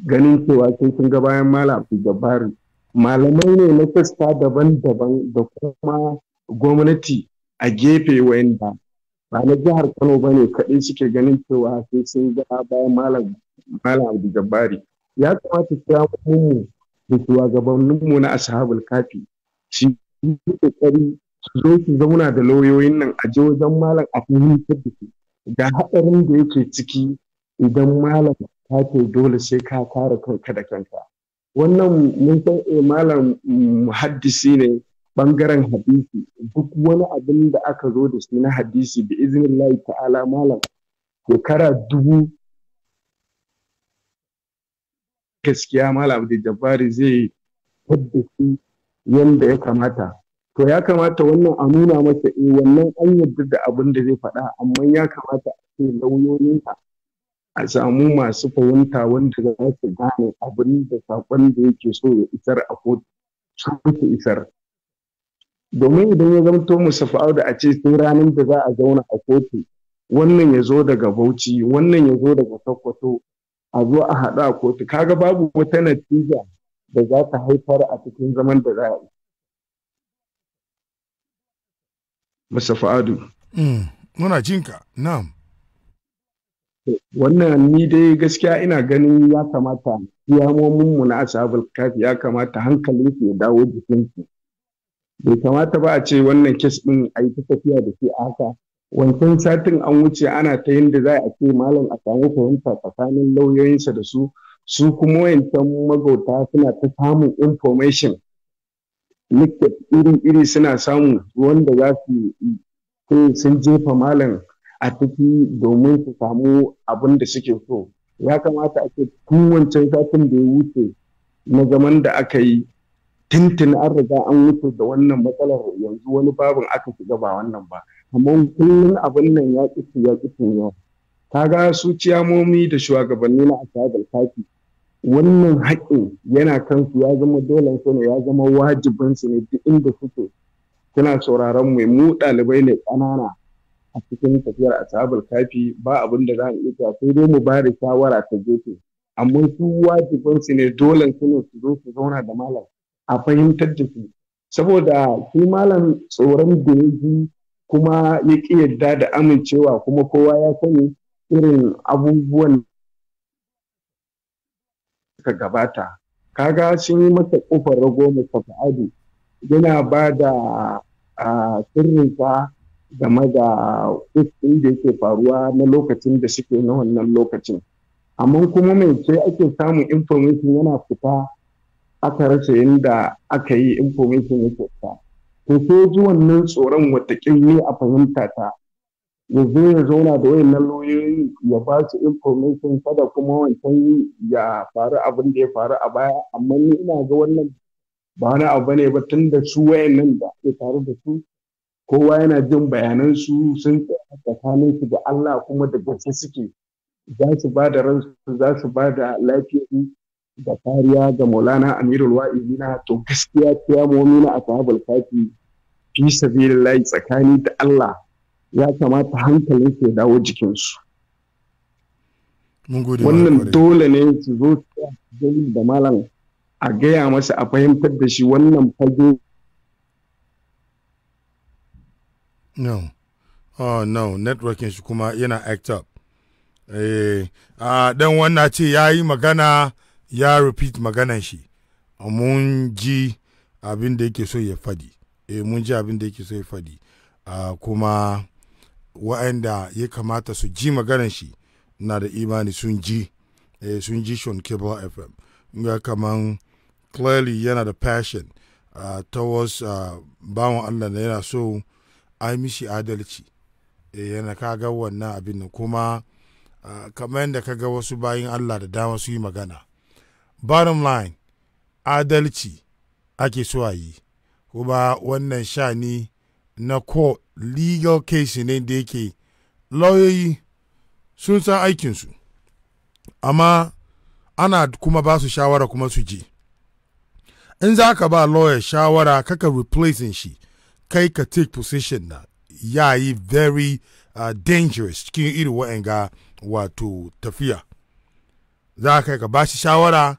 ganin cewa sun sun ga bayan Malam Abdul Malamai ne na kesta daban-daban da kuma gwamnati a gefe wa'inda ba na jihar Kano ba ne kaɗai suke ganin cewa sai sun ga bayan Malam Malam abu Jabbari ya kamata mu da mu na ashabul kafi shi kokari su zo su zauna da lauyoyin nan a je wajen malam a fahimtar da su ga haɗarin da yake ciki idan malam ka ce dole sai ka kare kanka da kanka wannan mun san eh, malam muhaddisi ne bangaren hadisi duk wani abin da aka zo da shi na hadisi da iznillahi ta'ala malam shekara dubu gaskiya malam abdul jabari zai fadda yadda ya kamata to ya kamata wannan a nuna masa eh wannan an yarda da abin da zai faɗa amma ya kamata a ce lauyoyinsa a samu masu fahimta wanda za su gane abin da saƙon da yake so ya isar a kotu su isar domin idan ya zamto fa'au da a ce sai ranar da za a zauna a kotu wannan ya zo daga bauchi wannan ya zo daga sokoto a zo a haɗu a kotu kaga babu wata natija da za ta haifar a cikin zaman da za a yi. Masa fa'adu. Mm, muna jinka, na'am. Wannan ni dai gaskiya ina ganin ya kamata iyamominmu na ashabul kafi ya kamata hankalin su ya dawo jikinsu. Bai kamata ba a ce wannan kes ɗin a yi ta tafiya da shi a haka wancan satin an wuce ana ta yin da za a ce malam a samu fahimta tsakanin lauyoyinsa da su su kuma wancan magauta suna ta samun information liket iri-iri suna samu wanda za su sun jefa malam a ciki domin su samu abin da suke so ya kamata a ce tun wancan satin da ya wuce na zaman da aka yi tintin an riga an wuce da wannan matsalar yanzu wani babin aka shiga ba wannan ba kamar kullum abin nan ya kitu ya ƙi Ta kaga su ciyamomi da shugabanni na asabar taki wannan haƙƙin yana kansu ya zama dole su ne ya zama wajibin su ne duk inda suke suna sauraron mai mu ɗalibai ne ƙanana a cikin tafiyar asabar kafi ba abin da za mu iya sai dai mu ba da shawara ta gefe amma su wajibin su ne dole su ne su zo su zauna da malam a fahimtar da su saboda su malam tsoron da ya kuma ya ƙi yadda da amincewa kuma kowa ya sani irin abubuwan suka gabata kaga sun yi masa ƙofar rago Mustapha Adu yana ba da sirrinsa game da ɗin da yake faruwa na lokacin da suke na wannan lokacin amma kuma mai sai ake samun information yana fita aka rasa yadda aka yi information yake fita to sai ji wannan tsoron wataƙil ne a fahimta ta ya zo ya zauna da wayannan lauyoyi ya ba su information kada kuma wancan ya faru abin da ya faru a baya amma ni ina ga wannan ba wani abu ne ba tun da su nan da ake tare da su kowa yana jin bayanan su sun tsakanin su da Allah kuma da gaske suke za su ba da ransu za su ba da lafiyar da kariya ga Maulana Amirul na to gaskiya kiyamomi na asabul kafi fi sabilillahi tsakani da Allah ya kamata hankalin su dawo jikinsu wannan dole ne su zo da malam a gaya masa a fahimtar da shi wannan fage no oh no networking shi kuma yana act up eh uh, dan wannan ce ya yi magana ya repeat maganan shi mun ji abin da yake so ya fadi e mun ji abin da yake so ya faɗi uh, kuma wa'anda ya kamata su ji maganar shi na da imani sun ji eh, sun ji shon cable fm ga kaman clearly yana da passion uh, towards ah, bawan allah na yana so ai mishi adalci eh, yana kaga wannan abin nan kuma uh, kamar yadda kaga wasu bayin allah da dama su yi magana bottom line adalci ake so a yi kuma wannan shani na court legal case ne da yake lauyoyi sun san aikinsu amma ana kuma ba su shawara kuma su je in za ka ba lawyer shawara kaka replacing shi kai ka take position na ya yi very uh, dangerous cikin irin ga wato tafiya za ka ka ba shi shawara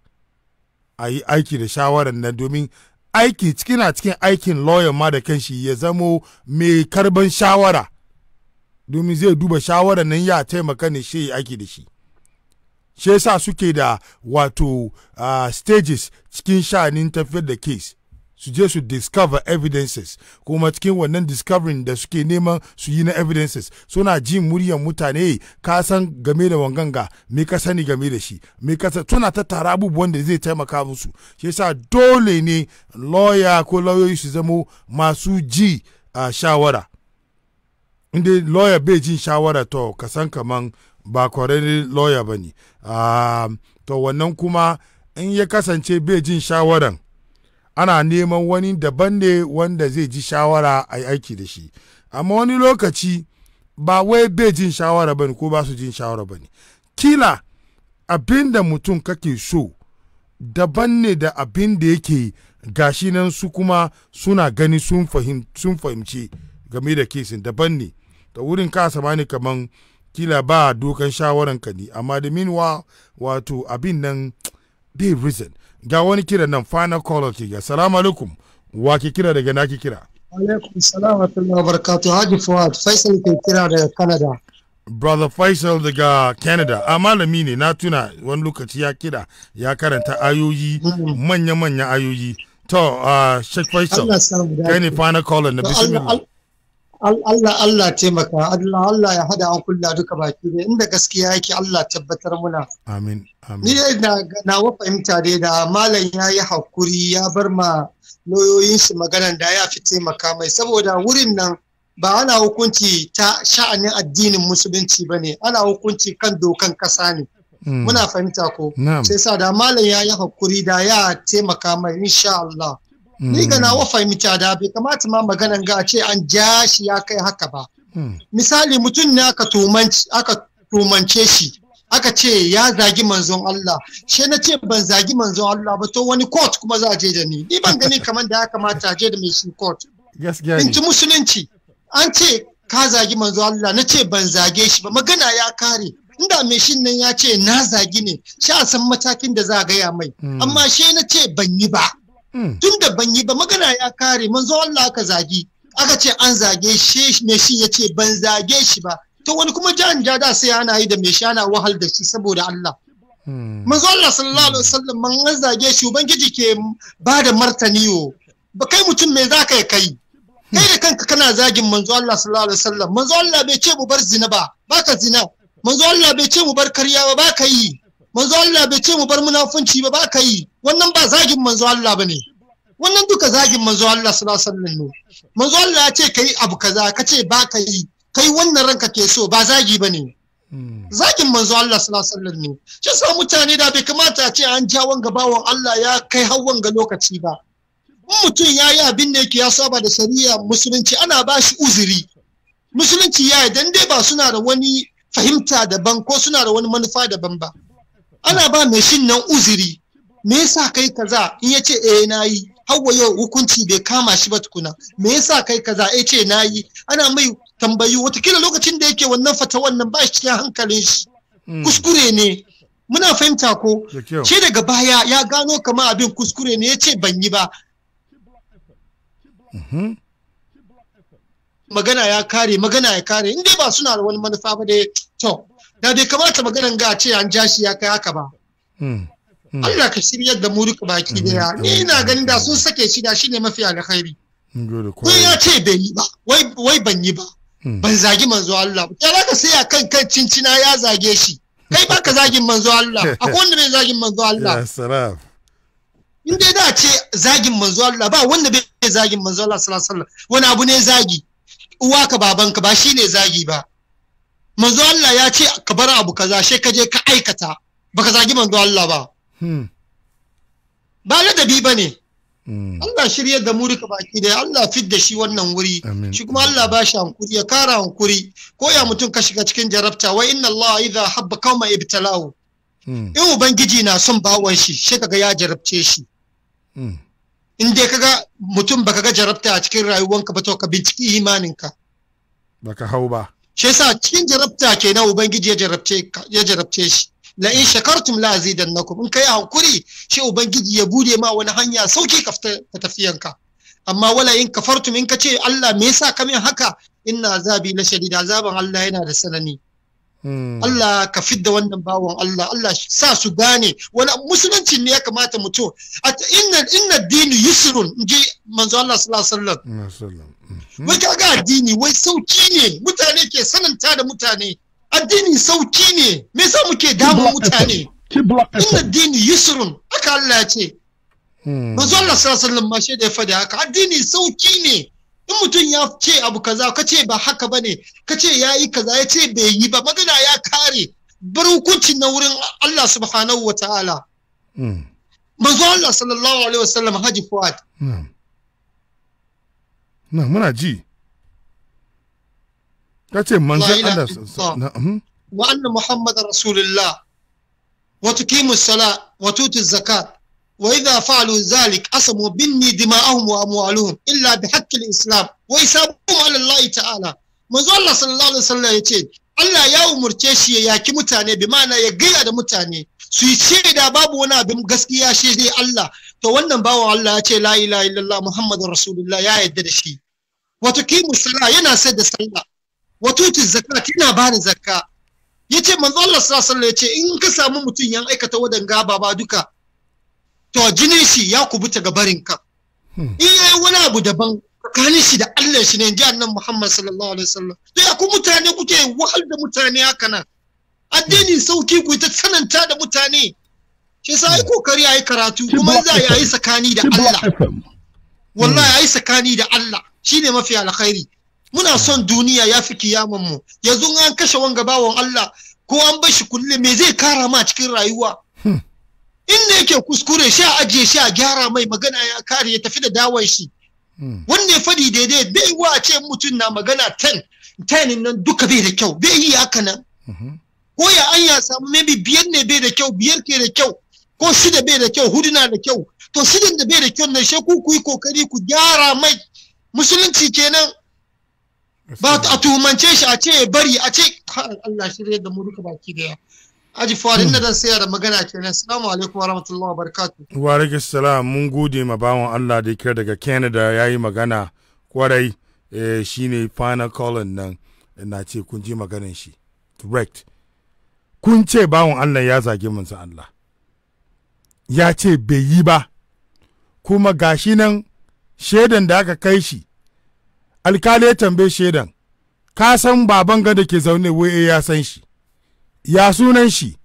a yi aiki da shawarar nan domin aiki cikin na cikin aikin lawyer ma da kanshi ya zamo mai karban shawara domin zai duba shawara nan ya taimaka ne shi aiki da shi shi yasa suke da wato uh, stages cikin sha'anin tafiyar da case su je su discover evidences kuma cikin wannan discovering da suke neman su yi na evidences suna jin muryar mutane ka san game da wanganga me ka sani game da shi me ka suna tattara abubuwan da zai taimaka musu shi yasa dole ne lawyer ko lauyoyi su zamo masu ji a shawara inda lawyer bai jin shawara to ka san kaman ba kwararren lawyer ba ne to wannan kuma in ya kasance bai jin shawaran ana neman wani daban ne wanda zai ji shawara a yi aiki da shi amma wani lokaci ba wai bai jin shawara ba ne ko ba su jin shawara ba ne kila abin da mutum kake so daban ne da abin da yake gashi nan su kuma suna gani sun fahimci game da kesin daban ne ta wurin ka samani kaman kila ba dokan shawaran ka ne amma da meanwhile wato abin nan bai reason ga wani kira nan final call ke ga salamu alaikum wa ke kira daga na ke kira alaikum salam wa wa barakatu haji fuad faisal ke kira daga canada brother faisal daga canada a malami ne na tuna wani lokaci ya kira ya karanta ayoyi mm. manya-manya ayoyi to uh, sheikh faisal kai ne final call na bismillah Allah Allah taimaka Allah Allah ya hada an kulla duka baki da inda gaskiya yake Allah tabbatar muna amin amin ni na na wa fahimta dai da malam yayi hakuri ya bar ma loyoyin shi maganan da ya fi taimaka mai saboda wurin nan ba ana hukunci ta sha'anin addinin musulunci bane ana hukunci kan dokan kasa ne hmm. muna fahimta ko sai sa da malam yayi hakuri da ya taimaka mai insha Allah ni ga hmm. nawa fahimta da bai kamata ma maganan ga ce an ja shi ya kai haka ba hmm. misali mutum ne aka tumance shi aka ce ya zagi manzon Allah she na ce ban zagi manzon Allah ba to wani court kuma za a je da ni ni ban gani kamar da ya kamata a je da mai shi court in musulunci an ce ka zagi manzon Allah na ce ban zage shi ba magana ya kare inda mai shin nan ya ce na zagi ne sha san matakin da za a gaya mai hmm. amma she na ce ban yi ba Hmm. tun da ban yi ba magana ya kare manzo Allah aka zagi aka ce an zage shi me shi ya ce ban zage shi ba to wani kuma jan ja da sai ana yi da me shi ana wahal da shi saboda Allah hmm. manzo Allah sallallahu alaihi wasallam man an zage shi ubangiji ke ba da martani yo ba kai mutum me za ka kai hmm. kai da kanka kana zagin manzo Allah sallallahu alaihi wasallam manzo Allah bai ce mu bar zina ba baka zina manzo Allah bai ce mu bar karya ba baka yi manzo Allah bai ce mu bar munafunci ba ba ka yi wannan ba zagin manzo Allah bane wannan duka zagin manzo Allah sallallahu alaihi wasallam manzo Allah ya ce kai abu kaza ka ce ba ka yi kai wannan ranka ke so ba zagi bane hmm. zagin manzo Allah sallallahu alaihi wasallam shi sa mutane da bai kamata a ce an ja wanga bawon Allah ya kai hawan ga lokaci ba in mutum ya yi abin da yake ya saba da shari'a musulunci ana ba shi uzuri musulunci ya yi dan dai ba suna da wani fahimta daban ko suna da wani manufa daban ba ana ba mai shin nan uzuri me yasa kai kaza in ya ce eh na yi hawa yau hukunci bai kama shi ba tukuna me yasa kai kaza ya ce na yi ana mai tambayi watakila lokacin da yake wannan fata wannan ba shi cikin hankalin shi hmm. kuskure ne muna fahimta ko ce daga baya ya gano kama abin kuskure ne ya ce ban yi ba mm-hmm. magana ya kare magana ya kare in dai ba suna da wani manufa ba da to da bai kamata maganan ga ce an ja shi ya kai haka ba hmm. Hmm. Allah ka shiryar da muri duka baki daya ni ina ganin da sun sake shi da shine mafi alkhairi ko ya ce bai yi ba wai ban yi ba hmm. ban zagi manzo Allah ba ya ka sai kan kan cincina ya zage shi kai baka zagin manzo Allah akwai wanda bai zagin manzo Allah in dai da ce zagin manzo Allah ba wanda bai zagin manzo Allah sallallahu alaihi wasallam wani abu ne zagi uwa ka babanka ba shine zagi ba manzo Allah ya ce ka bar abu kaza sai ka je ka aikata baka zagi manzo Allah ba hmm. ba ladabi ba ne hmm. Allah shirya da mu duka baki da Allah fit da shi wannan wuri shi kuma Allah ba shi hankuri ya kara hankuri ko ya mutum ka shiga cikin jarabta wa inna Allah idha habba kauma ibtalahu hmm. in ubangiji na son bawon shi sai kaga ya jarabce shi in dai kaga mutum baka ga jarabta a cikin rayuwanka ba to ka binciki imaninka baka hau ba shi yasa cikin jarabta ke na ubangiji ya jarabce shi la in shakartum la azidannakum in kai hankuri shi ubangiji ya bude ma wani hanya sauki ka fita tafiyanka amma wala in kafartum in ka ce Allah me yasa kamin haka inna azabi la shadida azaban Allah yana da sanani hmm. Allah ka fidda wannan bawan Allah Allah sa su gane wani musulunci ne ya kamata mutum inna inna dinu yusrun inji manzo Allah sallallahu alaihi wasallam wai ga addini wai sauki ne mutane ke sananta da mutane addini sauki ne me sa muke damu mutane inna addini yusrun haka Allah ya ce hmm. manzo Allah sallallahu alaihi wasallam shi da ya faɗi haka addini sauki ne in mutum ya ce abu kaza ka ce ba haka bane ka ce ya yi kaza ya ce bai yi ba magana ya kare bar hukunci na wurin Allah subhanahu wa ta'ala hmm. manzo Allah sallallahu alaihi wasallam haji fuad hmm. na muna ji ta ce manzan Allah wa anna muhammad rasulullah wa tuqimu sala wa tutu zakat wa idha fa'alu zalik asamu binni dima'ahum wa amwaluhum illa bi haqqil islam wa isabuhum ala Allah ta'ala manzo Allah sallallahu alaihi wasallam yace Allah ya umurce shi ya yaki mutane bi ma'ana ya gaya da mutane su yi shaida babu wani abin gaskiya shi dai Allah to wannan bawan Allah ya ce la ilaha illallah muhammadur rasulullah ya yadda da shi wato kimu sala yana sai da sallah wato tu zakka kina bani zakka yace manzo Allah sallallahu alaihi yace in ka samu mutum yan aikata gaba baba duka to jini shi ya kubuta ga barin ka hmm. in yayi wani abu daban tsakanin shi da Allah shi ne in ji annan Muhammad sallallahu alaihi wasallam to ya ku mutane kuke wahal da mutane haka nan addini sauki ku ta tsananta da mutane shi sa ai hmm. kokari ai karatu kuma za hmm. a yi tsakani da Allah wallahi ai tsakani da Allah Shi ne mafi alkhairi muna son duniya ya fi kiyaman mu yanzu an kashe wanga bawon Allah ko an bar shi kulle me zai kara ma cikin rayuwa hmm. in ne yake kuskure shi a ajiye shi a gyara mai magana ya kare ya tafi da dawon shi hmm. wanne fadi daidai bai wa a ce mutum na magana 10 10 nan duka bai da kyau bai yi haka nan hmm. ko ya an ya samu maybe biyar ne bai da kyau biyar ke da kyau ko shida bai da kyau huduna da kyau to shidan da bai da kyau nan sai ku ku yi kokari ku gyara mai musulunci kenan ba a tuhumance shi a ce bari a ce Allah shirya da mu duka baki daya aji fadin na dan sayar da magana kenan assalamu alaikum wa rahmatullahi wa barakatuh wa alaikum assalam mun gode ma bawon Allah da ya daga Canada yayi magana kwarai eh, shine final call nan na ce kun ji maganin shi direct kun ce bawon Allah ya zage sa Allah ya ce bai yi ba kuma gashi nan shaidan da aka kai shi alkali ya tambaye shaidan ka san baban ga da ke zaune wai eh ya san shi ya sunan shi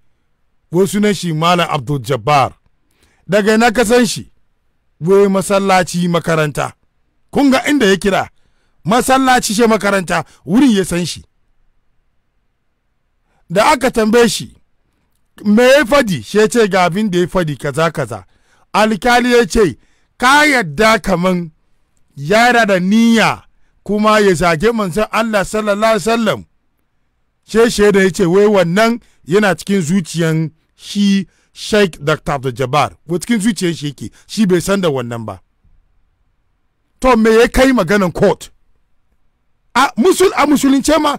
wai sunan shi malam abdul jabbar daga ina ka san shi wai masallaci makaranta kun ga inda ya kira masallaci shi makaranta wurin ya san shi da aka tambaye shi me ya fadi shi ya ce ga abin da ya fadi kaza kaza alkali ya ce ka yadda kaman yara da niyya kuma ya zage manzon Allah sallallahu alaihi wasallam she shaida ya ce wai wannan yana cikin zuciyan shi Sheikh Dr. Abdul Jabbar ko cikin zuciyar shi yake shi bai san da wannan ba to me ya kai maganan court a musul a musulunce ma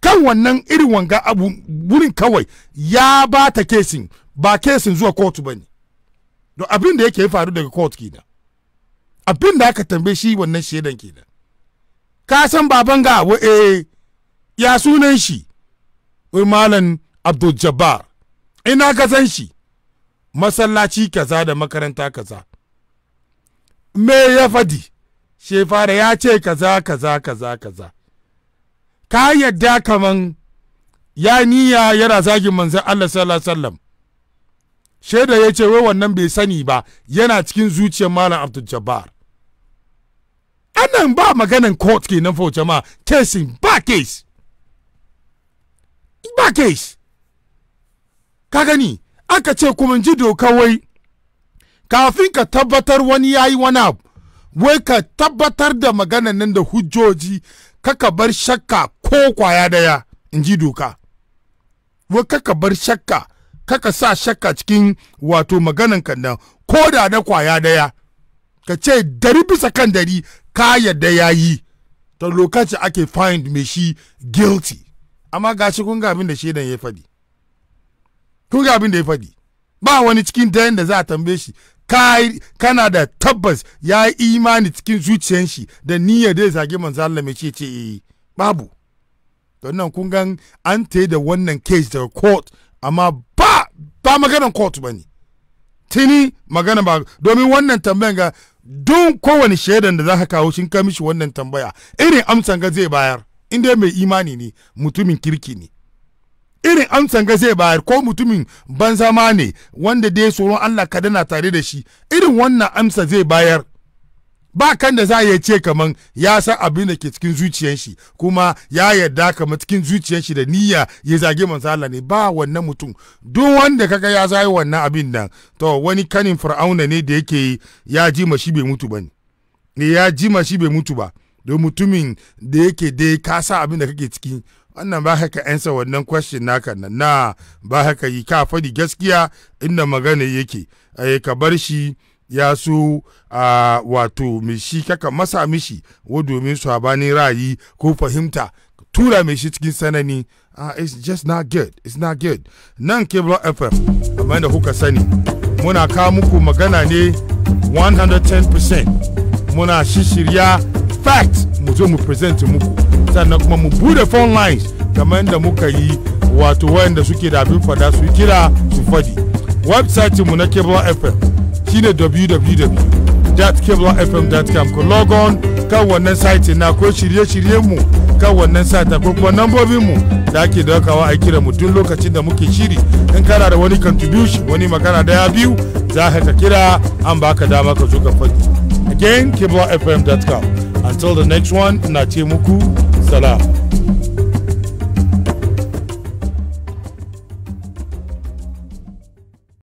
kan wannan irin wanga abu wurin kawai ya ba ta kesin ba kesin zuwa kotu ba ne don abin da yake faru daga court kenan abin da aka tambaye shi wannan shaidan kenan ka san baban ga eh ya sunan shi wai malam abdul jabbar ina ka san shi masallaci kaza da makaranta kaza me ya fadi shefara ya ce kaza kaza kaza kaza ka yadda kaman ya niyya yana zagin manzon Allah sallallahu alaihi wasallam shaida ya ce wai wannan bai sani ba yana cikin zuciyar malam abdul jabbar anan ba maganan court ke nan fauce ma kesin ba case ba case ka gani aka ce kuma ji doka wai kafin ka tabbatar wani yayi wani abu wai ka tabbatar da maganan nan da hujjoji kaka bar shakka ko kwaya daya in ji doka wai kaka bar shakka kaka sa shakka cikin wato maganan kan nan ko da na kwaya daya ka ce dari bisa kan dari ka yadda ya yi ta lokaci ake find me shi guilty amma ga shi kun ga da shedan ya faɗi kun ga da ya faɗi ba wani cikin dayan da za a tambaye shi kana da tabbas ya yi imani cikin zuciyan shi da niyyar da ya zage manzo Allah mai ce ce eh, babu don nan kun gan an tayi da wannan case daga court amma ba maganan court ba ne tuni magana ba domin wannan tambayan ga don kowane shaidan da za ka kawo shi ka mishi wannan tambaya irin amsan ga zai bayar in dai mai imani ne mutumin kirki ne irin amsan ga zai bayar ko mutumin banza ma ne wanda dai tsoron Allah ka dana tare da shi irin wannan amsa zai bayar ba kan da za ya ce kaman ya san abin da ke cikin zuciyar shi kuma ya yarda kamar cikin zuciyar shi da niyya ya zage manzala ne ba wannan mutum duk wanda kaga ya zai wannan abin nan to wani kanin fir'auna ne da yake ya ji ma shi bai mutu ba ne eh, ya ji ma shi bai mutu ba don mutumin da yake dai ka sa abin da kake ciki wannan ba haka ansa wannan question naka nan na ba haka yi ka faɗi gaskiya inda magana yake eh, ka bar shi ya su a wato mai shi kaka masa mishi wo domin su ra'ayi ko fahimta tura mai shi cikin sanani uh, it's just not good it's not good nan kebro fm amma da kuka sani muna kawo muku magana ne 110% muna shishirya fact mu zo mu present muku sannan kuma mu bude phone lines kamar da muka yi wato wayanda suke da abin fada su kira su fadi website mu na kebro fm shine www.cablefm.com ku on kan wannan site na ko shirye-shirye mu kan wannan site ko kuma nambobin mu da ake daukawa a kira mu tun lokacin da muke shiri in kana da wani contribution wani magana daya biyu za ka kira an baka dama ka zo ka faɗi again cablefm.com until the next one na ce muku salam